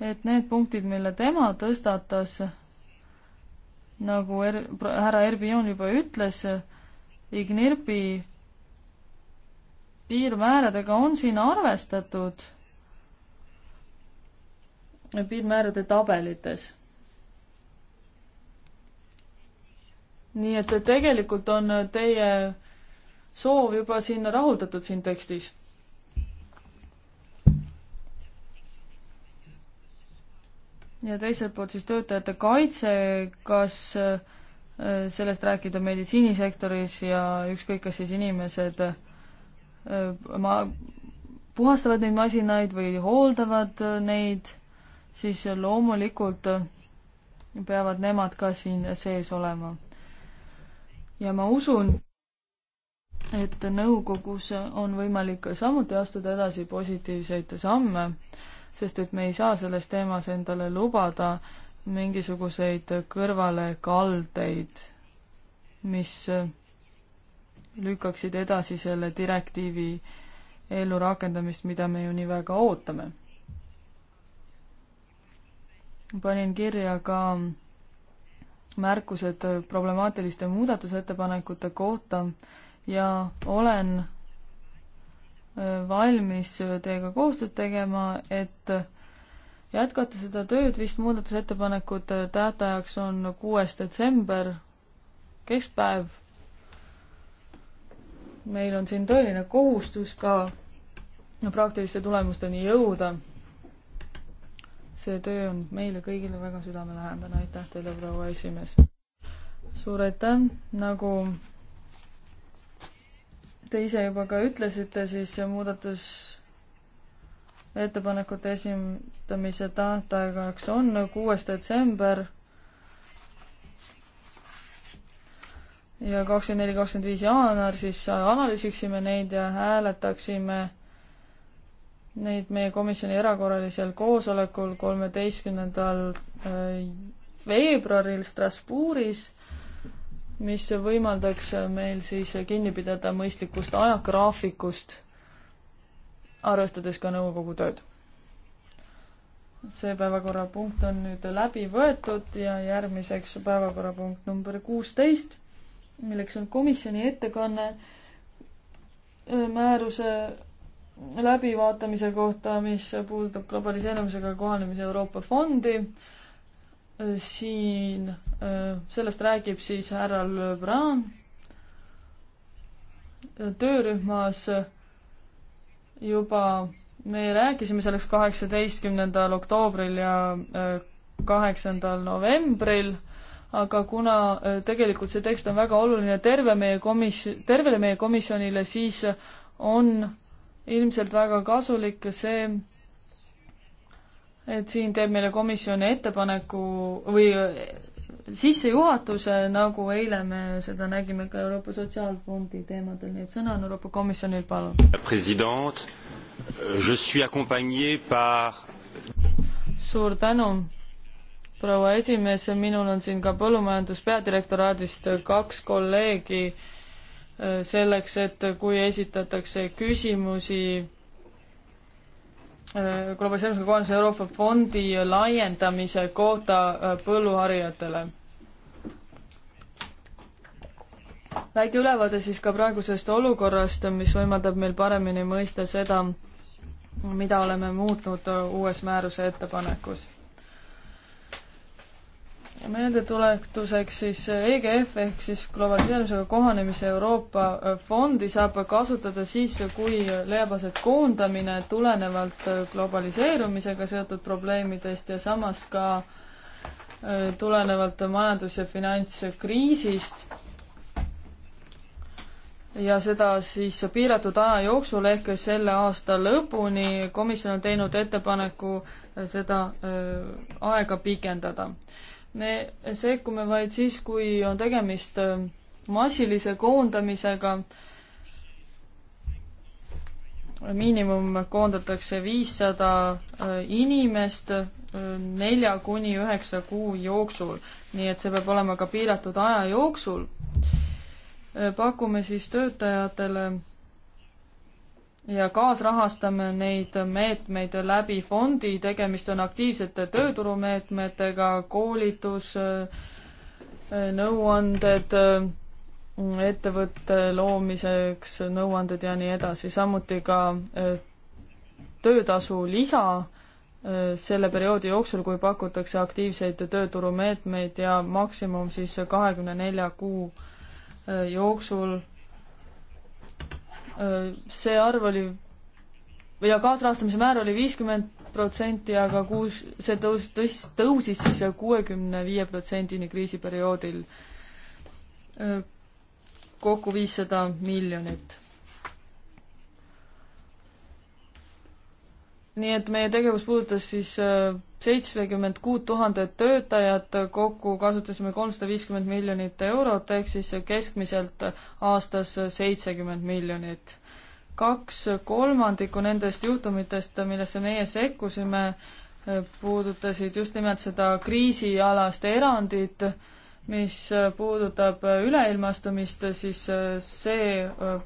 et need punktid, mille tema tõstatas, nagu er, härra Erbion juba ütles, Ignirbi piirmääradega on siin arvestatud piirmäärade tabelites. nii et tegelikult on teie soov juba sinna rahuldatud siin tekstis ja teiselt poolt siis töötajate kaitse, kas äh, sellest rääkida meditsiinisektoris ja ükskõik, kas siis inimesed äh, ma-, puhastavad neid masinaid või hooldavad äh, neid, siis loomulikult peavad nemad ka siin sees olema. ja ma usun, et nõukogus on võimalik samuti astuda edasi positiivseid samme sest et me ei saa selles teemas endale lubada mingisuguseid kõrvalekaldeid, mis äh, lükkaksid edasi selle direktiivi ellurakendamist, mida me ju nii väga ootame. panin kirja ka märkused problemaatiliste muudatusettepanekute kohta ja olen valmis teiega koostööd tegema, et jätkata seda tööd, vist muudatusettepanekute tähtajaks on kuues detsember, keskpäev. meil on siin tõeline kohustus ka praktiliste tulemusteni jõuda. see töö on meile kõigile väga südamelähedane, aitäh teile, proua esimees! suur aitäh, nagu Te ise juba ka ütlesite, siis muudatusettepanekute esindamise tähtaegaks on kuues detsember ja kakskümmend neli, kakskümmend viis jaanuar, siis analüüsiksime neid ja hääletaksime neid meie komisjoni erakorralisel koosolekul kolmeteistkümnendal äh, veebruaril Strasbourgis mis võimaldaks meil siis kinni pidada mõistlikust ajagraafikust, arvestades ka nõukogu tööd. see päevakorrapunkt on nüüd läbi võetud ja järgmiseks päevakorrapunkt number kuusteist, milleks on komisjoni ettekanne määruse läbivaatamise kohta, mis puudutab globaliseerumisega kohanemise Euroopa fondi siin, äh, sellest räägib siis härra Lebrun töörühmas juba me rääkisime selleks kaheksateistkümnendal oktoobril ja äh, kaheksandal novembril, aga kuna äh, tegelikult see tekst on väga oluline terve meie komis-, tervele meie komisjonile, siis on ilmselt väga kasulik see, et siin teeb meile komisjon ettepaneku või äh, sissejuhatuse, nagu eile me seda nägime ka Euroopa Sotsiaalfondi teemadel, nii et sõna on Euroopa Komisjonil, palun. president, euh, je suis accompagné par suur tänu, proua esimees, minul on siin ka põllumajandus peadirektoraadist kaks kolleegi äh, selleks, et kui esitatakse küsimusi globaliseerimise kohalise Euroopa fondi laiendamise kohta äh, põlluharijatele. väike ülevaade siis ka praegusest olukorrast, mis võimaldab meil paremini mõista seda, mida oleme muutnud äh, uues määruse ettepanekus meeldetuletuseks siis äh, EGF ehk siis globaliseerimisega kohanemise Euroopa äh, fondi saab kasutada siis, kui leiab aset koondamine tulenevalt äh, globaliseerumisega seotud probleemidest ja samas ka tulenevalt majandus- ja finantskriisist. ja seda siis piiratud aja jooksul ehk selle aasta lõpuni komisjon on teinud ettepaneku seda aega pikendada me sekkume vaid siis, kui on tegemist äh, massilise koondamisega. miinimum koondatakse viissada äh, inimest äh, nelja kuni üheksa kuu jooksul, nii et see peab olema ka piiratud aja jooksul. pakume siis töötajatele ja kaasrahastame neid meetmeid läbi fondi, tegemist on aktiivsete tööturumeetmetega, koolitus, nõuanded, ettevõtte loomiseks nõuanded ja nii edasi, samuti ka eh, töötasu lisa eh, selle perioodi jooksul, kui pakutakse aktiivseid tööturumeetmeid ja maksimum siis kahekümne nelja kuu eh, jooksul Äh, see arv oli ja kaasrahastamise määr oli viiskümmend protsenti, aga kuus, see tõus, tõs-, tõusis siis kuuekümne viie protsendini kriisiperioodil äh, kokku viissada miljonit nii et meie tegevus puudutas siis äh, seitsmekümmend kuut tuhandet töötajat, kokku kasutasime kolmsada viiskümmend miljonit eurot, ehk siis keskmiselt aastas seitsekümmend miljonit. kaks kolmandikku nendest juhtumitest, millesse meie sekkusime, äh, puudutasid just nimelt seda kriisialast erandit, mis puudutab üleilmastumist, siis äh, see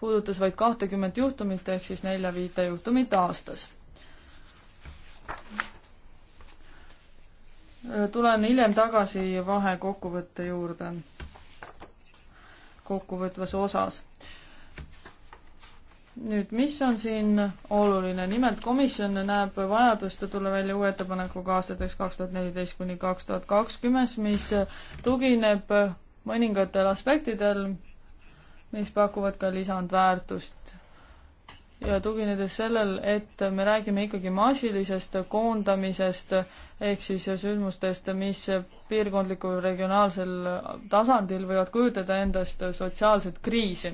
puudutas vaid kahtekümmet juhtumit ehk siis nelja-viite juhtumit aastas. tulen hiljem tagasi vahekokkuvõtte juurde kokkuvõtvas osas. nüüd, mis on siin oluline, nimelt komisjon näeb vajadust tulla välja uue ettepanekuga aastateks kaks tuhat neliteist kuni kaks tuhat kakskümmend, mis tugineb mõningatel aspektidel, mis pakuvad ka lisandväärtust. ja tuginedes sellel, et me räägime ikkagi massilisest koondamisest ehk siis sündmustest, mis piirkondlikul regionaalsel tasandil võivad kujutada endast sotsiaalset kriisi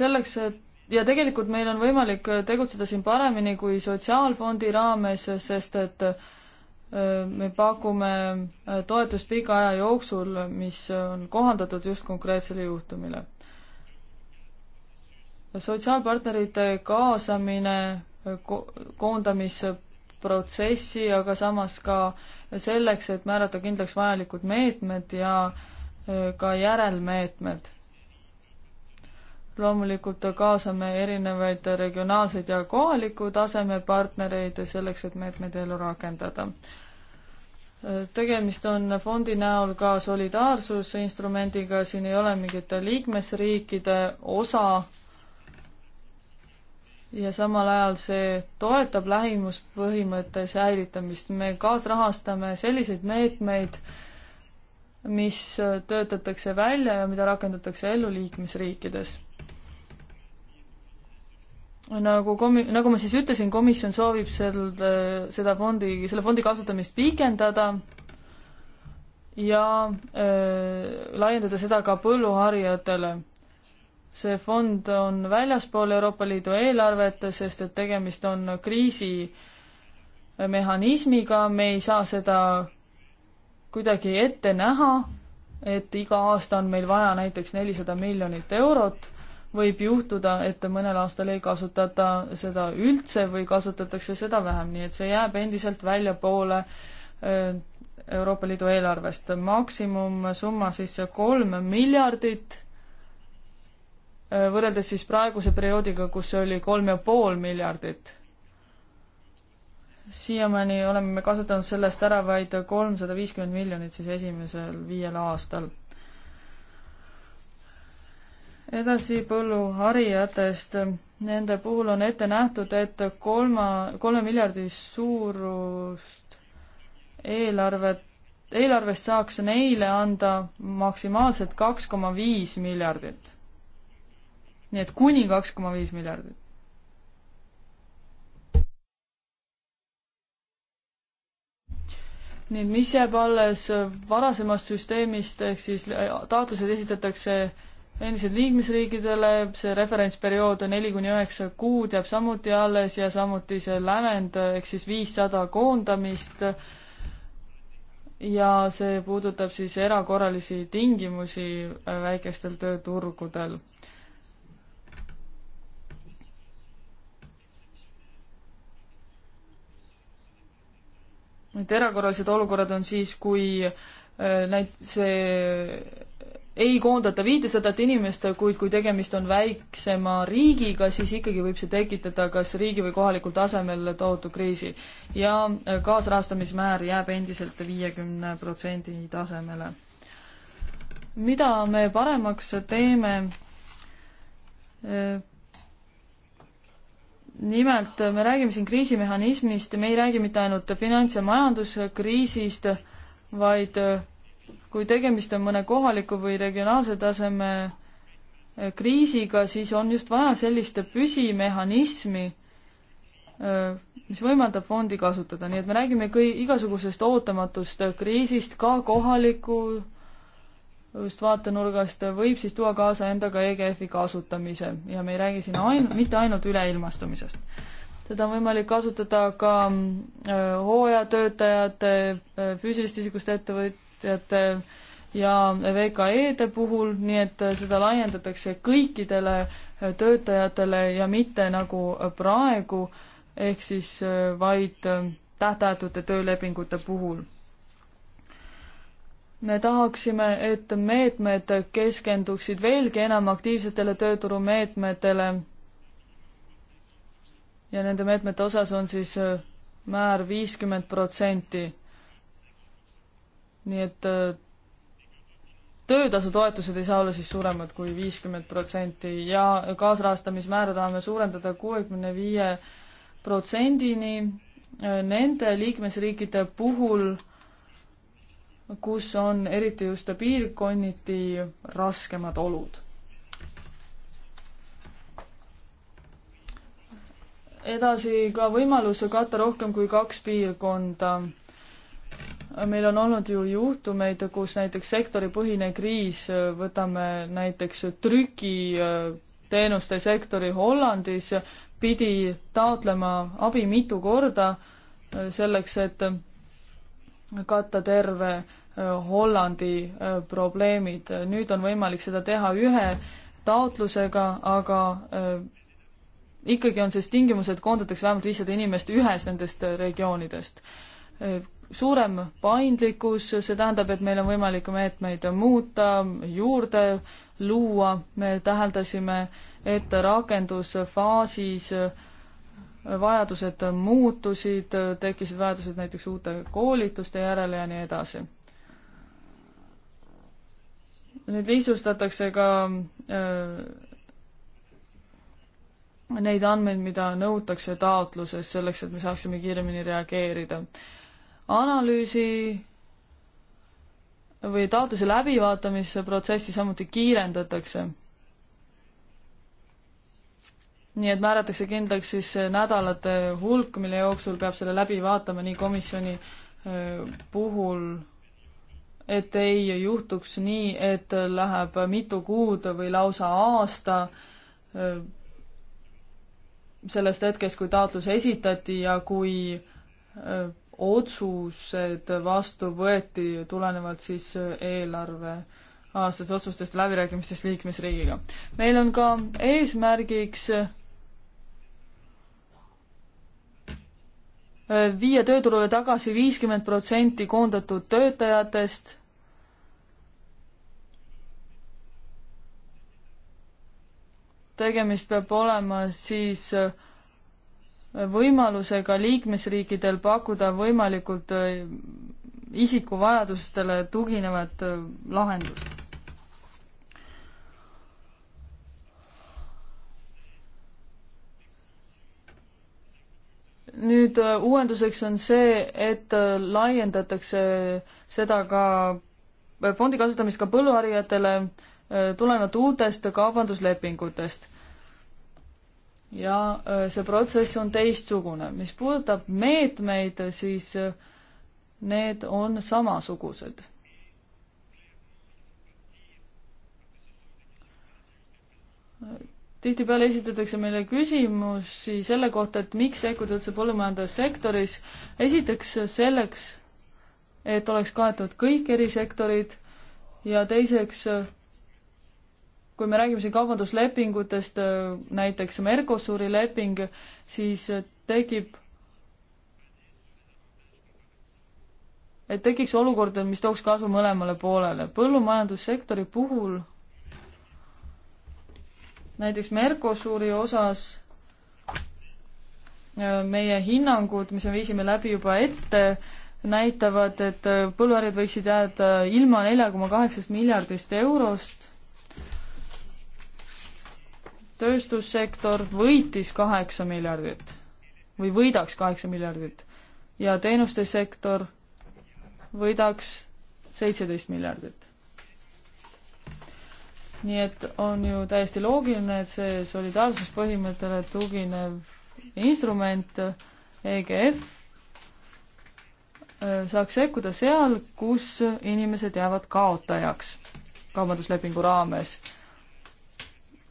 selleks, et ja tegelikult meil on võimalik tegutseda siin paremini kui sotsiaalfondi raames, sest et me pakume äh, toetust pika aja jooksul, mis on kohandatud just konkreetsele juhtumile. sotsiaalpartnerite kaasamine äh, ko-, koondamisprotsessi, aga samas ka selleks, et määrata kindlaks vajalikud meetmed ja äh, ka järelmeetmed loomulikult kaasame erinevaid regionaalseid ja kohaliku taseme partnereid selleks, et meetmeid ellu rakendada. tegemist on fondi näol ka solidaarsusinstrumendiga, siin ei ole mingit liikmesriikide osa ja samal ajal see toetab lähimuspõhimõtte säilitamist. me kaasrahastame selliseid meetmeid, mis töötatakse välja ja mida rakendatakse ellu liikmesriikides nagu komi-, nagu ma siis ütlesin, komisjon soovib sel-, seda fondi, selle fondi kasutamist pikendada ja öö, äh, laiendada seda ka põlluharijatele. see fond on väljaspool Euroopa Liidu eelarvet, sest et tegemist on kriisimehhanismiga, äh, me ei saa seda kuidagi ette näha, et iga aasta on meil vaja näiteks nelisada miljonit eurot võib juhtuda, et mõnel aastal ei kasutata seda üldse või kasutatakse seda vähem, nii et see jääb endiselt väljapoole Euroopa Liidu eelarvest. maksimumsumma siis kolm miljardit, võrreldes siis praeguse perioodiga, kus see oli kolm ja pool miljardit. siiamaani oleme me kasutanud sellest ära vaid kolmsada viiskümmend miljonit siis esimesel viiel aastal edasi põlluharijatest. Nende puhul on ette nähtud, et kolma, kolme miljardi suurust eelarvet, eelarvest saaks neile anda maksimaalselt kaks koma viis miljardit. nii et kuni kaks koma viis miljardit. nii, mis jääb alles varasemast süsteemist, ehk siis taotlused esitatakse endiselt liikmesriikidele, see referentsperiood on neli kuni üheksa kuud, jääb samuti alles ja samuti see lävend ehk siis viissada koondamist. ja see puudutab siis erakorralisi tingimusi äh, väikestel tööturgudel et erakorralised olukorrad on siis, kui äh, näit-, see ei koondata viitesadat inimest, kuid kui tegemist on väiksema riigiga, siis ikkagi võib see tekitada kas riigi või kohalikul tasemel tohutu kriisi. ja äh, kaasrahastamismäär jääb endiselt viiekümne protsendi tasemele. mida me paremaks teeme? Äh, nimelt me räägime siin kriisimehhanismist, me ei räägi mitte ainult finants- ja majanduskriisist, vaid äh, kui tegemist on mõne kohaliku või regionaalse taseme eh, kriisiga, siis on just vaja sellist püsimehhanismi, eh, mis võimaldab fondi kasutada, nii et me räägime kõi-, igasugusest ootamatust kriisist, ka kohaliku just vaatenurgast võib siis tuua kaasa endaga EGF-i kasutamise ja me ei räägi siin ain-, mitte ainult üleilmastumisest seda on võimalik kasutada ka mm, eh, hooajatöötajate, füüsilisest isikust ettevõt-, ettevõtjate ja VKE-de puhul, nii et seda laiendatakse kõikidele töötajatele ja mitte nagu praegu, ehk siis äh, vaid äh, tähtajatute töölepingute puhul. me tahaksime, et meetmed keskenduksid veelgi enam aktiivsetele tööturumeetmetele ja nende meetmete osas on siis äh, määr viiskümmend protsenti nii et äh, töötasutoetused ei saa olla siis suuremad kui viiskümmend protsenti ja kaasrahastamismäära tahame suurendada kuuekümne viie protsendini äh, nende liikmesriikide puhul, kus on eriti just piirkonniti raskemad olud. edasi ka võimalus katta rohkem kui kaks piirkonda meil on olnud ju juhtumeid, kus näiteks sektoripõhine kriis, võtame näiteks trükiteenuste äh, sektori Hollandis, pidi taotlema abi mitu korda äh, selleks, et katta terve äh, Hollandi probleemid. nüüd on võimalik seda teha ühe taotlusega, aga ikkagi on siis tingimus, et koondatakse vähemalt viissada inimest ühes nendest regioonidest suurem paindlikkus, see tähendab, et meil on võimalik meetmeid muuta, juurde luua, me täheldasime, et rakendusfaasis vajadused muutusid, tekkisid vajadused näiteks uute koolituste järele ja nii edasi. nüüd lihtsustatakse ka öö, äh, neid andmeid, mida nõutakse taotluses, selleks et me saaksime kiiremini reageerida analüüsi või taotluse läbivaatamise protsessi samuti kiirendatakse. nii et määratakse kindlaks siis nädalate hulk, mille jooksul peab selle läbi vaatama nii komisjoni puhul, et ei juhtuks nii, et läheb mitu kuud või lausa aasta sellest hetkest, kui taotlus esitati ja kui otsused vastu võeti tulenevalt siis eelarve aastase otsustest ja läbirääkimistest liikmesriigiga. meil on ka eesmärgiks äh, viia tööturule tagasi viiskümmend protsenti koondatud töötajatest. tegemist peab olema siis äh, võimalusega liikmesriikidel pakkuda võimalikult äh, isiku vajadustele tuginevat äh, lahendust. nüüd äh, uuenduseks on see, et laiendatakse seda ka, fondi kasutamist ka põlluharijatele tulenevalt uutest kaubanduslepingutest ja äh, see protsess on teistsugune. mis puudutab meetmeid, siis äh, need on samasugused. tihtipeale esitatakse meile küsimusi selle kohta, et miks sekkuda üldse põllumajandussektoris. esiteks selleks, et oleks kaetud kõik erisektorid ja teiseks äh, kui me räägime siin kaubanduslepingutest, äh, näiteks Mercosuri leping, siis äh, tekib, et tekiks olukord, mis tooks kasu mõlemale poolele. põllumajandussektori puhul näiteks Mercosuri osas äh, meie hinnangud, mis me viisime läbi juba ette, näitavad, et põlluärid võiksid jääda ilma nelja koma kaheksast miljardist eurost tööstussektor võitis kaheksa miljardit või võidaks kaheksa miljardit ja teenuste sektor võidaks seitseteist miljardit. nii et on ju täiesti loogiline, et see solidaarsuspõhimõttele tuginev instrument EGF äh, saaks sekkuda seal, kus inimesed jäävad kaotajaks kaubanduslepingu raames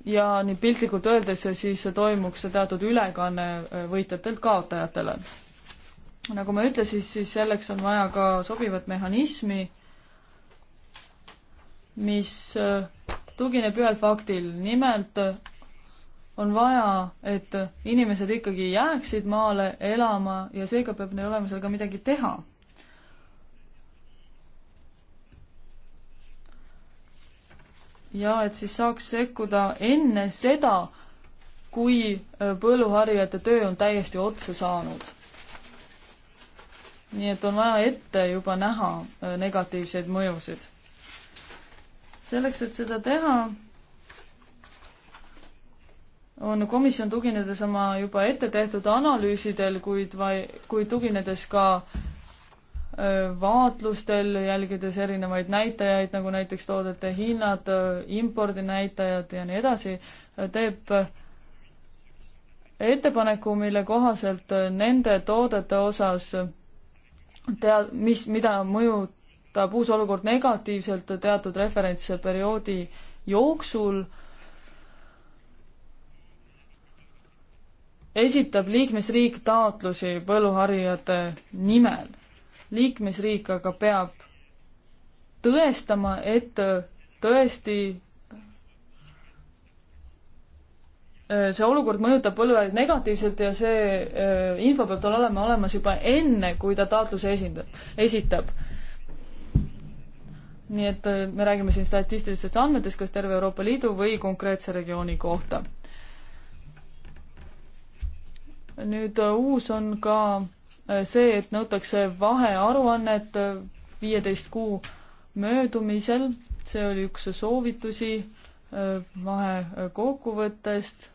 ja nii piltlikult öeldes siis toimuks see teatud ülekanne äh, võitjatelt kaotajatele. nagu ma ütlesin, siis selleks on vaja ka sobivat mehhanismi, mis äh, tugineb ühel faktil, nimelt äh, on vaja, et inimesed ikkagi jääksid maale elama ja seega peab neil olema seal ka midagi teha ja et siis saaks sekkuda enne seda, kui äh, põlluharjujate töö on täiesti otsa saanud. nii et on vaja ette juba näha äh, negatiivseid mõjusid. selleks, et seda teha, on komisjon, tuginedes oma juba ette tehtud analüüsidel, kuid vai-, kuid tuginedes ka vaatlustel, jälgides erinevaid näitajaid, nagu näiteks toodete hinnad, impordinäitajad ja nii edasi, teeb ettepaneku, mille kohaselt nende toodete osas tea-, mis, mida mõjutab uus olukord negatiivselt teatud referentsperioodi jooksul, esitab liikmesriik taotlusi põlluharijate nimel liikmesriik aga peab tõestama, et tõesti äh, see olukord mõjutab põlluaed negatiivselt ja see äh, info peab tal olema olemas juba enne, kui ta taotluse esindab, esitab. nii et äh, me räägime siin statistilistest andmetest, kas terve Euroopa Liidu või konkreetse regiooni kohta. nüüd uus on ka Äh, see, et nõutakse vahearuannet äh, viieteist kuu möödumisel, see oli üks soovitusi äh, vahekokkuvõttest.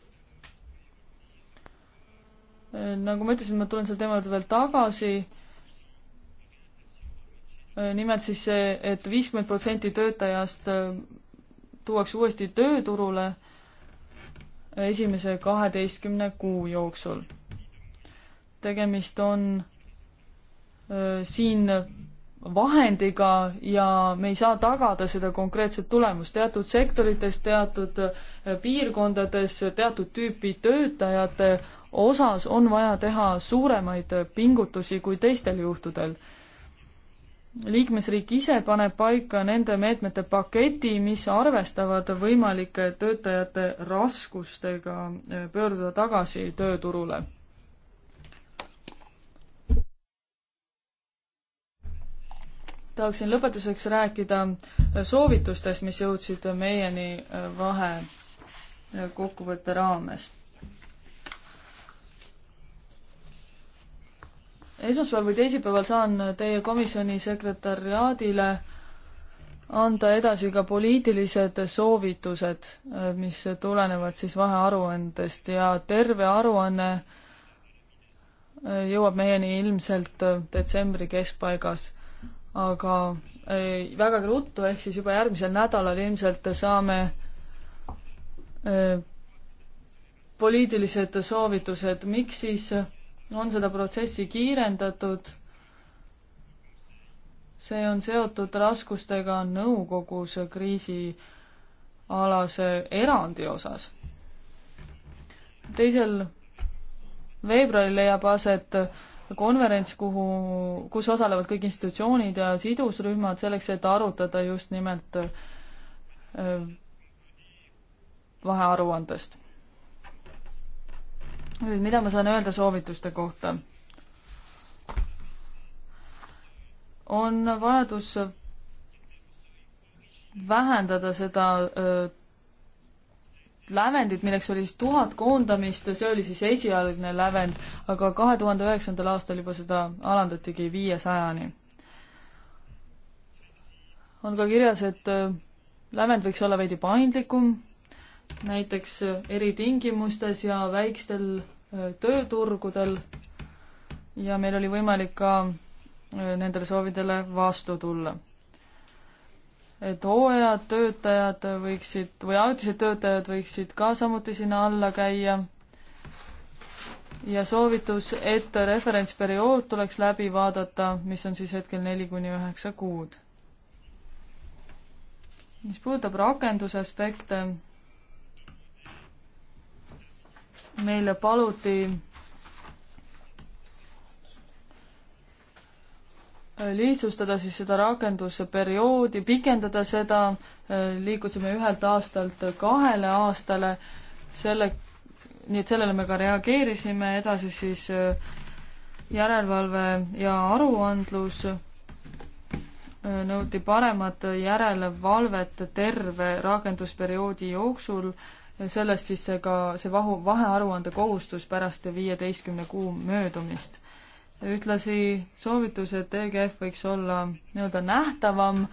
nagu ma ütlesin, ma tulen selle teema juurde veel tagasi nimelt siis see et, et viiskümmend protsenti töötajast tuuakse uuesti tööturule esimese kaheteistkümne kuu jooksul tegemist on öö, siin vahendiga ja me ei saa tagada seda konkreetset tulemust. teatud sektorites, teatud piirkondades, teatud tüüpi töötajate osas on vaja teha suuremaid pingutusi kui teistel juhtudel. liikmesriik ise paneb paika nende meetmete paketi, mis arvestavad võimalike töötajate raskustega pöörduda tagasi tööturule tahaksin lõpetuseks rääkida soovitustest, mis jõudsid meieni vahe kokkuvõtte raames. esmaspäeval või teisipäeval saan teie komisjoni sekretariaadile anda edasi ka poliitilised soovitused, mis tulenevad siis vahearuandest ja terve aruanne jõuab meieni ilmselt detsembri keskpaigas aga ei, vägagi ruttu, ehk siis juba järgmisel nädalal ilmselt saame eh, poliitilised soovitused, miks siis on seda protsessi kiirendatud. see on seotud raskustega nõukogus kriisialase erandi osas. teisel veebruaril leiab aset äh, konverents, kuhu, kus osalevad kõik institutsioonid ja sidusrühmad selleks, et arutada just nimelt äh, vahearuandest. nüüd, mida ma saan öelda soovituste kohta? on vajadus vähendada seda öö, äh, lävendit, milleks oli siis tuhat koondamist, see oli siis esialgne lävend, aga kahe tuhande üheksandal aastal juba seda alandatigi viiesajani. on ka kirjas, et äh, lävend võiks olla veidi paindlikum, näiteks äh, eritingimustes ja väikstel äh, tööturgudel ja meil oli võimalik ka nendele soovidele vastu tulla et hooajad, töötajad võiksid või ajutised töötajad võiksid ka samuti sinna alla käia. ja soovitus, et referentsperiood tuleks läbi vaadata, mis on siis hetkel neli kuni üheksa kuud. mis puudutab rakenduse aspekte, meile paluti lihtsustada siis seda rakendusperioodi, pikendada seda, liikusime ühelt aastalt kahele aastale, selle, nii et sellele me ka reageerisime, edasi siis äh, järelevalve ja aruandlus, äh, nõuti paremat järelevalvet terve rakendusperioodi jooksul, sellest siis see ka, see vahu, vahearuande kohustus pärast viieteistkümne kuu möödumist ühtlasi soovitus, et EGF võiks olla nii-öelda nähtavam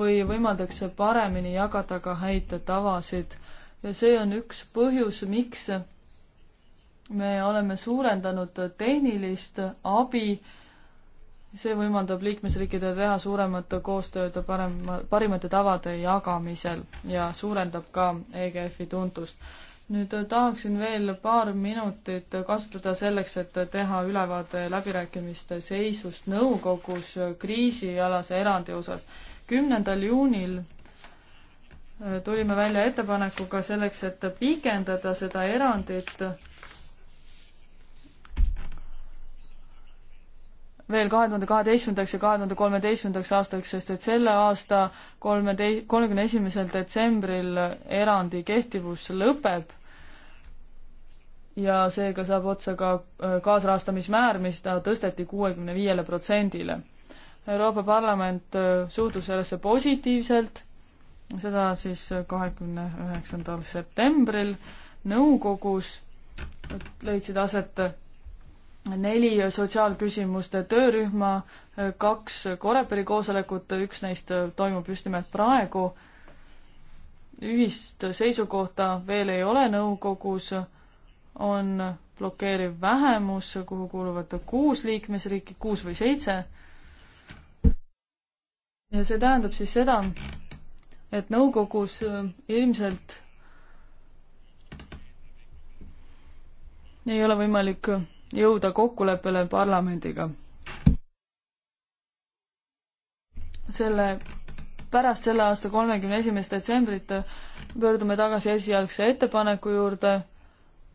või võimaldaks paremini jagada ka häid tavasid. ja see on üks põhjus, miks me oleme suurendanud tehnilist abi. see võimaldab liikmesriikidel teha suuremat koostööd parema, parimate tavade jagamisel ja suurendab ka EGF-i tuntust nüüd äh, tahaksin veel paar minutit kasutada selleks, et teha ülevaade läbirääkimiste seisust nõukogus kriisialase erandi osas. kümnendal juunil äh, tulime välja ettepanekuga selleks, et pikendada seda erandit veel kahe tuhande kaheteistkümnendaks ja kahe tuhande kolmeteistkümnendaks aastaks, sest et selle aasta kolmetei-, kolmekümne esimesel detsembril erandi kehtivus lõpeb ja seega saab otsa ka äh, kaasrahastamismäär, mis ta tõsteti kuuekümne viiele protsendile. Euroopa Parlament äh, suhtus sellesse positiivselt, seda siis kahekümne üheksandal septembril nõukogus leidsid aset äh, neli sotsiaalküsimuste töörühma, kaks Koreperi koosolekut, üks neist toimub just nimelt praegu. ühist seisukohta veel ei ole nõukogus on blokeeriv vähemus, kuhu kuuluvad kuus liikmesriiki, kuus või seitse. ja see tähendab siis seda, et nõukogus äh, ilmselt ei ole võimalik jõuda kokkuleppele parlamendiga. selle, pärast selle aasta kolmekümne esimest detsembrit pöördume tagasi esialgse ettepaneku juurde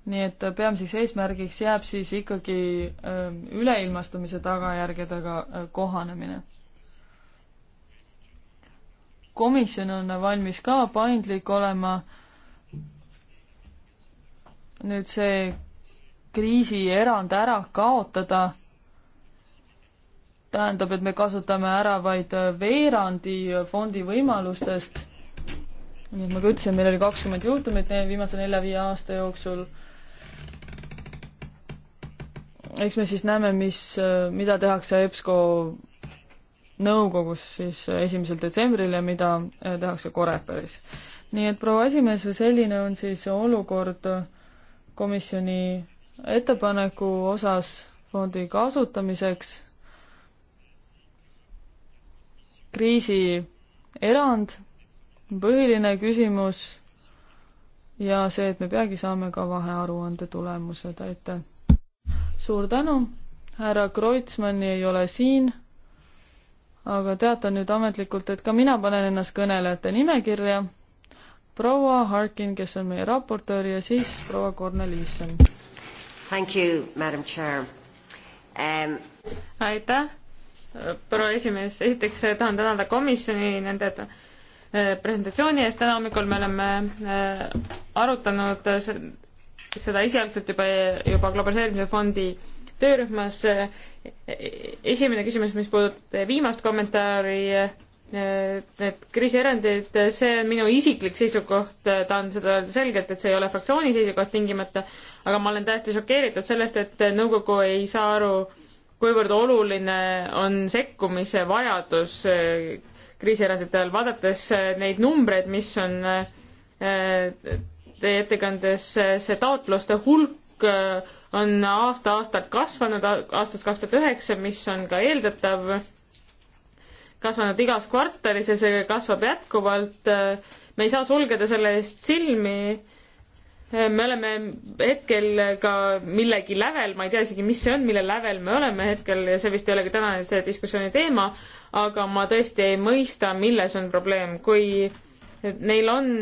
nii et peamiseks eesmärgiks jääb siis ikkagi ähm, üleilmastumise tagajärgedega äh, kohanemine. komisjon on valmis ka paindlik olema. nüüd see kriisierand ära kaotada tähendab, et me kasutame ära vaid äh, veerandi äh, fondi võimalustest. nii et nagu ütlesin, meil oli kakskümmend juhtumit viimase nelja-viie aasta jooksul eks me siis näeme, mis, mida tehakse EBSCO nõukogus siis esimesel detsembril ja mida äh, tehakse Koreperis. nii et proua esimees, selline on siis olukord komisjoni ettepaneku osas fondi kasutamiseks. kriisierand on põhiline küsimus ja see, et me peagi saame ka vahearuande tulemused, aitäh! suur tänu, härra Kreutzmanni ei ole siin, aga teatan nüüd ametlikult, et ka mina panen ennast kõnelejate nimekirja. proua Harkin, kes on meie raportöör ja siis proua Korneliisson. Thank you, madam chair um.... aitäh, proua esimees, esiteks tahan tänada komisjoni nende eh, presentatsiooni eest, täna hommikul me oleme eh, arutanud seda esialgselt juba, juba globaliseerimise fondi töörühmas. esimene küsimus, mis puudutab viimast kommentaari, need kriisierandid, see on minu isiklik seisukoht, tahan seda öelda selgelt, et see ei ole fraktsiooni seisukoht tingimata, aga ma olen täiesti šokeeritud sellest, et nõukogu ei saa aru, kuivõrd oluline on sekkumise vajadus kriisierandite ajal, vaadates neid numbreid, mis on teie ettekandes see taotluste hulk äh, on aasta-aastalt kasvanud, aastast kaks tuhat üheksa, mis on ka eeldatav, kasvanud igas kvartalis ja see kasvab jätkuvalt. me ei saa sulgeda selle eest silmi. me oleme hetkel ka millegi lävel, ma ei tea isegi, mis see on, mille lävel me oleme hetkel ja see vist ei olegi tänase diskussiooni teema, aga ma tõesti ei mõista, milles on probleem, kui neil on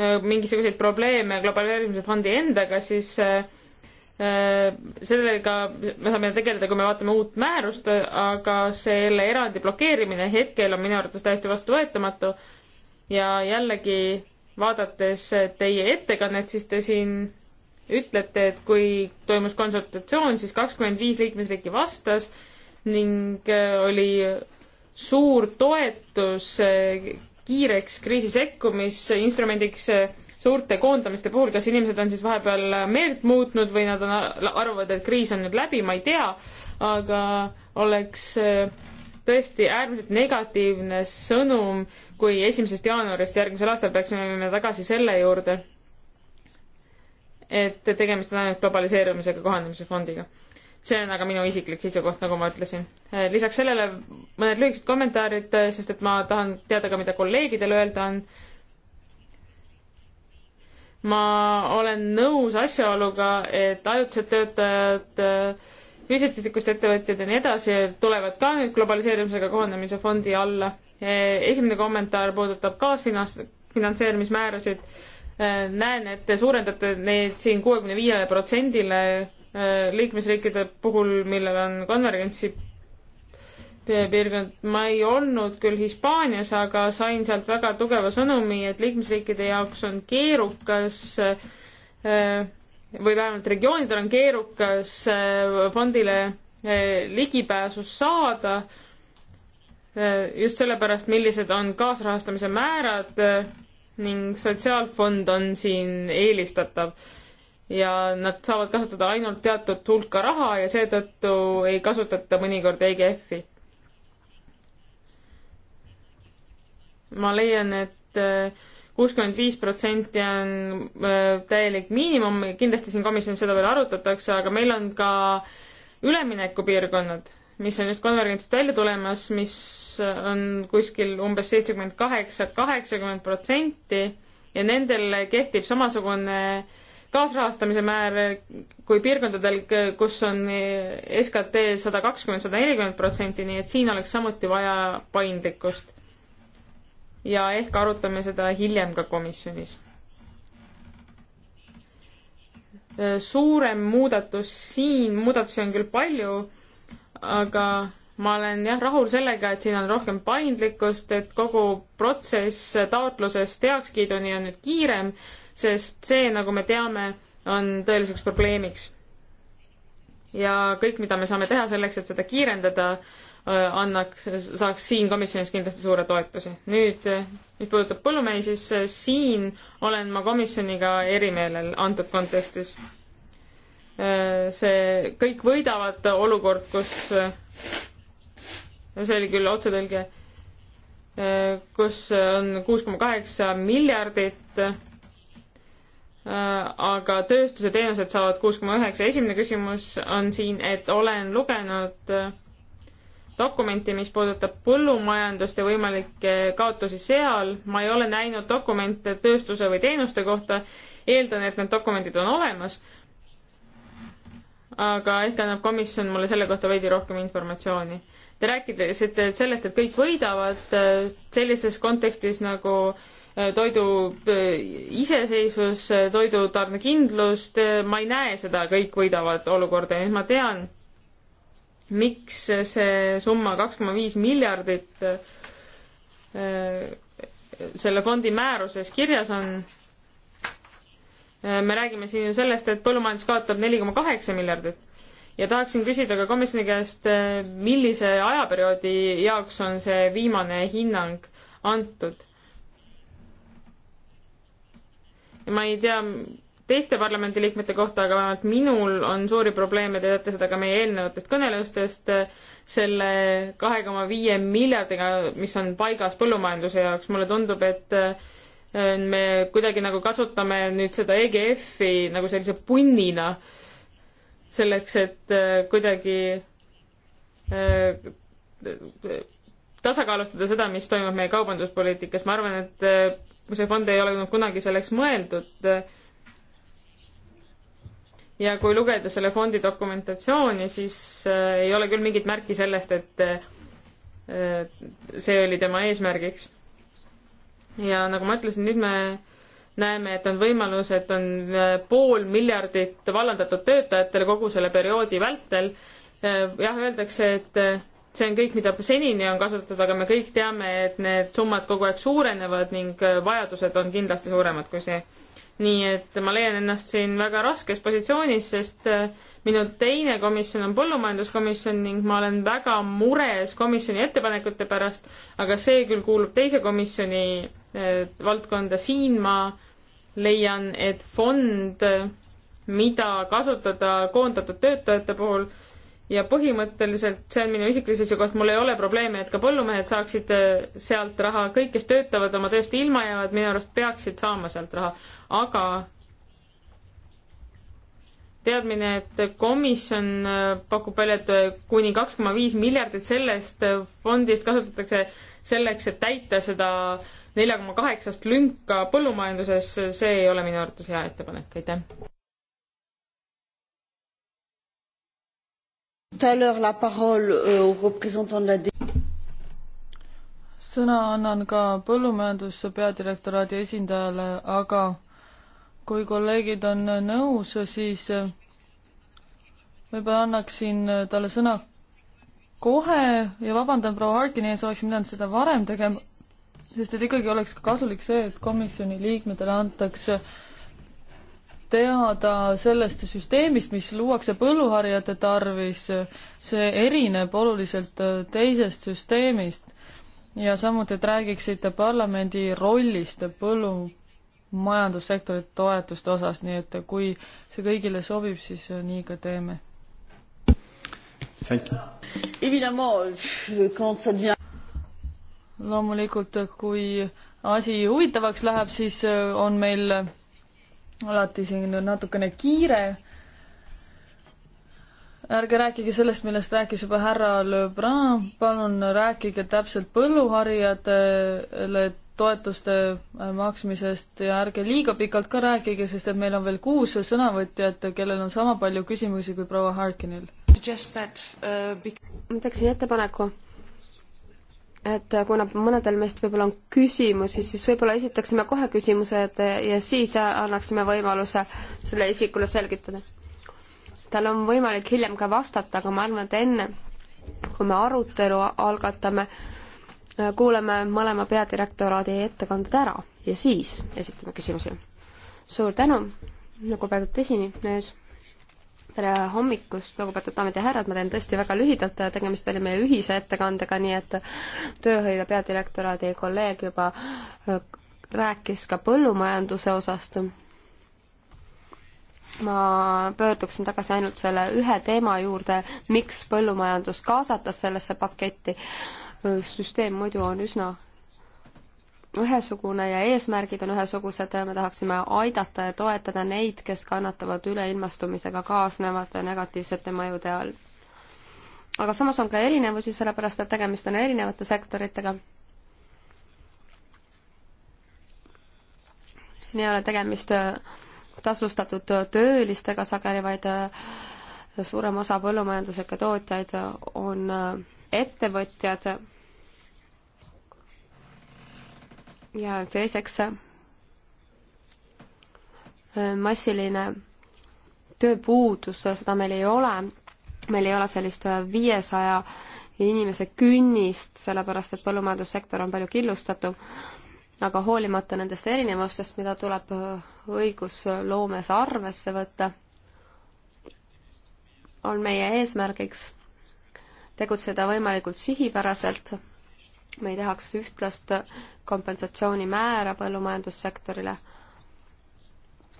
Äh, mingisuguseid probleeme globaliseerimise fondi endaga, siis äh, äh, sellega me saame tegeleda, kui me vaatame uut määrust, aga selle erandi blokeerimine hetkel on minu arvates täiesti vastuvõetamatu. ja jällegi, vaadates teie ettekannet, siis te siin ütlete, et kui toimus konsultatsioon, siis kakskümmend viis liikmesriiki vastas ning oli suur toetus kiireks kriisi sekkumisinstrumendiks äh, suurte koondamiste puhul, kas inimesed on siis vahepeal äh, meelt muutnud või nad on, arvavad, et kriis on nüüd läbi, ma ei tea, aga oleks äh, tõesti äärmiselt negatiivne sõnum, kui esimesest jaanuarist järgmisel aastal peaksime me tagasi selle juurde, et tegemist on ainult globaliseerumisega kohanemise fondiga see on aga minu isiklik seisukoht, nagu ma ütlesin. Äh, lisaks sellele mõned lühikesed kommentaarid, äh, sest et ma tahan teada ka, mida kolleegidel öelda on. ma olen nõus asjaoluga, et ajutised töötajad, äh, füüsilisest ettevõtjad ja nii edasi tulevad ka nüüd globaliseerimisega kohanemise fondi alla. esimene kommentaar puudutab kaasfinants-, finantseerimismäärasid. näen, et te suurendate neid siin kuuekümne viiele protsendile Äh, liikmesriikide puhul, millel on konverentsi piirkond, ma ei olnud küll Hispaanias, aga sain sealt väga tugeva sõnumi, et liikmesriikide jaoks on keerukas äh, või vähemalt regioonidel on keerukas äh, fondile ligipääsu saada just sellepärast, millised on kaasrahastamise määrad ning sotsiaalfond on siin eelistatav ja nad saavad kasutada ainult teatud hulka raha ja seetõttu ei kasutata mõnikord EGF-i. ma leian, et äh, kuuskümmend viis protsenti on äh, täielik miinimum, kindlasti siin komisjonis seda veel arutatakse, aga meil on ka üleminekupiirkonnad, mis on just konverentsist välja tulemas, mis on kuskil umbes seitsekümmend kaheksa, kaheksakümmend protsenti ja nendel kehtib samasugune äh, kaasrahastamise määr, kui piirkondadel, kus on SKT sada kakskümmend, sada nelikümmend protsenti, nii et siin oleks samuti vaja paindlikkust. ja ehk arutame seda hiljem ka komisjonis. suurem muudatus siin, muudatusi on küll palju, aga ma olen jah rahul sellega, et siin on rohkem paindlikkust, et kogu protsess taotlusest heakskiiduni on nüüd kiirem, sest see, nagu me teame, on tõeliseks probleemiks. ja kõik, mida me saame teha selleks, et seda kiirendada, äh, annaks, saaks siin komisjonis kindlasti suure toetuse. nüüd, äh, mis puudutab põllumehi, siis äh, siin olen ma komisjoniga erimeelel antud kontekstis. see, kõik võidavad olukord, kus no see oli küll otsetõlge, äh, kus on kuus koma kaheksa miljardit, äh, aga tööstuse teenused saavad kuus koma üheksa. esimene küsimus on siin, et olen lugenud äh, dokumenti, mis puudutab põllumajandust ja võimalikke kaotusi seal. ma ei ole näinud dokumente tööstuse või teenuste kohta. eeldan, et need dokumendid on olemas, aga ehk annab komisjon mulle selle kohta veidi rohkem informatsiooni. Te rääkisite sellest, et kõik võidavad äh, sellises kontekstis nagu äh, toidu äh, iseseisvus, toidutarnekindlus, ma ei näe seda kõik võidavad olukorda ja nüüd ma tean, miks see summa kaks koma viis miljardit selle fondi määruses kirjas on Äh, me räägime siin ju sellest, et põllumajandus kaotab neli koma kaheksa miljardit ja tahaksin küsida ka komisjoni käest, äh, millise ajaperioodi jaoks on see viimane hinnang antud? ma ei tea teiste parlamendiliikmete kohta, aga vähemalt minul on suuri probleeme, te teate seda ka meie eelnevatest kõnelustest, selle kahe koma viie miljardiga, mis on paigas põllumajanduse jaoks, mulle tundub, et äh, me kuidagi nagu kasutame nüüd seda EGF-i nagu sellise punnina selleks, et äh, kuidagi äh, tasakaalustada seda, mis toimub meie kaubanduspoliitikas. ma arvan, et äh, see fond ei ole kunagi selleks mõeldud. ja kui lugeda selle fondi dokumentatsiooni, siis ei ole küll mingit märki sellest, et see oli tema eesmärgiks ja nagu ma ütlesin, nüüd me näeme, et on võimalus, et on äh, pool miljardit vallandatud töötajatele kogu selle perioodi vältel. Äh, jah, öeldakse, et äh, see on kõik, mida senini on kasutatud, aga me kõik teame, et need summad kogu aeg suurenevad ning vajadused on kindlasti suuremad kui see. nii et ma leian ennast siin väga raskes positsioonis, sest minu teine komisjon on põllumajanduskomisjon ning ma olen väga mures komisjoni ettepanekute pärast, aga see küll kuulub teise komisjoni Eh, valdkonda, siin ma leian, et fond, mida kasutada koondatud töötajate puhul ja põhimõtteliselt see on minu isiklik seisukoht, mul ei ole probleeme, et ka põllumehed saaksid eh, sealt raha, kõik, kes töötavad oma tööst ilma jäävad, minu arust peaksid saama sealt raha, aga teadmine, et komisjon eh, pakub välja, et kuni kaks koma viis miljardit sellest fondist kasutatakse selleks, et täita seda äh, nelja koma kaheksast lünka põllumajanduses, see ei ole minu arvates hea ettepanek, aitäh. Euh, sõna annan ka põllumajanduse peadirektoraadi esindajale, aga kui kolleegid on nõus, siis äh, võib-olla annaksin äh, talle sõna kohe ja vabandan proua Harkini ees, oleksin pidanud seda varem tegema sest et ikkagi oleks kasulik see, et komisjoni liikmetele antakse teada sellest süsteemist, mis luuakse põlluharjade tarvis, see erineb oluliselt teisest süsteemist ja samuti, et räägiksite parlamendi rollist põllumajandussektori toetuste osas, nii et kui see kõigile sobib, siis nii ka teeme loomulikult, kui asi huvitavaks läheb, siis äh, on meil alati siin natukene kiire. ärge rääkige sellest, millest rääkis juba härra Lebrun, palun rääkige täpselt põlluharijatele toetuste äh, maksmisest ja ärge liiga pikalt ka rääkige, sest et meil on veel kuus sõnavõtjat, kellel on sama palju küsimusi kui proua Harkinil. Uh, ma teeksin ettepaneku et kuna mõnedel meist võib-olla on küsimusi, siis võib-olla esitaksime kohe küsimused ja siis annaksime võimaluse sulle isikule selgitada. tal on võimalik hiljem ka vastata, aga ma arvan, et enne kui me arutelu algatame, kuulame mõlema peadirektoraadi ettekanded ära ja siis esitame küsimusi. suur tänu, lugupeetud esinees tere hommikust, lugupeetud daamid ja härrad, ma teen tõesti väga lühidalt, tegemist oli meie ühise ettekandega, nii et tööhõive peadirektoraadi kolleeg juba äh, rääkis ka põllumajanduse osast. ma pöörduksin tagasi ainult selle ühe teema juurde, miks põllumajandus kaasatas sellesse paketti. süsteem muidu on üsna ühesugune ja eesmärgid on ühesugused, me tahaksime aidata ja toetada neid, kes kannatavad üleilmastumisega kaasnevate negatiivsete mõjude all. aga samas on ka erinevusi, sellepärast et tegemist on erinevate sektoritega. siin ei ole tegemist äh, tasustatud äh, töölistega sageli, vaid äh, suurem osa põllumajanduslikke tootjaid on ettevõtjad ja teiseks äh, massiline tööpuudus, seda meil ei ole, meil ei ole sellist äh, viiesaja inimese künnist, sellepärast et põllumajandussektor on palju killustatum, aga hoolimata nendest erinevustest, mida tuleb äh, õigusloomes arvesse võtta, on meie eesmärgiks tegutseda võimalikult sihipäraselt me ei tahaks ühtlast kompensatsioonimäära põllumajandussektorile.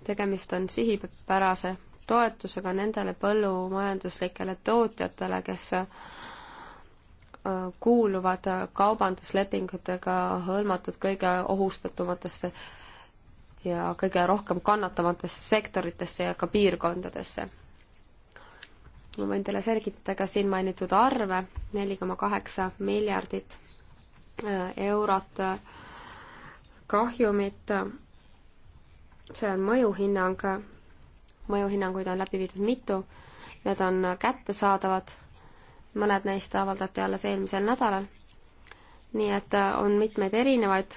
tegemist on sihipärase toetusega nendele põllumajanduslikele tootjatele, kes äh, kuuluvad kaubanduslepingutega hõlmatud kõige ohustatumatesse ja kõige rohkem kannatavatesse sektoritesse ja ka piirkondadesse. ma võin teile selgitada ka siin mainitud arve, neli koma kaheksa miljardit Äh, eurot äh, kahjumit. see on mõjuhinnang, mõjuhinnanguid on läbi viidud mitu, need on kättesaadavad, mõned neist avaldati alles eelmisel nädalal. nii et äh, on mitmeid erinevaid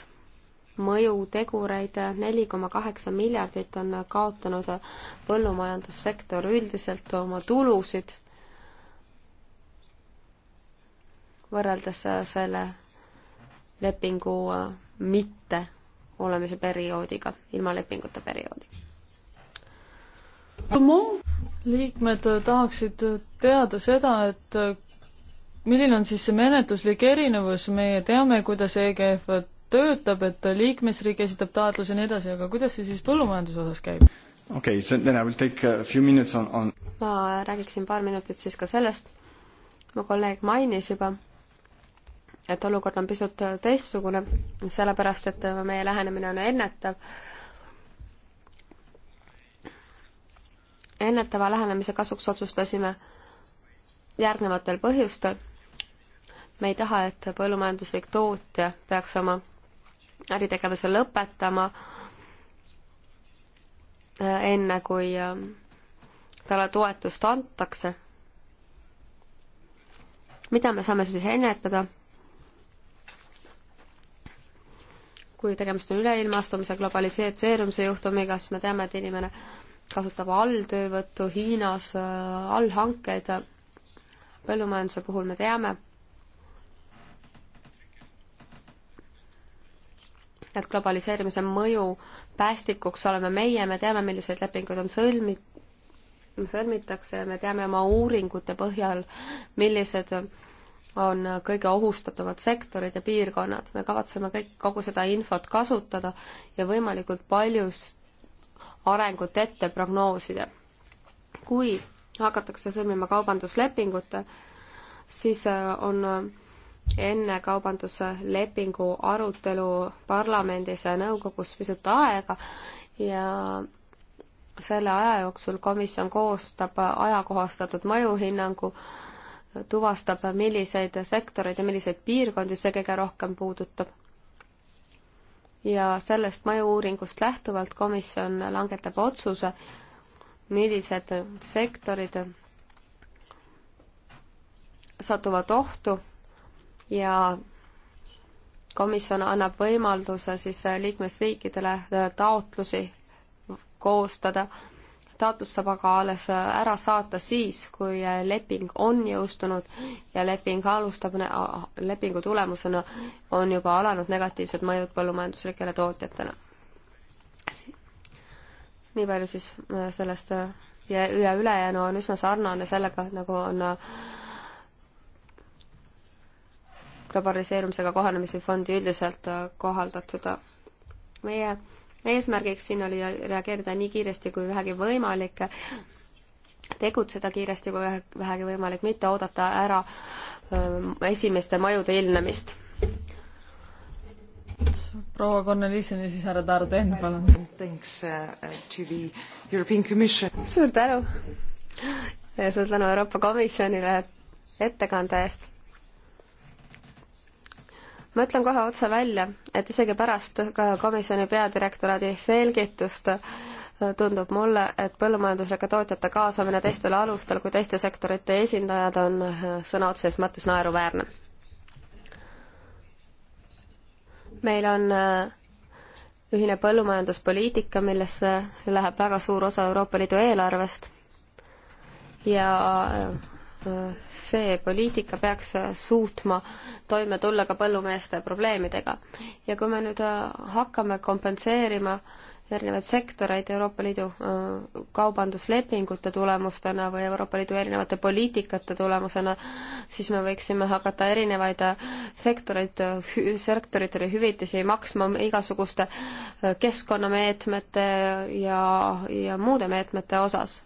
mõjutegureid, neli koma kaheksa miljardit on kaotanud põllumajandussektor üldiselt oma tulusid võrreldes selle lepingu äh, mitte olemise perioodiga, ilma lepinguta perioodiga. liikmed äh, tahaksid äh, teada seda, et milline on siis see menetluslik erinevus, meie teame, kuidas EGF töötab, et liikmesriik esitab taotluse ja nii edasi, aga kuidas see siis põllumajanduse osas käib? okei okay,, so then I will take uh, a few minutes on, on ma räägiksin paar minutit siis ka sellest, mu kolleeg mainis juba et olukord on pisut teistsugune, sellepärast et meie lähenemine on ennetav. ennetava lähenemise kasuks otsustasime järgnevatel põhjustel. me ei taha, et põllumajanduslik tootja peaks oma äritegevuse lõpetama äh, enne, kui äh, talle toetust antakse. mida me saame siis ennetada? kui tegemist on üleilmastumise globaliseerimise juhtumiga, siis me teame, et inimene kasutab alltöövõttu Hiinas, äh, allhankeid. põllumajanduse puhul me teame, et globaliseerimise mõju päästikuks oleme meie, me teame, millised lepingud on sõlmi-, sõlmitakse ja me teame oma uuringute põhjal, millised on kõige ohustatavad sektorid ja piirkonnad. me kavatseme kõik, kogu seda infot kasutada ja võimalikult paljus arengut ette prognoosida. kui hakatakse sõlmima kaubanduslepingut, siis äh, on äh, enne kaubanduse lepingu arutelu parlamendis ja nõukogus pisut aega ja selle aja jooksul komisjon koostab ajakohastatud mõjuhinnangu äh, tuvastab, milliseid sektoreid ja milliseid piirkondi see kõige rohkem puudutab. ja sellest mõju-uuringust lähtuvalt komisjon langetab otsuse, millised sektorid satuvad ohtu ja komisjon annab võimalduse siis liikmesriikidele taotlusi koostada taotlus saab aga alles äh, ära saata siis, kui äh, leping on jõustunud ja leping alustab, lepingu tulemusena on juba alanud negatiivsed mõjud põllumajanduslikele tootjatele. nii palju siis äh, sellest ja üle ülejäänu on üsna sarnane sellega, nagu on globaliseerumisega kohanemise fondi üldiselt kohaldatud. meie eesmärgiks siin oli reageerida nii kiiresti kui vähegi võimalik, tegutseda kiiresti kui vähegi võimalik, mitte oodata ära ähm, esimeste mõjude ilmnemist. proua Cornelissen ja siis härra Tarden, palun. Uh, uh, suur tänu ja suur tänu Euroopa Komisjonile ettekande eest ma ütlen kohe otse välja, et isegi pärast ka komisjoni peadirektoraadi selgitust äh, tundub mulle, et põllumajanduslike tootjate kaasamine teistel alustel kui teiste sektorite esindajad on äh, sõna otseses mõttes naeruväärne. meil on äh, ühine põllumajanduspoliitika, millesse läheb väga suur osa Euroopa Liidu eelarvest ja see poliitika peaks suutma toime tulla ka põllumeeste probleemidega. ja kui me nüüd äh, hakkame kompenseerima erinevaid sektoreid Euroopa Liidu äh, kaubanduslepingute tulemustena või Euroopa Liidu erinevate poliitikate tulemusena, siis me võiksime hakata erinevaid äh, sektoreid, sektoritele hüvitisi maksma igasuguste keskkonnameetmete ja, ja muude meetmete osas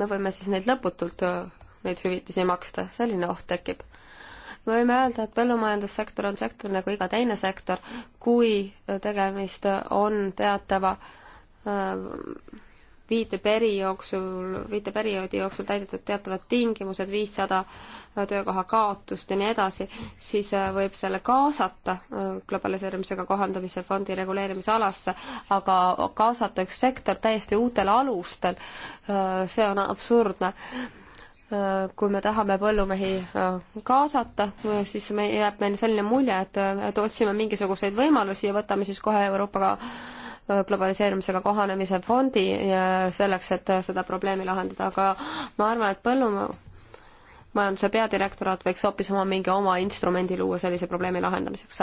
me võime siis neid lõputult, neid hüvitisi maksta, selline oht tekib. me võime öelda, et põllumajandussektor on sektor nagu iga teine sektor, kui tegemist on teatava äh, viite peri jooksul, viite perioodi jooksul täidetud teatavad tingimused, viissada töökoha kaotust ja nii edasi, siis äh, võib selle kaasata äh, globaliseerimisega kohandamise fondi reguleerimise alasse, aga kaasata üks sektor täiesti uutel alustel, äh, see on absurdne kui me tahame põllumehi kaasata, siis me, jääb meil selline mulje, et, et otsime mingisuguseid võimalusi ja võtame siis kohe Euroopa globaliseerumisega kohanemise fondi selleks, et seda probleemi lahendada, aga ma arvan, et põllumajanduse peadirektoraat võiks hoopis oma mingi oma instrumendi luua sellise probleemi lahendamiseks.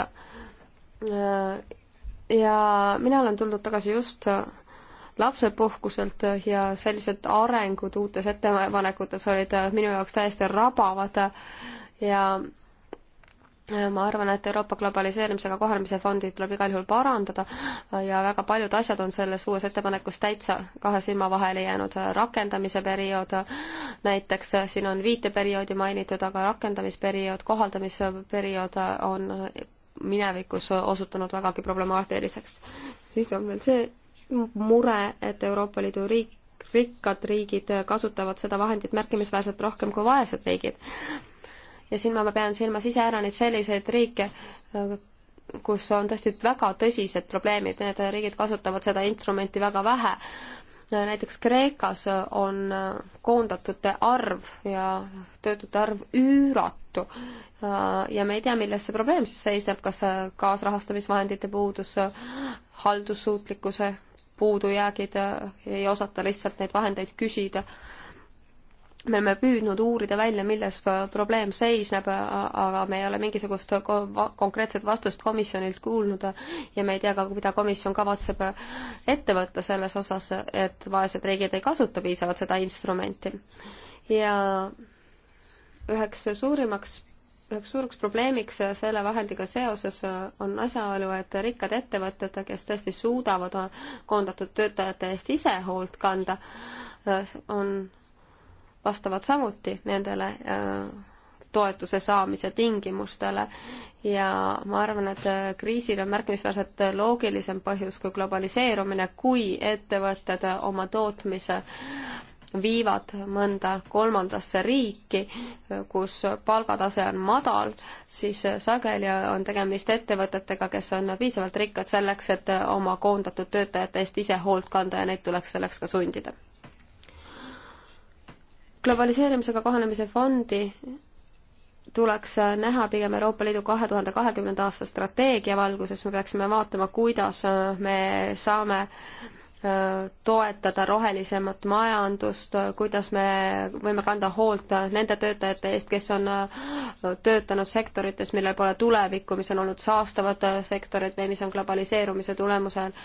ja mina olen tulnud tagasi just lapsepuhkuselt ja sellised arengud uutes ettepanekutes olid minu jaoks täiesti rabavad ja ma arvan, et Euroopa globaliseerimisega kohanemise fondi tuleb igal juhul parandada ja väga paljud asjad on selles uues ettepanekus täitsa kahe silma vahele jäänud. rakendamise periood näiteks, siin on viiteperioodi mainitud, aga rakendamisperiood, kohaldamisperiood on minevikus osutunud vägagi problemaatiliseks. siis on veel see mure, et Euroopa Liidu riik rikkad riigid kasutavad seda vahendit märkimisväärselt rohkem kui vaesed riigid ja siin ma pean silmas iseäranis selliseid riike, äh, kus on tõesti väga tõsised probleemid, need riigid kasutavad seda instrumenti väga vähe. Äh, näiteks Kreekas on äh, koondatute arv ja töötute arv üüratu ja me ei tea, milles see probleem siis seisneb, kas kaasrahastamisvahendite puudus, haldussuutlikkuse puudujäägid, ei osata lihtsalt neid vahendeid küsida me oleme püüdnud uurida välja, milles probleem seisneb, aga me ei ole mingisugust konkreetset vastust komisjonilt kuulnud ja me ei tea ka, mida komisjon kavatseb ette võtta selles osas, et vaesed riigid ei kasuta piisavalt seda instrumenti. ja üheks suurimaks üheks suureks probleemiks selle vahendiga seoses on asjaolu, et rikkad ettevõtted, kes tõesti suudavad koondatud töötajate eest ise hoolt kanda, on vastavad samuti nendele äh, toetuse saamise tingimustele ja ma arvan, et äh, kriisil on märkimisväärselt loogilisem põhjus kui globaliseerumine, kui ettevõtted oma tootmise viivad mõnda kolmandasse riiki, kus palgatase on madal, siis sageli on tegemist ettevõtetega, kes on piisavalt rikkad selleks, et oma koondatud töötajate eest ise hoolt kanda ja neid tuleks selleks ka sundida globaliseerimisega kohanemise fondi tuleks näha pigem Euroopa Liidu kahe tuhande kahekümnenda aasta strateegia valguses, me peaksime vaatama, kuidas me saame Äh, toetada rohelisemat majandust, äh, kuidas me võime kanda hoolt äh, nende töötajate eest, kes on töötanud sektorites, millel pole tulevikku, mis on olnud saastavad sektorid või mis on globaliseerumise tulemusel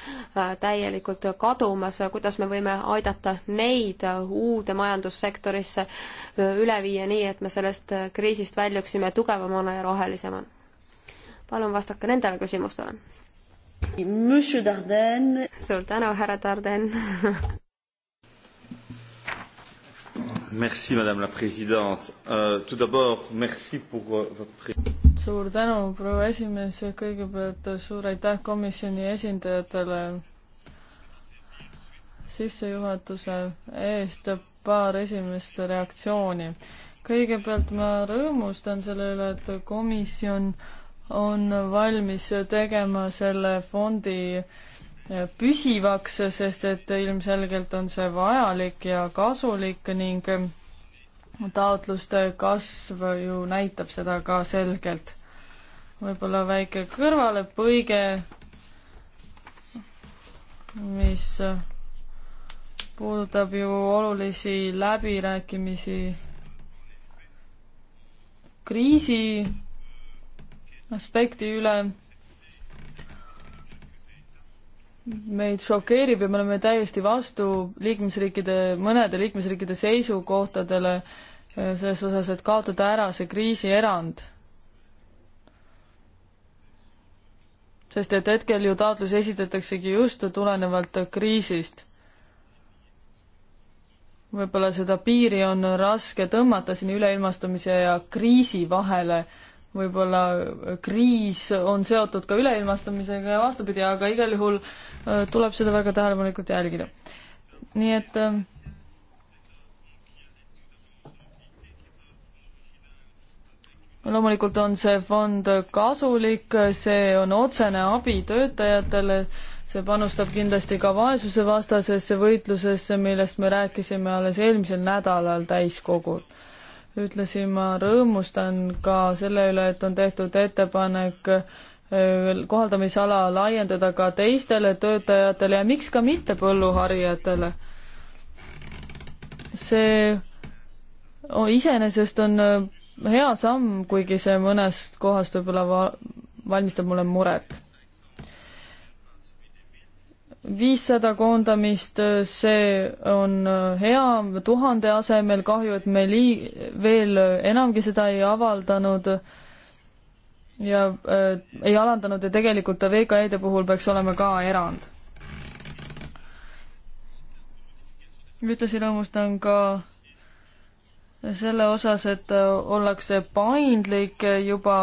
täielikult kadumas, kuidas me võime aidata neid uude majandussektorisse üle viia nii, et me sellest kriisist väljuksime tugevamana ja rohelisemana. palun vastake nendele küsimustele suur tänu, härra Darden Merci, madame la présidente. Euh, tout d'abord, merci pour euh, votre suur tänu, proua esimees, kõigepealt suur aitäh komisjoni esindajatele sissejuhatuse eest, paar esimest reaktsiooni. kõigepealt ma rõõmustan selle üle, et komisjon on valmis tegema selle fondi püsivaks, sest et ilmselgelt on see vajalik ja kasulik ning taotluste kasv ju näitab seda ka selgelt. võib-olla väike kõrvalepõige, mis puudutab ju olulisi läbirääkimisi kriisi aspekti üle meid šokeerib ja me oleme täiesti vastu liikmesriikide, mõnede liikmesriikide seisukohtadele eh, selles osas, et kaotada ära see kriisierand. sest et hetkel ju taotlus esitataksegi just tulenevalt kriisist. võib-olla seda piiri on raske tõmmata siin üleilmastumise ja kriisi vahele võib-olla kriis on seotud ka üleilmastumisega ja vastupidi, aga igal juhul äh, tuleb seda väga tähelepanelikult jälgida. nii et äh, loomulikult on see fond kasulik, see on otsene abi töötajatele, see panustab kindlasti ka vaesusevastasesse võitlusesse, millest me rääkisime alles eelmisel nädalal täiskogul ütlesin, ma rõõmustan ka selle üle, et on tehtud ettepanek äh, kohaldamisala laiendada ka teistele töötajatele ja miks ka mitte põlluharijatele. see oh, iseenesest on äh, hea samm, kuigi see mõnest kohast võib-olla va-, valmistab mulle muret viissada koondamist, see on äh, hea, tuhande asemel kahju, et me lii-, veel enamgi seda ei avaldanud ja äh, ei alandanud ja tegelikult VKE-de puhul peaks olema ka erand. ühtlasi rõõmustan ka selle osas, et äh, ollakse paindlik juba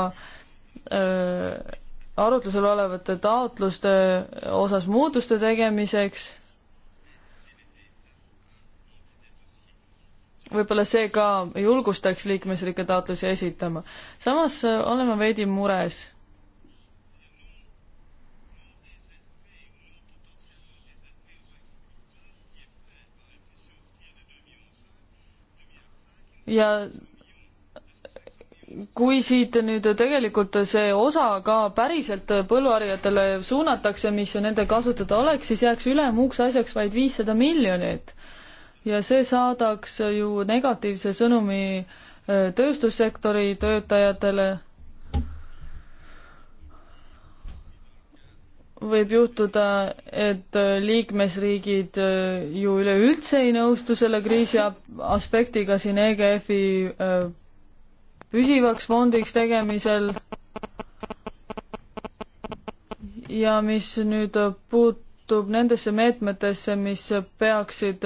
äh, arutlusel olevate taotluste osas muutuste tegemiseks. võib-olla see ka julgustaks liikmesriike taotlusi esitama. samas äh, oleme veidi mures. ja kui siit nüüd tegelikult see osa ka päriselt põlluharijatele suunatakse, mis nende kasutada oleks, siis jääks üle muuks asjaks vaid viissada miljonit. ja see saadaks ju negatiivse sõnumi äh, tööstussektori töötajatele. võib juhtuda, et äh, liikmesriigid äh, ju üleüldse ei nõustu selle kriisi aspektiga siin EGF-i püsivaks fondiks tegemisel. ja mis nüüd puutub nendesse meetmetesse, mis peaksid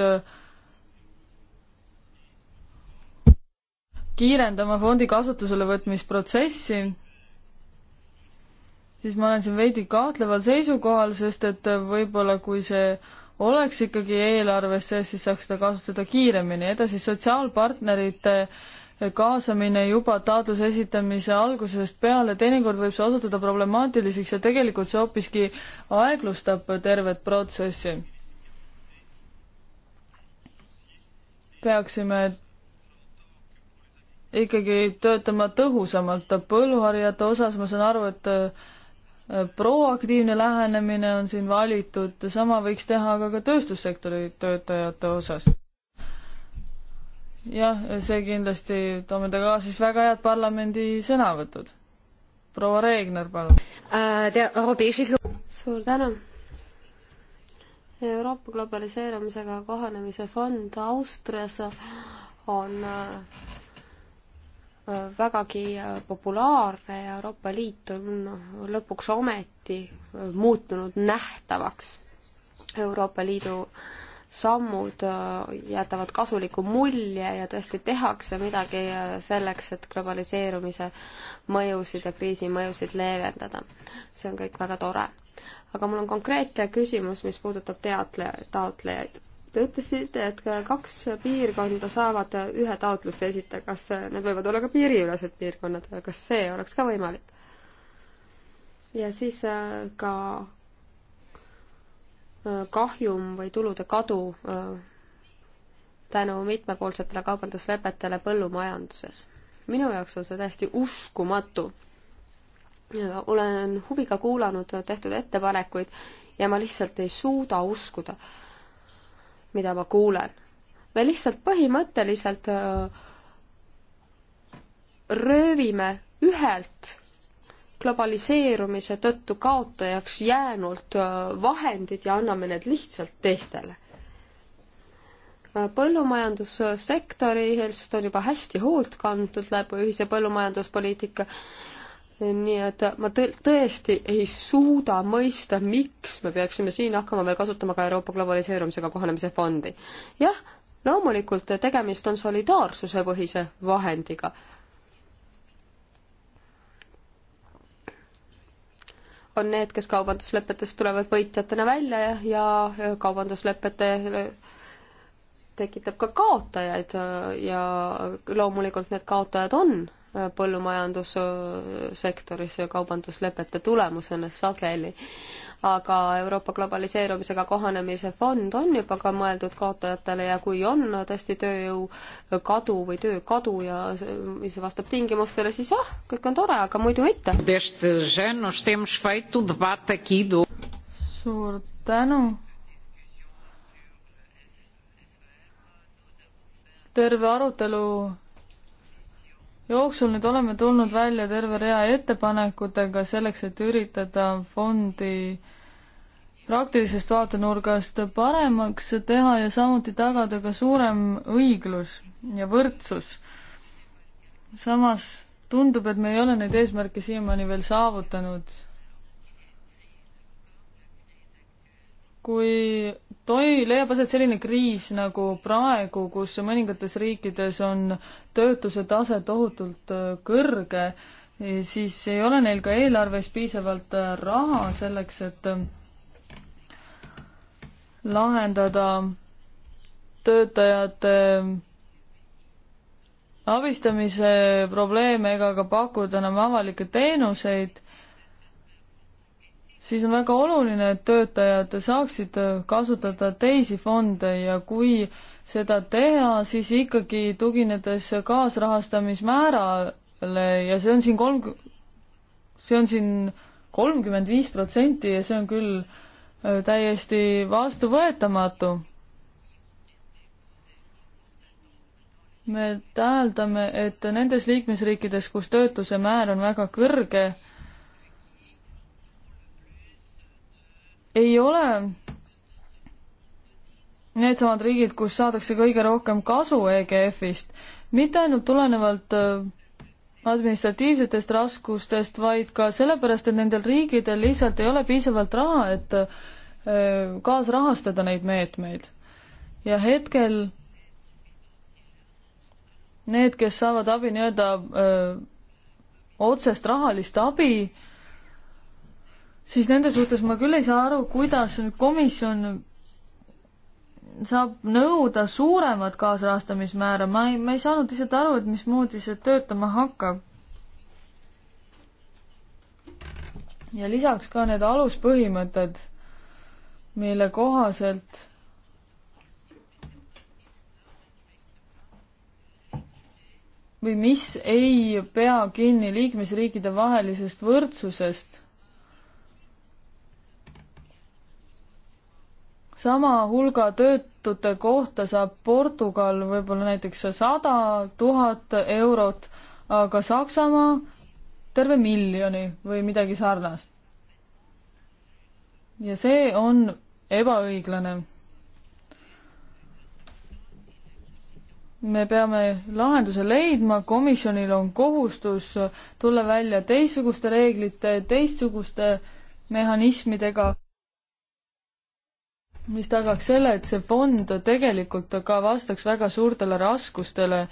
kiirendama fondi kasutusele võtmisprotsessi, siis ma olen siin veidi kahtleval seisukohal, sest et võib-olla kui see oleks ikkagi eelarves sees, siis saaks seda kasutada kiiremini. edasi sotsiaalpartnerite äh, kaasamine juba taotluse esitamise algusest peale, teinekord võib see osutuda problemaatiliseks ja tegelikult see hoopiski aeglustab tervet protsessi. peaksime ikkagi töötama tõhusamalt. põlluharjade osas ma saan aru, et äh, proaktiivne lähenemine on siin valitud, sama võiks teha aga ka tööstussektori töötajate osas jah, see kindlasti toob endaga kaasa siis väga head parlamendi sõnavõtud. proua Reegner, palun uh,. suur tänu. Euroopa globaliseerumisega kohanemise fond Austrias on äh, vägagi äh, populaarne ja Euroopa Liit on lõpuks ometi muutunud nähtavaks Euroopa Liidu äh, sammud äh, jätavad kasuliku mulje ja tõesti tehakse midagi äh, selleks, et globaliseerumise mõjusid ja kriisi mõjusid leevendada. see on kõik väga tore. aga mul on konkreetne küsimus, mis puudutab teatleja, taotlejaid. Te ütlesite, et kaks piirkonda saavad ühe taotluse esitada, kas äh, need võivad olla ka piiriülesed piirkonnad, kas see oleks ka võimalik? ja siis ka kahjum või tulude kadu äh, tänu mitmepoolsetele kaubanduslepetele põllumajanduses. minu jaoks on see täiesti uskumatu. olen huviga kuulanud tehtud ettepanekuid ja ma lihtsalt ei suuda uskuda, mida ma kuulen. me lihtsalt põhimõtteliselt äh, röövime ühelt globaliseerumise tõttu kaotajaks jäänud äh, vahendid ja anname need lihtsalt teistele. Äh, põllumajandussektori eest on juba hästi hoolt kantud läbi ühise põllumajanduspoliitika, nii et ma tõesti ei suuda mõista, miks me peaksime siin hakkama veel kasutama ka Euroopa globaliseerumisega kohanemise fondi. jah, loomulikult tegemist on solidaarsuse põhise vahendiga, on need, kes kaubanduslepetest tulevad võitjatena välja ja kaubanduslepete äh, tekitab ka kaotajaid äh, ja loomulikult need kaotajad on äh, põllumajandussektoris ja kaubanduslepete tulemusena sageli aga Euroopa globaliseerumisega kohanemise fond on juba ka mõeldud kaotajatele ja kui on tõesti tööjõu kadu või töö kadu ja see vastab tingimustele, siis jah, kõik on tore, aga muidu mitte. suur tänu terve arutelu jooksul nüüd oleme tulnud välja terve rea ettepanekutega selleks, et üritada fondi praktilisest vaatenurgast paremaks teha ja samuti tagada ka suurem õiglus ja võrdsus. samas tundub, et me ei ole neid eesmärke siiamaani veel saavutanud. kui toi-, leiab aset selline kriis nagu praegu, kus mõningates riikides on töötuse tase tohutult äh, kõrge, e, siis ei ole neil ka eelarves piisavalt äh, raha selleks, et äh, lahendada töötajate abistamise probleeme ega ka pakkuda enam avalikke teenuseid siis on väga oluline, et töötajad saaksid kasutada teisi fonde ja kui seda teha, siis ikkagi tuginedes kaasrahastamismäärale ja see on siin kolm, see on siin kolmkümmend viis protsenti ja see on küll äh, täiesti vastuvõetamatu. me täheldame, et nendes liikmesriikides, kus töötuse määr on väga kõrge, ei ole needsamad riigid, kus saadakse kõige rohkem kasu EGF-ist, mitte ainult tulenevalt äh, administratiivsetest raskustest, vaid ka sellepärast, et nendel riikidel lihtsalt ei ole piisavalt raha, et äh, kaasrahastada neid meetmeid. ja hetkel need, kes saavad abi nii-öelda äh, otsest rahalist abi, siis nende suhtes ma küll ei saa aru, kuidas komisjon saab nõuda suuremat kaasrahastamismäära, ma ei, ma ei saanud lihtsalt aru, et mismoodi see töötama hakkab. ja lisaks ka need aluspõhimõtted, mille kohaselt või mis ei pea kinni liikmesriikide vahelisest võrdsusest sama hulga töötute kohta saab Portugal võib-olla näiteks sada tuhat eurot, aga Saksamaa terve miljoni või midagi sarnast. ja see on ebaõiglane. me peame lahenduse leidma, komisjonil on kohustus tulla välja teistsuguste reeglite, teistsuguste mehhanismidega mis tagaks selle, et see fond tegelikult ka vastaks väga suurtele raskustele,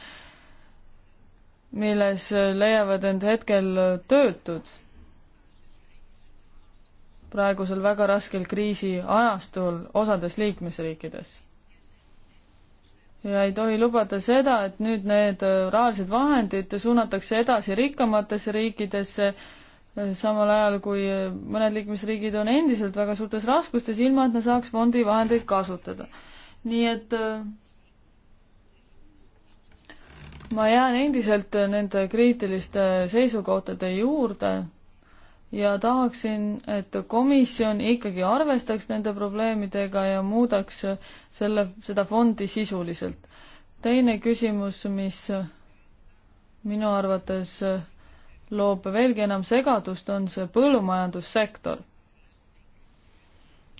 milles leiavad end hetkel töötud praegusel väga raskel kriisiajastul osades liikmesriikides. ja ei tohi lubada seda, et nüüd need rahalised vahendid suunatakse edasi rikkamatesse riikidesse, samal ajal kui eh, mõned liikmesriigid on endiselt väga suurtes raskustes, ilma et nad saaks fondi vahendeid kasutada. nii et eh, ma jään endiselt eh, nende kriitiliste seisukohtade juurde ja tahaksin, et komisjon ikkagi arvestaks nende probleemidega ja muudaks selle, seda fondi sisuliselt. teine küsimus, mis minu arvates loob veelgi enam segadust, on see põllumajandussektor.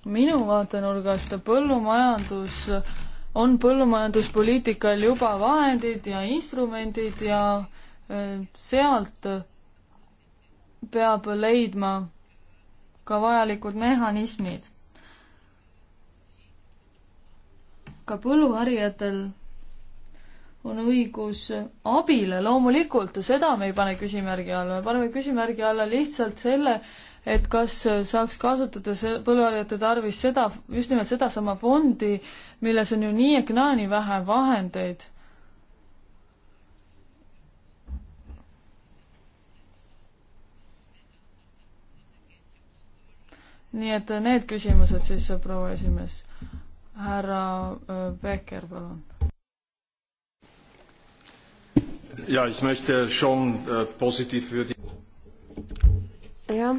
minu vaatenurgast põllumajandus, on põllumajanduspoliitikal juba vahendid ja instrumendid ja äh, sealt peab leidma ka vajalikud mehhanismid. ka põlluharijatel on õigus abile, loomulikult, seda me ei pane küsimärgi alla, me paneme küsimärgi alla lihtsalt selle, et kas saaks kasutada põlluharjate tarvis seda, just nimelt sedasama fondi, milles on ju nii ehk naa nii vähe vahendeid. nii et need küsimused siis, proua esimees. härra Peker, äh, palun ja, ich möchte schon äh, positiv für die. Ja.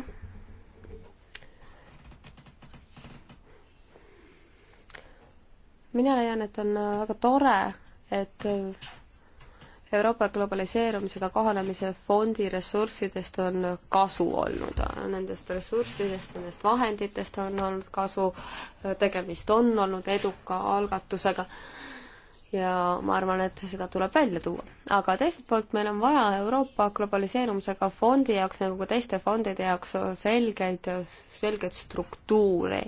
mina leian, et on äh, väga tore, et äh, Euroopa globaliseerumisega kohanemise fondi ressurssidest on kasu olnud, nendest ressurssidest, nendest vahenditest on olnud kasu, äh, tegemist on olnud eduka algatusega ja ma arvan, et seda tuleb välja tuua. aga teiselt poolt meil on vaja Euroopa globaliseerumisega fondi jaoks nagu ka teiste fondide jaoks selgeid, selgeid struktuure.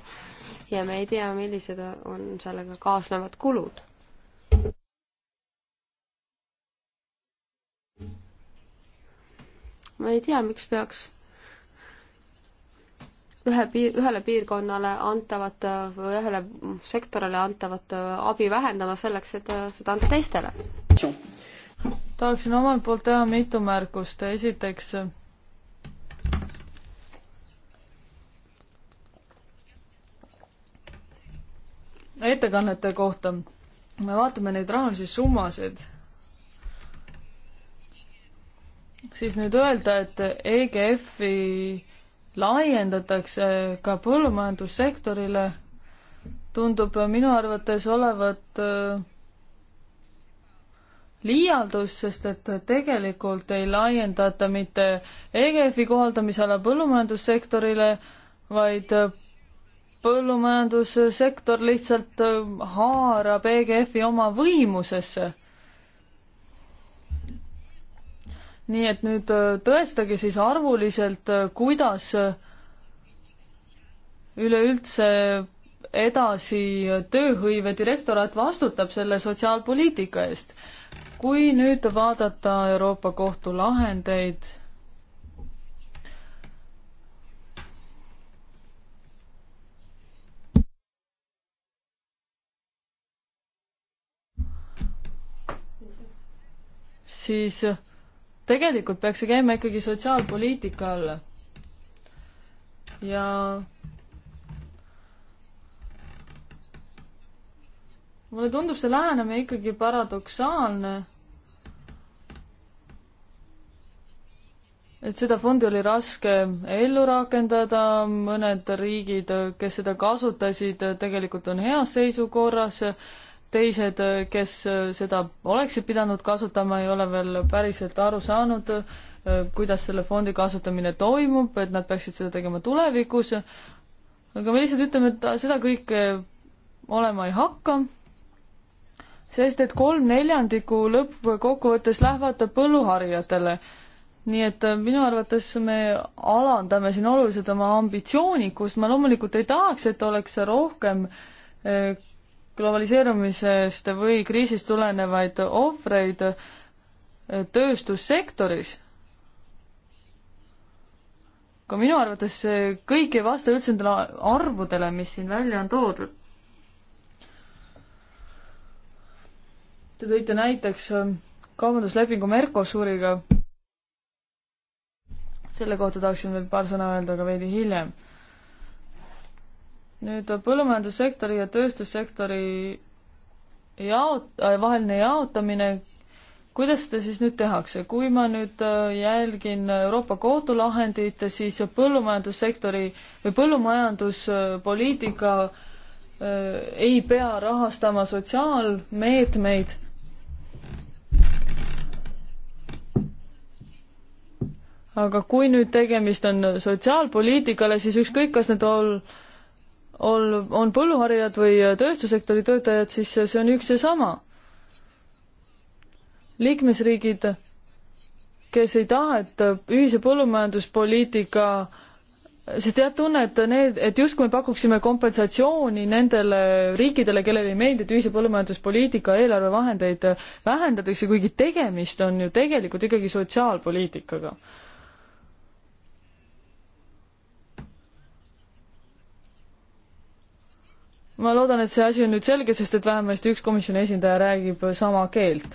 ja me ei tea, millised on sellega kaasnevad kulud. ma ei tea, miks peaks ühe piir, ühele piirkonnale antavat või ühele sektorile antavat äh, abi vähendama selleks, et äh, seda anda teistele. tahaksin omalt poolt teha mitu märkust, esiteks ettekannete kohta. me vaatame neid rahalisi summasid, siis nüüd öelda, et EGF-i laiendatakse ka põllumajandussektorile, tundub minu arvates olevat äh, liialdus, sest et tegelikult ei laiendata mitte EGF-i kohaldamisala põllumajandussektorile, vaid äh, põllumajandussektor lihtsalt äh, haarab EGF-i oma võimusesse nii et nüüd äh, tõestage siis arvuliselt, äh, kuidas äh, üleüldse edasi tööhõive direktoraat vastutab selle sotsiaalpoliitika eest. kui nüüd vaadata Euroopa Kohtu lahendeid, siis tegelikult peaks see käima ikkagi sotsiaalpoliitika alla. ja mulle tundub see lähenemine ikkagi paradoksaalne. et seda fondi oli raske ellu rakendada, mõned riigid, kes seda kasutasid, tegelikult on heas seisukorras teised, kes seda oleksid pidanud kasutama, ei ole veel päriselt aru saanud, kuidas selle fondi kasutamine toimub, et nad peaksid seda tegema tulevikus. aga me lihtsalt ütleme, et seda kõike olema ei hakka, sest et kolm neljandikku lõppkokkuvõttes lähevad põlluharijatele. nii et minu arvates me alandame siin oluliselt oma ambitsioonikust, ma loomulikult ei tahaks, et oleks rohkem eh, globaliseerumisest või kriisist tulenevaid ohvreid tööstussektoris. ka minu arvates see kõik ei vasta üldse nendele arvudele, mis siin välja on toodud. Te tõite näiteks ähm, kaubanduslepingu Mercosuriga. selle kohta tahaksin veel paar sõna öelda, aga veidi hiljem nüüd põllumajandussektori ja tööstussektori jaot-, äh, vaheline jaotamine, kuidas seda siis nüüd tehakse, kui ma nüüd äh, jälgin Euroopa Kohtu lahendit, siis põllumajandussektori või põllumajanduspoliitika äh, ei pea rahastama sotsiaalmeetmeid aga kui nüüd tegemist on sotsiaalpoliitikale, siis ükskõik, kas need ol-, ol-, on põlluharijad või tööstussektori töötajad, siis see on üks ja sama. liikmesriigid, kes ei taha, et ühise põllumajanduspoliitika sest jah, tunne, et need, et justkui me pakuksime kompensatsiooni nendele riikidele, kellele ei meeldi, et ühise põllumajanduspoliitika eelarvevahendeid vähendatakse, kuigi tegemist on ju tegelikult ikkagi sotsiaalpoliitikaga ma loodan, et see asi on nüüd selge, sest et vähemasti üks komisjoni esindaja räägib sama keelt.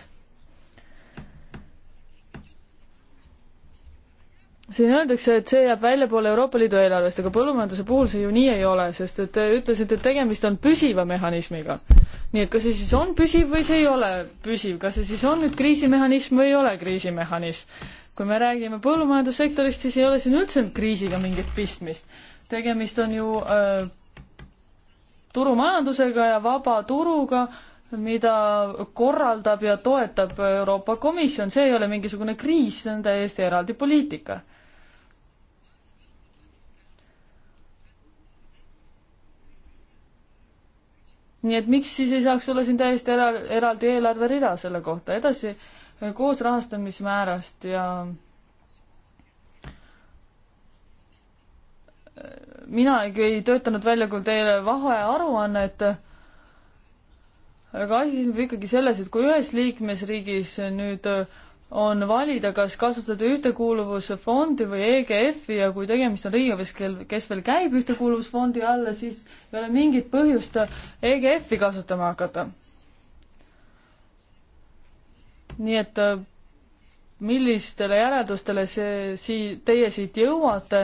siin öeldakse, et see jääb väljapoole Euroopa Liidu eelarvest, aga põllumajanduse puhul see ju nii ei ole, sest et te ütlesite, et tegemist on püsiva mehhanismiga. nii et kas see siis on püsiv või see ei ole püsiv, kas see siis on nüüd kriisimehhanism või ei ole kriisimehhanism? kui me räägime põllumajandussektorist, siis ei ole siin üldse kriisiga mingit pistmist. tegemist on ju öö, äh, turumajandusega ja vaba turuga, mida korraldab ja toetab Euroopa Komisjon, see ei ole mingisugune kriis, see on täiesti eraldi poliitika. nii et miks siis ei saaks olla siin täiesti era-, eraldi eelarverida selle kohta, edasi koos rahastamismäärast ja minagi ei töötanud välja küll teile vahearuannet, aga asi seisneb ikkagi selles, et kui ühes liikmesriigis nüüd on valida, kas kasutada ühtekuuluvusfondi või EGF-i ja kui tegemist on riigiga, kes, kes veel käib ühtekuuluvusfondi alla, siis ei ole mingit põhjust EGF-i kasutama hakata. nii et äh, millistele järeldustele see sii-, teie siit jõuate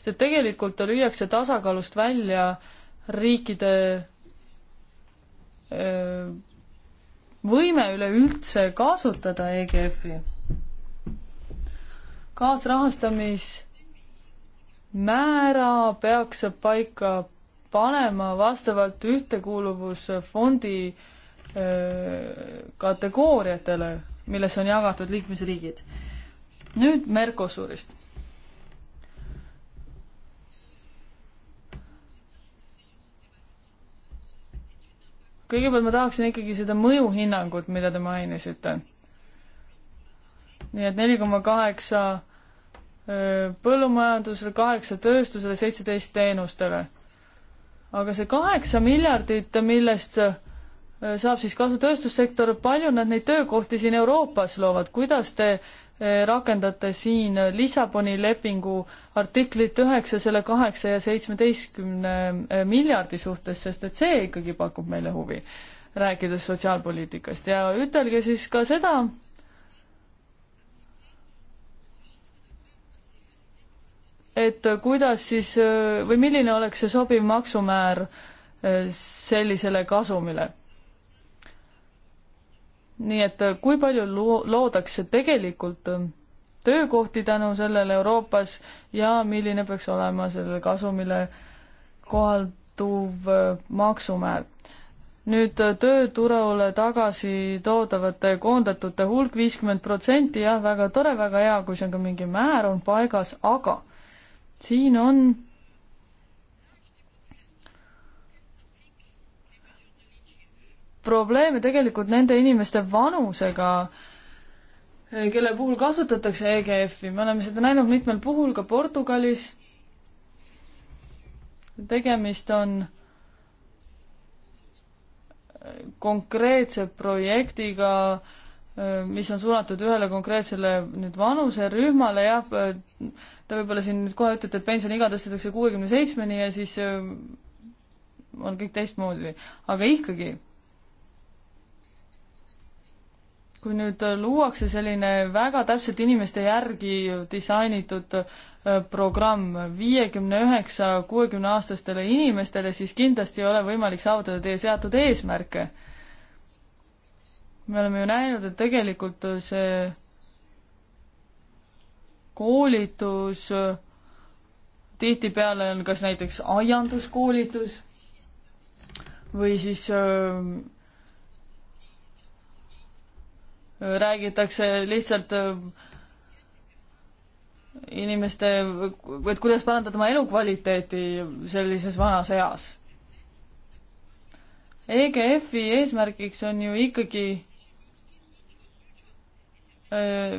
see tegelikult lüüakse tasakaalust välja riikide võime üleüldse kasutada EGF-i. kaasrahastamismäära peaks paika panema vastavalt ühtekuuluvusfondi kategooriatele, milles on jagatud liikmesriigid. nüüd Mercosurist. kõigepealt ma tahaksin ikkagi seda mõjuhinnangut, mida te mainisite. nii et neli koma kaheksa põllumajandusele, kaheksa tööstusele, seitseteist teenustele. aga see kaheksa miljardit, millest saab siis kasu tööstussektor, palju nad neid töökohti siin Euroopas loovad, kuidas te Äh, rakendate siin Lissaboni lepingu artiklit üheksa, selle kaheksa ja seitsmeteistkümne äh, miljardi suhtes, sest et see ikkagi pakub meile huvi, rääkides sotsiaalpoliitikast ja ütelge siis ka seda, et kuidas siis äh, või milline oleks see sobiv maksumäär sellisele kasumile nii et äh, kui palju loo-, loodakse tegelikult äh, töökohti tänu sellele Euroopas ja milline peaks olema sellele kasumile kohalduv äh, maksumäär. nüüd tööturule tagasi toodavate koondatute hulk viiskümmend protsenti, jah, väga tore, väga hea, kui see on ka mingi määr on paigas, aga siin on probleeme tegelikult nende inimeste vanusega, kelle puhul kasutatakse EGF-i, me oleme seda näinud mitmel puhul ka Portugalis. tegemist on konkreetse projektiga, mis on suunatud ühele konkreetsele nüüd vanuserühmale, jah, te võib-olla siin nüüd kohe ütlete, et pensioniiga tõstetakse kuuekümne seitsmeni ja siis äh, on kõik teistmoodi, aga ikkagi kui nüüd luuakse selline väga täpselt inimeste järgi disainitud äh, programm viiekümne üheksa, kuuekümne aastastele inimestele, siis kindlasti ei ole võimalik saavutada teie seatud eesmärke. me oleme ju näinud, et tegelikult see koolitus tihtipeale on kas näiteks aianduskoolitus või siis öö, äh, räägitakse lihtsalt äh, inimeste, et kuidas parandada oma elukvaliteeti sellises vanas eas. EGF-i eesmärgiks on ju ikkagi äh,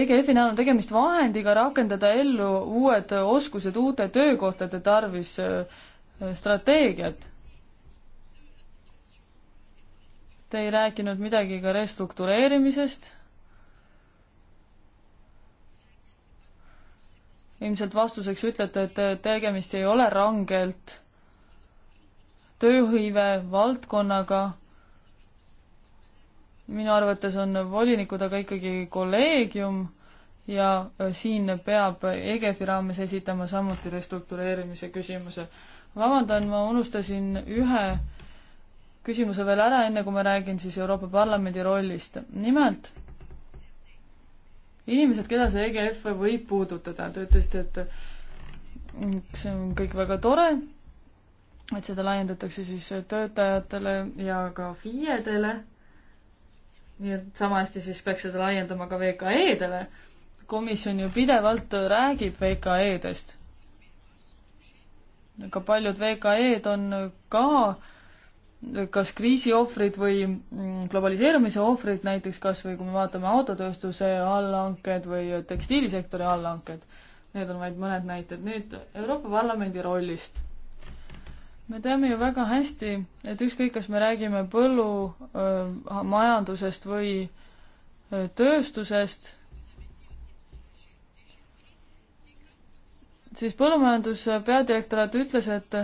EGF-i näol on tegemist vahendiga rakendada ellu uued oskused uute töökohtade tarvis äh, strateegiat. Te ei rääkinud midagi ka restruktureerimisest. ilmselt vastuseks ütlete, et tegemist ei ole rangelt tööhõive valdkonnaga minu arvates on volinikud aga ikkagi kolleegium ja siin peab EGF-i raames esitama samuti restruktureerimise küsimuse. vabandan, ma unustasin ühe küsimuse veel ära, enne kui ma räägin siis Euroopa Parlamendi rollist. nimelt, inimesed, keda see EGF võib puudutada, te ütlesite, et see on kõik väga tore, et seda laiendatakse siis töötajatele ja ka FIE-dele, nii et sama hästi siis peaks seda laiendama ka VKE-dele. komisjon ju pidevalt räägib VKE-dest. aga paljud VKE-d on ka äh, kas kriisiohvrid või mm, globaliseerumise ohvrid näiteks kas või kui me vaatame autotööstuse allhanked või tekstiilisektori allhanked, need on vaid mõned näited. nüüd Euroopa Parlamendi rollist. me teame ju väga hästi, et ükskõik, kas me räägime põllumajandusest või öö, tööstusest, siis põllumajanduse peadirektorat ütles, et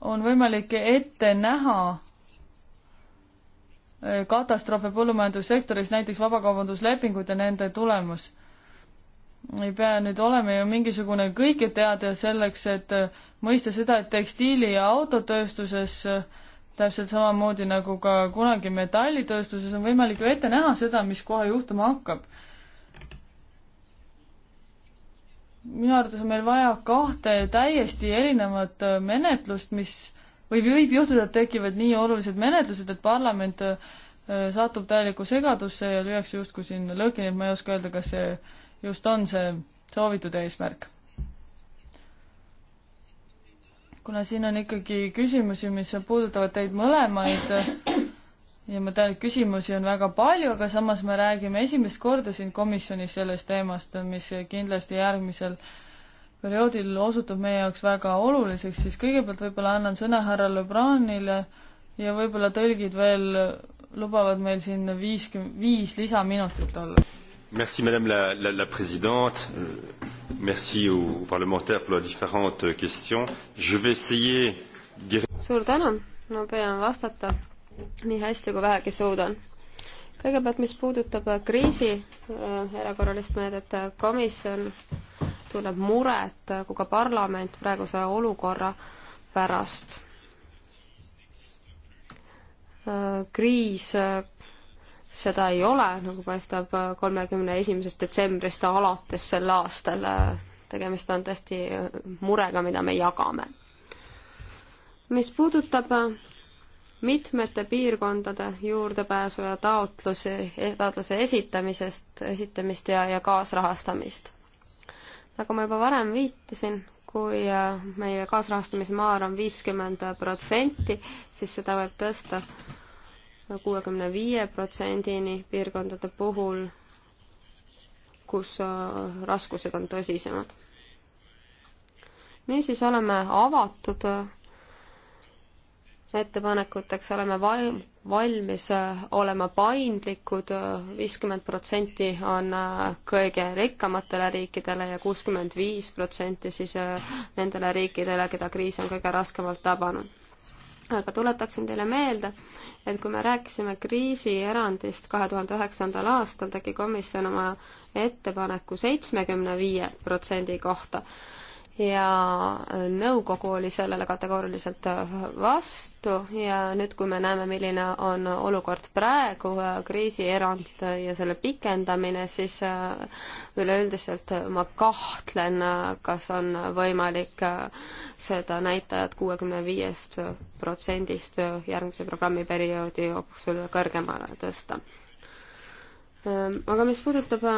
on võimalik ette näha äh, katastroofe põllumajandussektoris, näiteks vabakaubanduslepingud ja nende tulemus. ei pea nüüd olema ju mingisugune kõiketeadja selleks, et äh, mõista seda, et tekstiili- ja autotööstuses äh, täpselt samamoodi nagu ka kunagi metallitööstuses on võimalik ju ette näha seda, mis kohe juhtuma hakkab minu arvates on meil vaja kahte täiesti erinevat äh, menetlust, mis või võib juhtuda, et tekivad nii olulised menetlused, et parlament äh, satub täielikku segadusse ja lüüakse justkui siin lõõki, nii et ma ei oska öelda, kas see just on see soovitud eesmärk. kuna siin on ikkagi küsimusi, mis puudutavad teid mõlemaid, ja ma tean, et küsimusi on väga palju, aga samas me räägime esimest korda siin komisjonis sellest teemast, mis kindlasti järgmisel perioodil osutub meie jaoks väga oluliseks, siis kõigepealt võib-olla annan sõna härra Lebranile ja võib-olla tõlgid veel lubavad meil siin viiskümmend, viis lisaminutit olla. Merci Madame la, la, la Présidente, euh, merci aux parlementaires pour leurs différentes questions. Je vais essayer suur tänu, ma püüan vastata nii hästi kui vähegi suudan. kõigepealt, mis puudutab äh, kriisi äh, erakorralist meedet, äh, komisjon tunneb muret kui ka parlament praeguse olukorra pärast. kriis, seda ei ole, nagu paistab kolmekümne esimesest detsembrist alates sel aastal. tegemist on tõesti murega, mida me jagame. mis puudutab mitmete piirkondade juurdepääsu ja taotlusi, taotluse esitamisest, esitamist ja, ja kaasrahastamist. nagu ma juba varem viitasin, kui äh, meie kaasrahastamise maar on viiskümmend protsenti, siis seda võib tõsta kuuekümne viie protsendini piirkondade puhul, kus äh, raskused on tõsisemad. niisiis oleme avatud äh, ettepanekuteks, oleme val-, valmis olema paindlikud, viiskümmend protsenti on äh, kõige rikkamatele riikidele ja kuuskümmend viis protsenti siis äh, nendele riikidele, keda kriis on kõige raskemalt tabanud. aga tuletaksin teile meelde, et kui me rääkisime kriisierandist kahe tuhande üheksandal aastal, tegi komisjon oma ettepaneku seitsmekümne viie protsendi kohta ja nõukogu oli sellele kategooriliselt vastu ja nüüd, kui me näeme, milline on olukord praegu, äh, kriisierand ja selle pikendamine, siis äh, üleüldiselt ma kahtlen, äh, kas on võimalik seda näitajat kuuekümne viiest protsendist järgmise programmiperioodi jooksul kõrgemale tõsta. Ähm, aga mis puudutab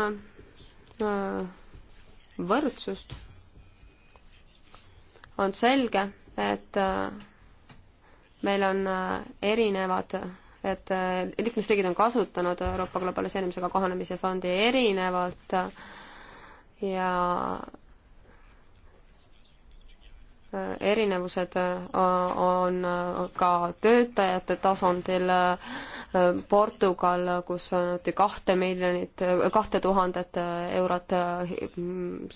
võrdsust on selge, et äh, meil on äh, erinevad, et äh, liikmesriigid on kasutanud Euroopa globaliseerimisega kohanemise fondi erinevalt ja erinevused on ka töötajate tasandil Portugal, kus nõuti kahte miljonit, kahte tuhandet eurot,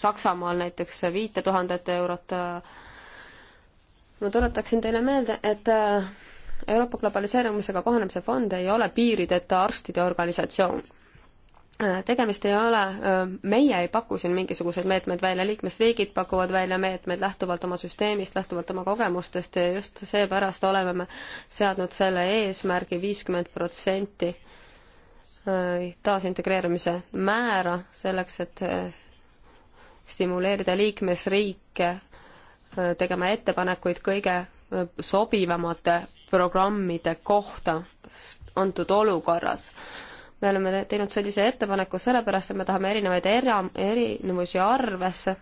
Saksamaal näiteks viite tuhandet eurot ma tuletaksin teile meelde, et äh, Euroopa globaliseerumisega kohanemise fond ei ole piirideta arstide organisatsioon. Äh, tegemist ei ole, äh, meie ei paku siin mingisuguseid meetmeid välja, liikmesriigid pakuvad välja meetmeid lähtuvalt oma süsteemist, lähtuvalt oma kogemustest ja just seepärast oleme me seadnud selle eesmärgi viiskümmend protsenti taasintegreerumise määra selleks, et stimuleerida liikmesriike Äh, tegema ettepanekuid kõige äh, sobivamate programmide kohta antud olukorras. me oleme teinud sellise ettepaneku sellepärast, et me tahame erinevaid era-, erinevusi arvesse,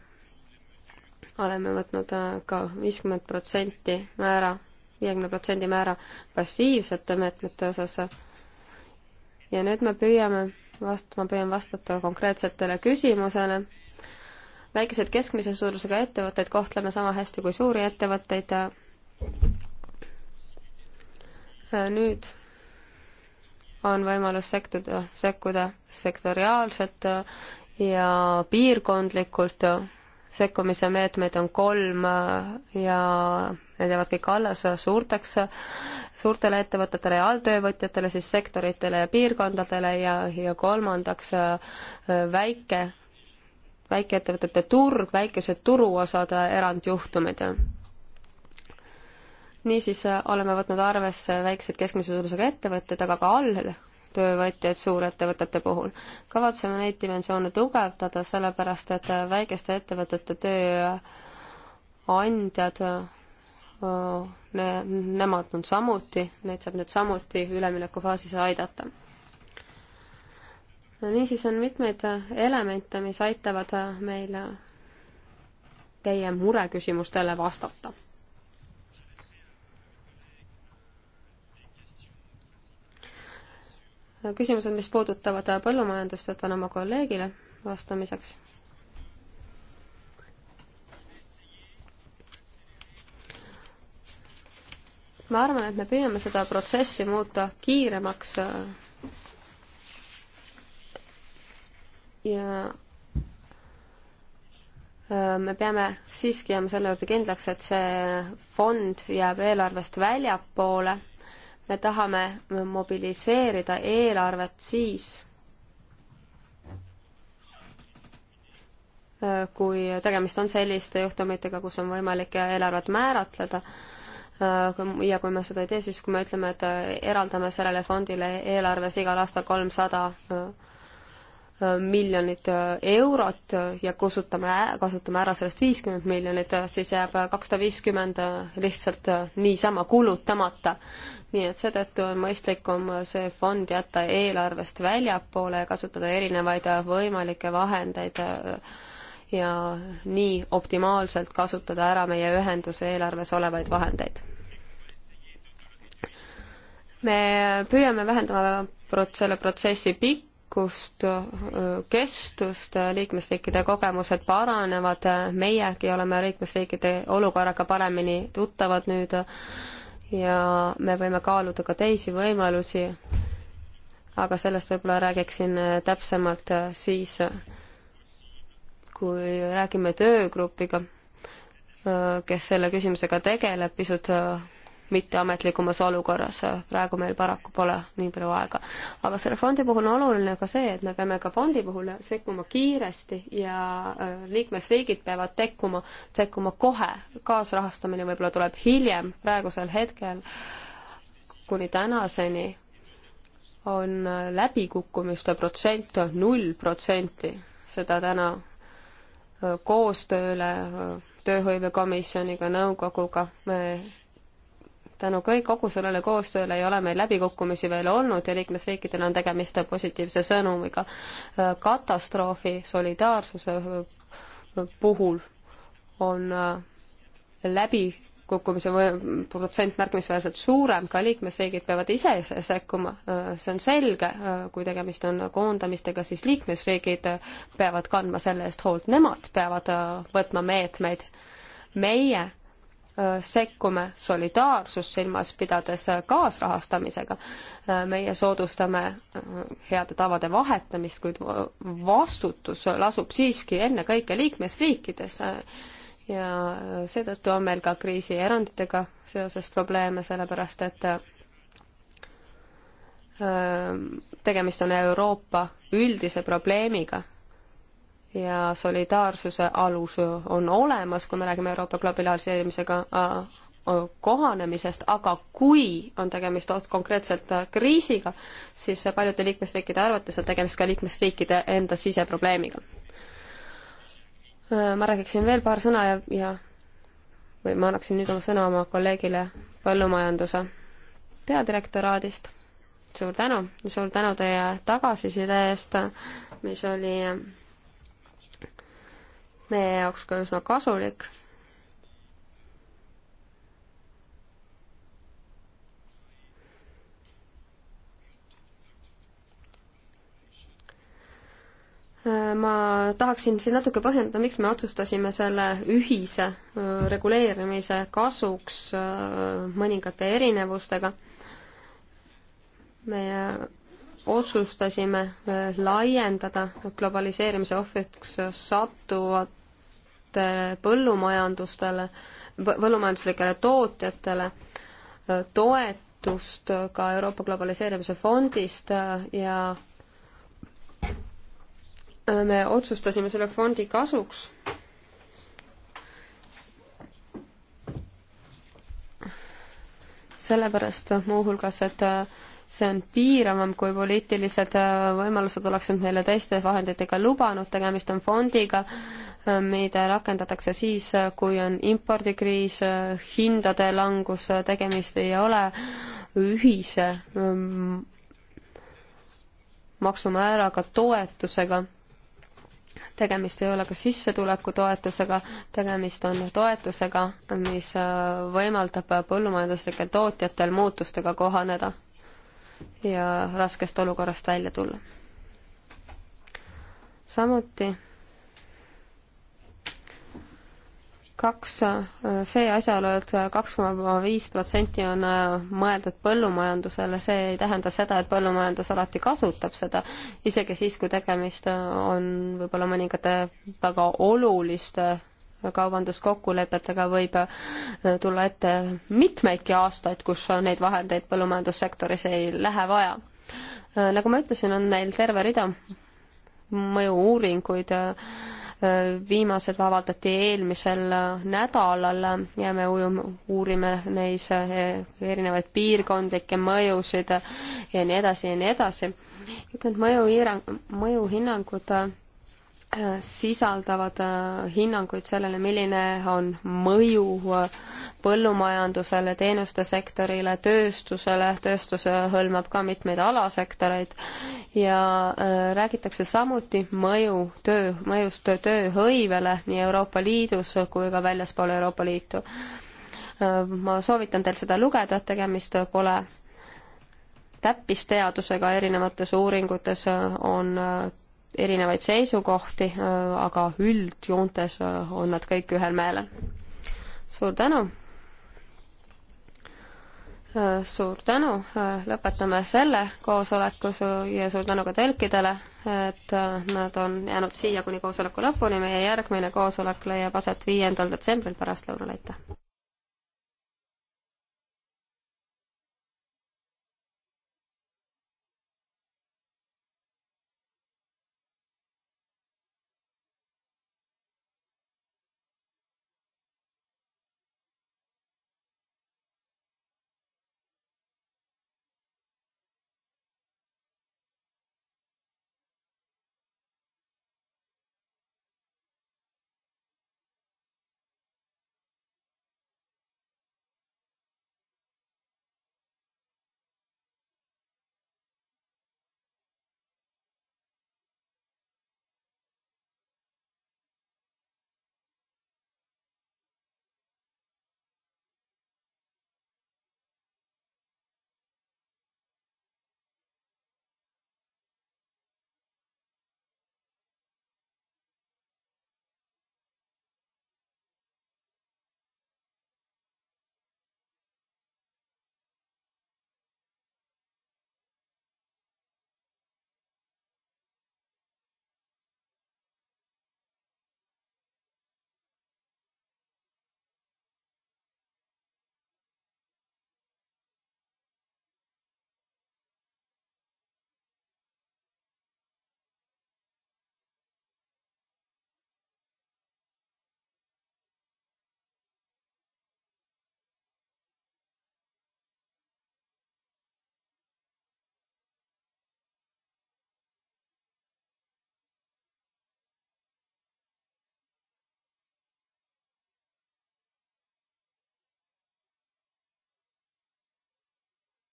oleme võtnud äh, ka viiskümmend protsenti määra, viiekümne protsendi määra passiivsete meetmete osas. ja nüüd me püüame vast-, ma püüan vastata konkreetsetele küsimusele väikesed keskmise suurusega ettevõtteid kohtleme sama hästi kui suuri ettevõtteid. Äh, nüüd on võimalus sekkuda, sekkuda sektoriaalselt äh, ja piirkondlikult. Äh, sekkumise meetmeid on kolm ja need jäävad kõik alles suurteks, suurtele ettevõtetele ja alltöövõtjatele, siis sektoritele ja piirkondadele ja, ja kolmandaks väike väikeettevõtete turg, väikesed turuosade erandjuhtumid. niisiis äh, oleme võtnud arvesse väiksed keskmise suurusega ettevõtted, aga ka alltöövõtjaid suurettevõtete puhul. kavatseme neid dimensioone tugevdada, sellepärast et äh, väikeste ettevõtete tööandjad äh, ne, nemad on samuti, neid saab nüüd samuti üleminekufaasis aidata niisiis on mitmeid elemente, mis aitavad meil teie mureküsimustele vastata. küsimused, mis puudutavad põllumajandust, jätan oma kolleegile vastamiseks ma arvan, et me püüame seda protsessi muuta kiiremaks ja äh, me peame siiski jääma selle juurde kindlaks, et see fond jääb eelarvest väljapoole. me tahame mobiliseerida eelarvet siis, äh, kui tegemist on selliste juhtumitega, kus on võimalik eelarvet määratleda äh, ja kui me seda ei tee, siis kui me ütleme, et eraldame sellele fondile eelarves igal aastal kolmsada 300 miljonit äh, eurot äh, ja kasutame, kasutame ära sellest viiskümmend miljonit, äh, siis jääb kakssada viiskümmend lihtsalt niisama kulutamata. nii et seetõttu on mõistlikum see fond jätta eelarvest väljapoole ja kasutada erinevaid võimalikke vahendeid ja nii optimaalselt kasutada ära meie ühenduse eelarves olevaid vahendeid. me püüame vähendama prot-, selle protsessi pikk-, pikkust, kestust, liikmesriikide kogemused paranevad, meiegi oleme liikmesriikide olukorraga paremini tuttavad nüüd ja me võime kaaluda ka teisi võimalusi, aga sellest võib-olla räägiksin täpsemalt siis, kui räägime töögrupiga, kes selle küsimusega tegeleb, pisut mitteametlikumas olukorras, praegu meil paraku pole nii palju aega. aga selle fondi puhul on oluline ka see, et me peame ka fondi puhul sekkuma kiiresti ja äh, liikmesriigid peavad tekkuma, sekkuma kohe, kaasrahastamine võib-olla tuleb hiljem, praegusel hetkel kuni tänaseni on läbikukkumiste protsent null protsenti, seda täna äh, koostööle äh, tööhõivekomisjoniga, nõukoguga me tänu kõik, kogu sellele koostööle ei ole meil läbikukkumisi veel olnud ja liikmesriikidel on tegemist positiivse sõnumiga. katastroofi solidaarsuse äh, puhul on äh, läbikukkumise protsent märkimisväärselt suurem, ka liikmesriigid peavad ise sekkuma, äh, see on selge, kui tegemist on koondamistega, siis liikmesriigid peavad kandma selle eest hoolt, nemad peavad võtma meetmeid. meie sekkume solidaarsust silmas pidades kaasrahastamisega. meie soodustame äh, heade tavade vahetamist, kuid vastutus lasub siiski ennekõike liikmesriikides ja seetõttu on meil ka kriisieranditega seoses probleeme, sellepärast et äh, tegemist on Euroopa üldise probleemiga ja solidaarsuse alus on olemas, kui me räägime Euroopa globaliseerimisega äh, äh, kohanemisest, aga kui on tegemist konkreetselt äh, kriisiga, siis paljude liikmesriikide arvates on tegemist ka liikmesriikide enda siseprobleemiga. ma räägiksin veel paar sõna ja, ja või ma annaksin nüüd oma sõna oma kolleegile põllumajanduse peadirektoraadist. suur tänu ja suur tänu teie tagasiside eest, mis oli meie jaoks ka üsna kasulik. ma tahaksin siin natuke põhjendada, miks me otsustasime selle ühise äh, reguleerimise kasuks äh, mõningate erinevustega meie otsustasime äh, laiendada globaliseerimise ohvriks sattuvatele põllumajandustele, põllumajanduslikele tootjatele äh, toetust ka Euroopa Globaliseerimise Fondist äh, ja me otsustasime selle fondi kasuks sellepärast muuhulgas, et see on piiravam, kui poliitilised äh, võimalused oleksid meile teiste vahenditega lubanud, tegemist on fondiga, äh, mida rakendatakse siis, äh, kui on impordikriis, hindade langus, tegemist ei ole ühise ähm, maksumääraga toetusega tegemist ei ole ka sissetulekutoetusega, tegemist on toetusega, mis võimaldab põllumajanduslikel tootjatel muutustega kohaneda ja raskest olukorrast välja tulla. samuti kaks, see asjaolu et, et kaks koma viis protsenti on äh, mõeldud põllumajandusele, see ei tähenda seda, et põllumajandus alati kasutab seda, isegi siis, kui tegemist on võib-olla mõningate väga oluliste kaubanduskokkulepetega võib äh, tulla ette mitmeidki aastaid, kus neid vahendeid põllumajandussektoris ei lähe vaja. Äh, nagu ma ütlesin, on neil terve rida mõju-uuringuid, äh, viimased avaldati eelmisel nädalal ja me uurime neis erinevaid piirkondlikke mõjusid ja nii edasi ja nii edasi. kõik need mõjuhiirang, mõjuhinnangud sisaldavad äh, hinnanguid sellele, milline on mõju äh, põllumajandusele, teenuste sektorile, tööstusele, tööstus äh, hõlmab ka mitmeid alasektoreid ja räägitakse samuti mõju töö, mõjust tööhõivele nii Euroopa Liidus kui ka väljaspool Euroopa Liitu. ma soovitan teil seda lugeda, tegemist pole täppisteadusega, erinevates uuringutes on erinevaid seisukohti, äh, aga üldjoontes äh, on nad kõik ühel meelel. suur tänu! Äh, suur tänu, lõpetame selle koosoleku ja suur tänu ka tõlkidele, et nad on jäänud siia kuni koosoleku lõpuni, meie järgmine koosolek leiab aset viiendal detsembril pärastlõunal, aitäh!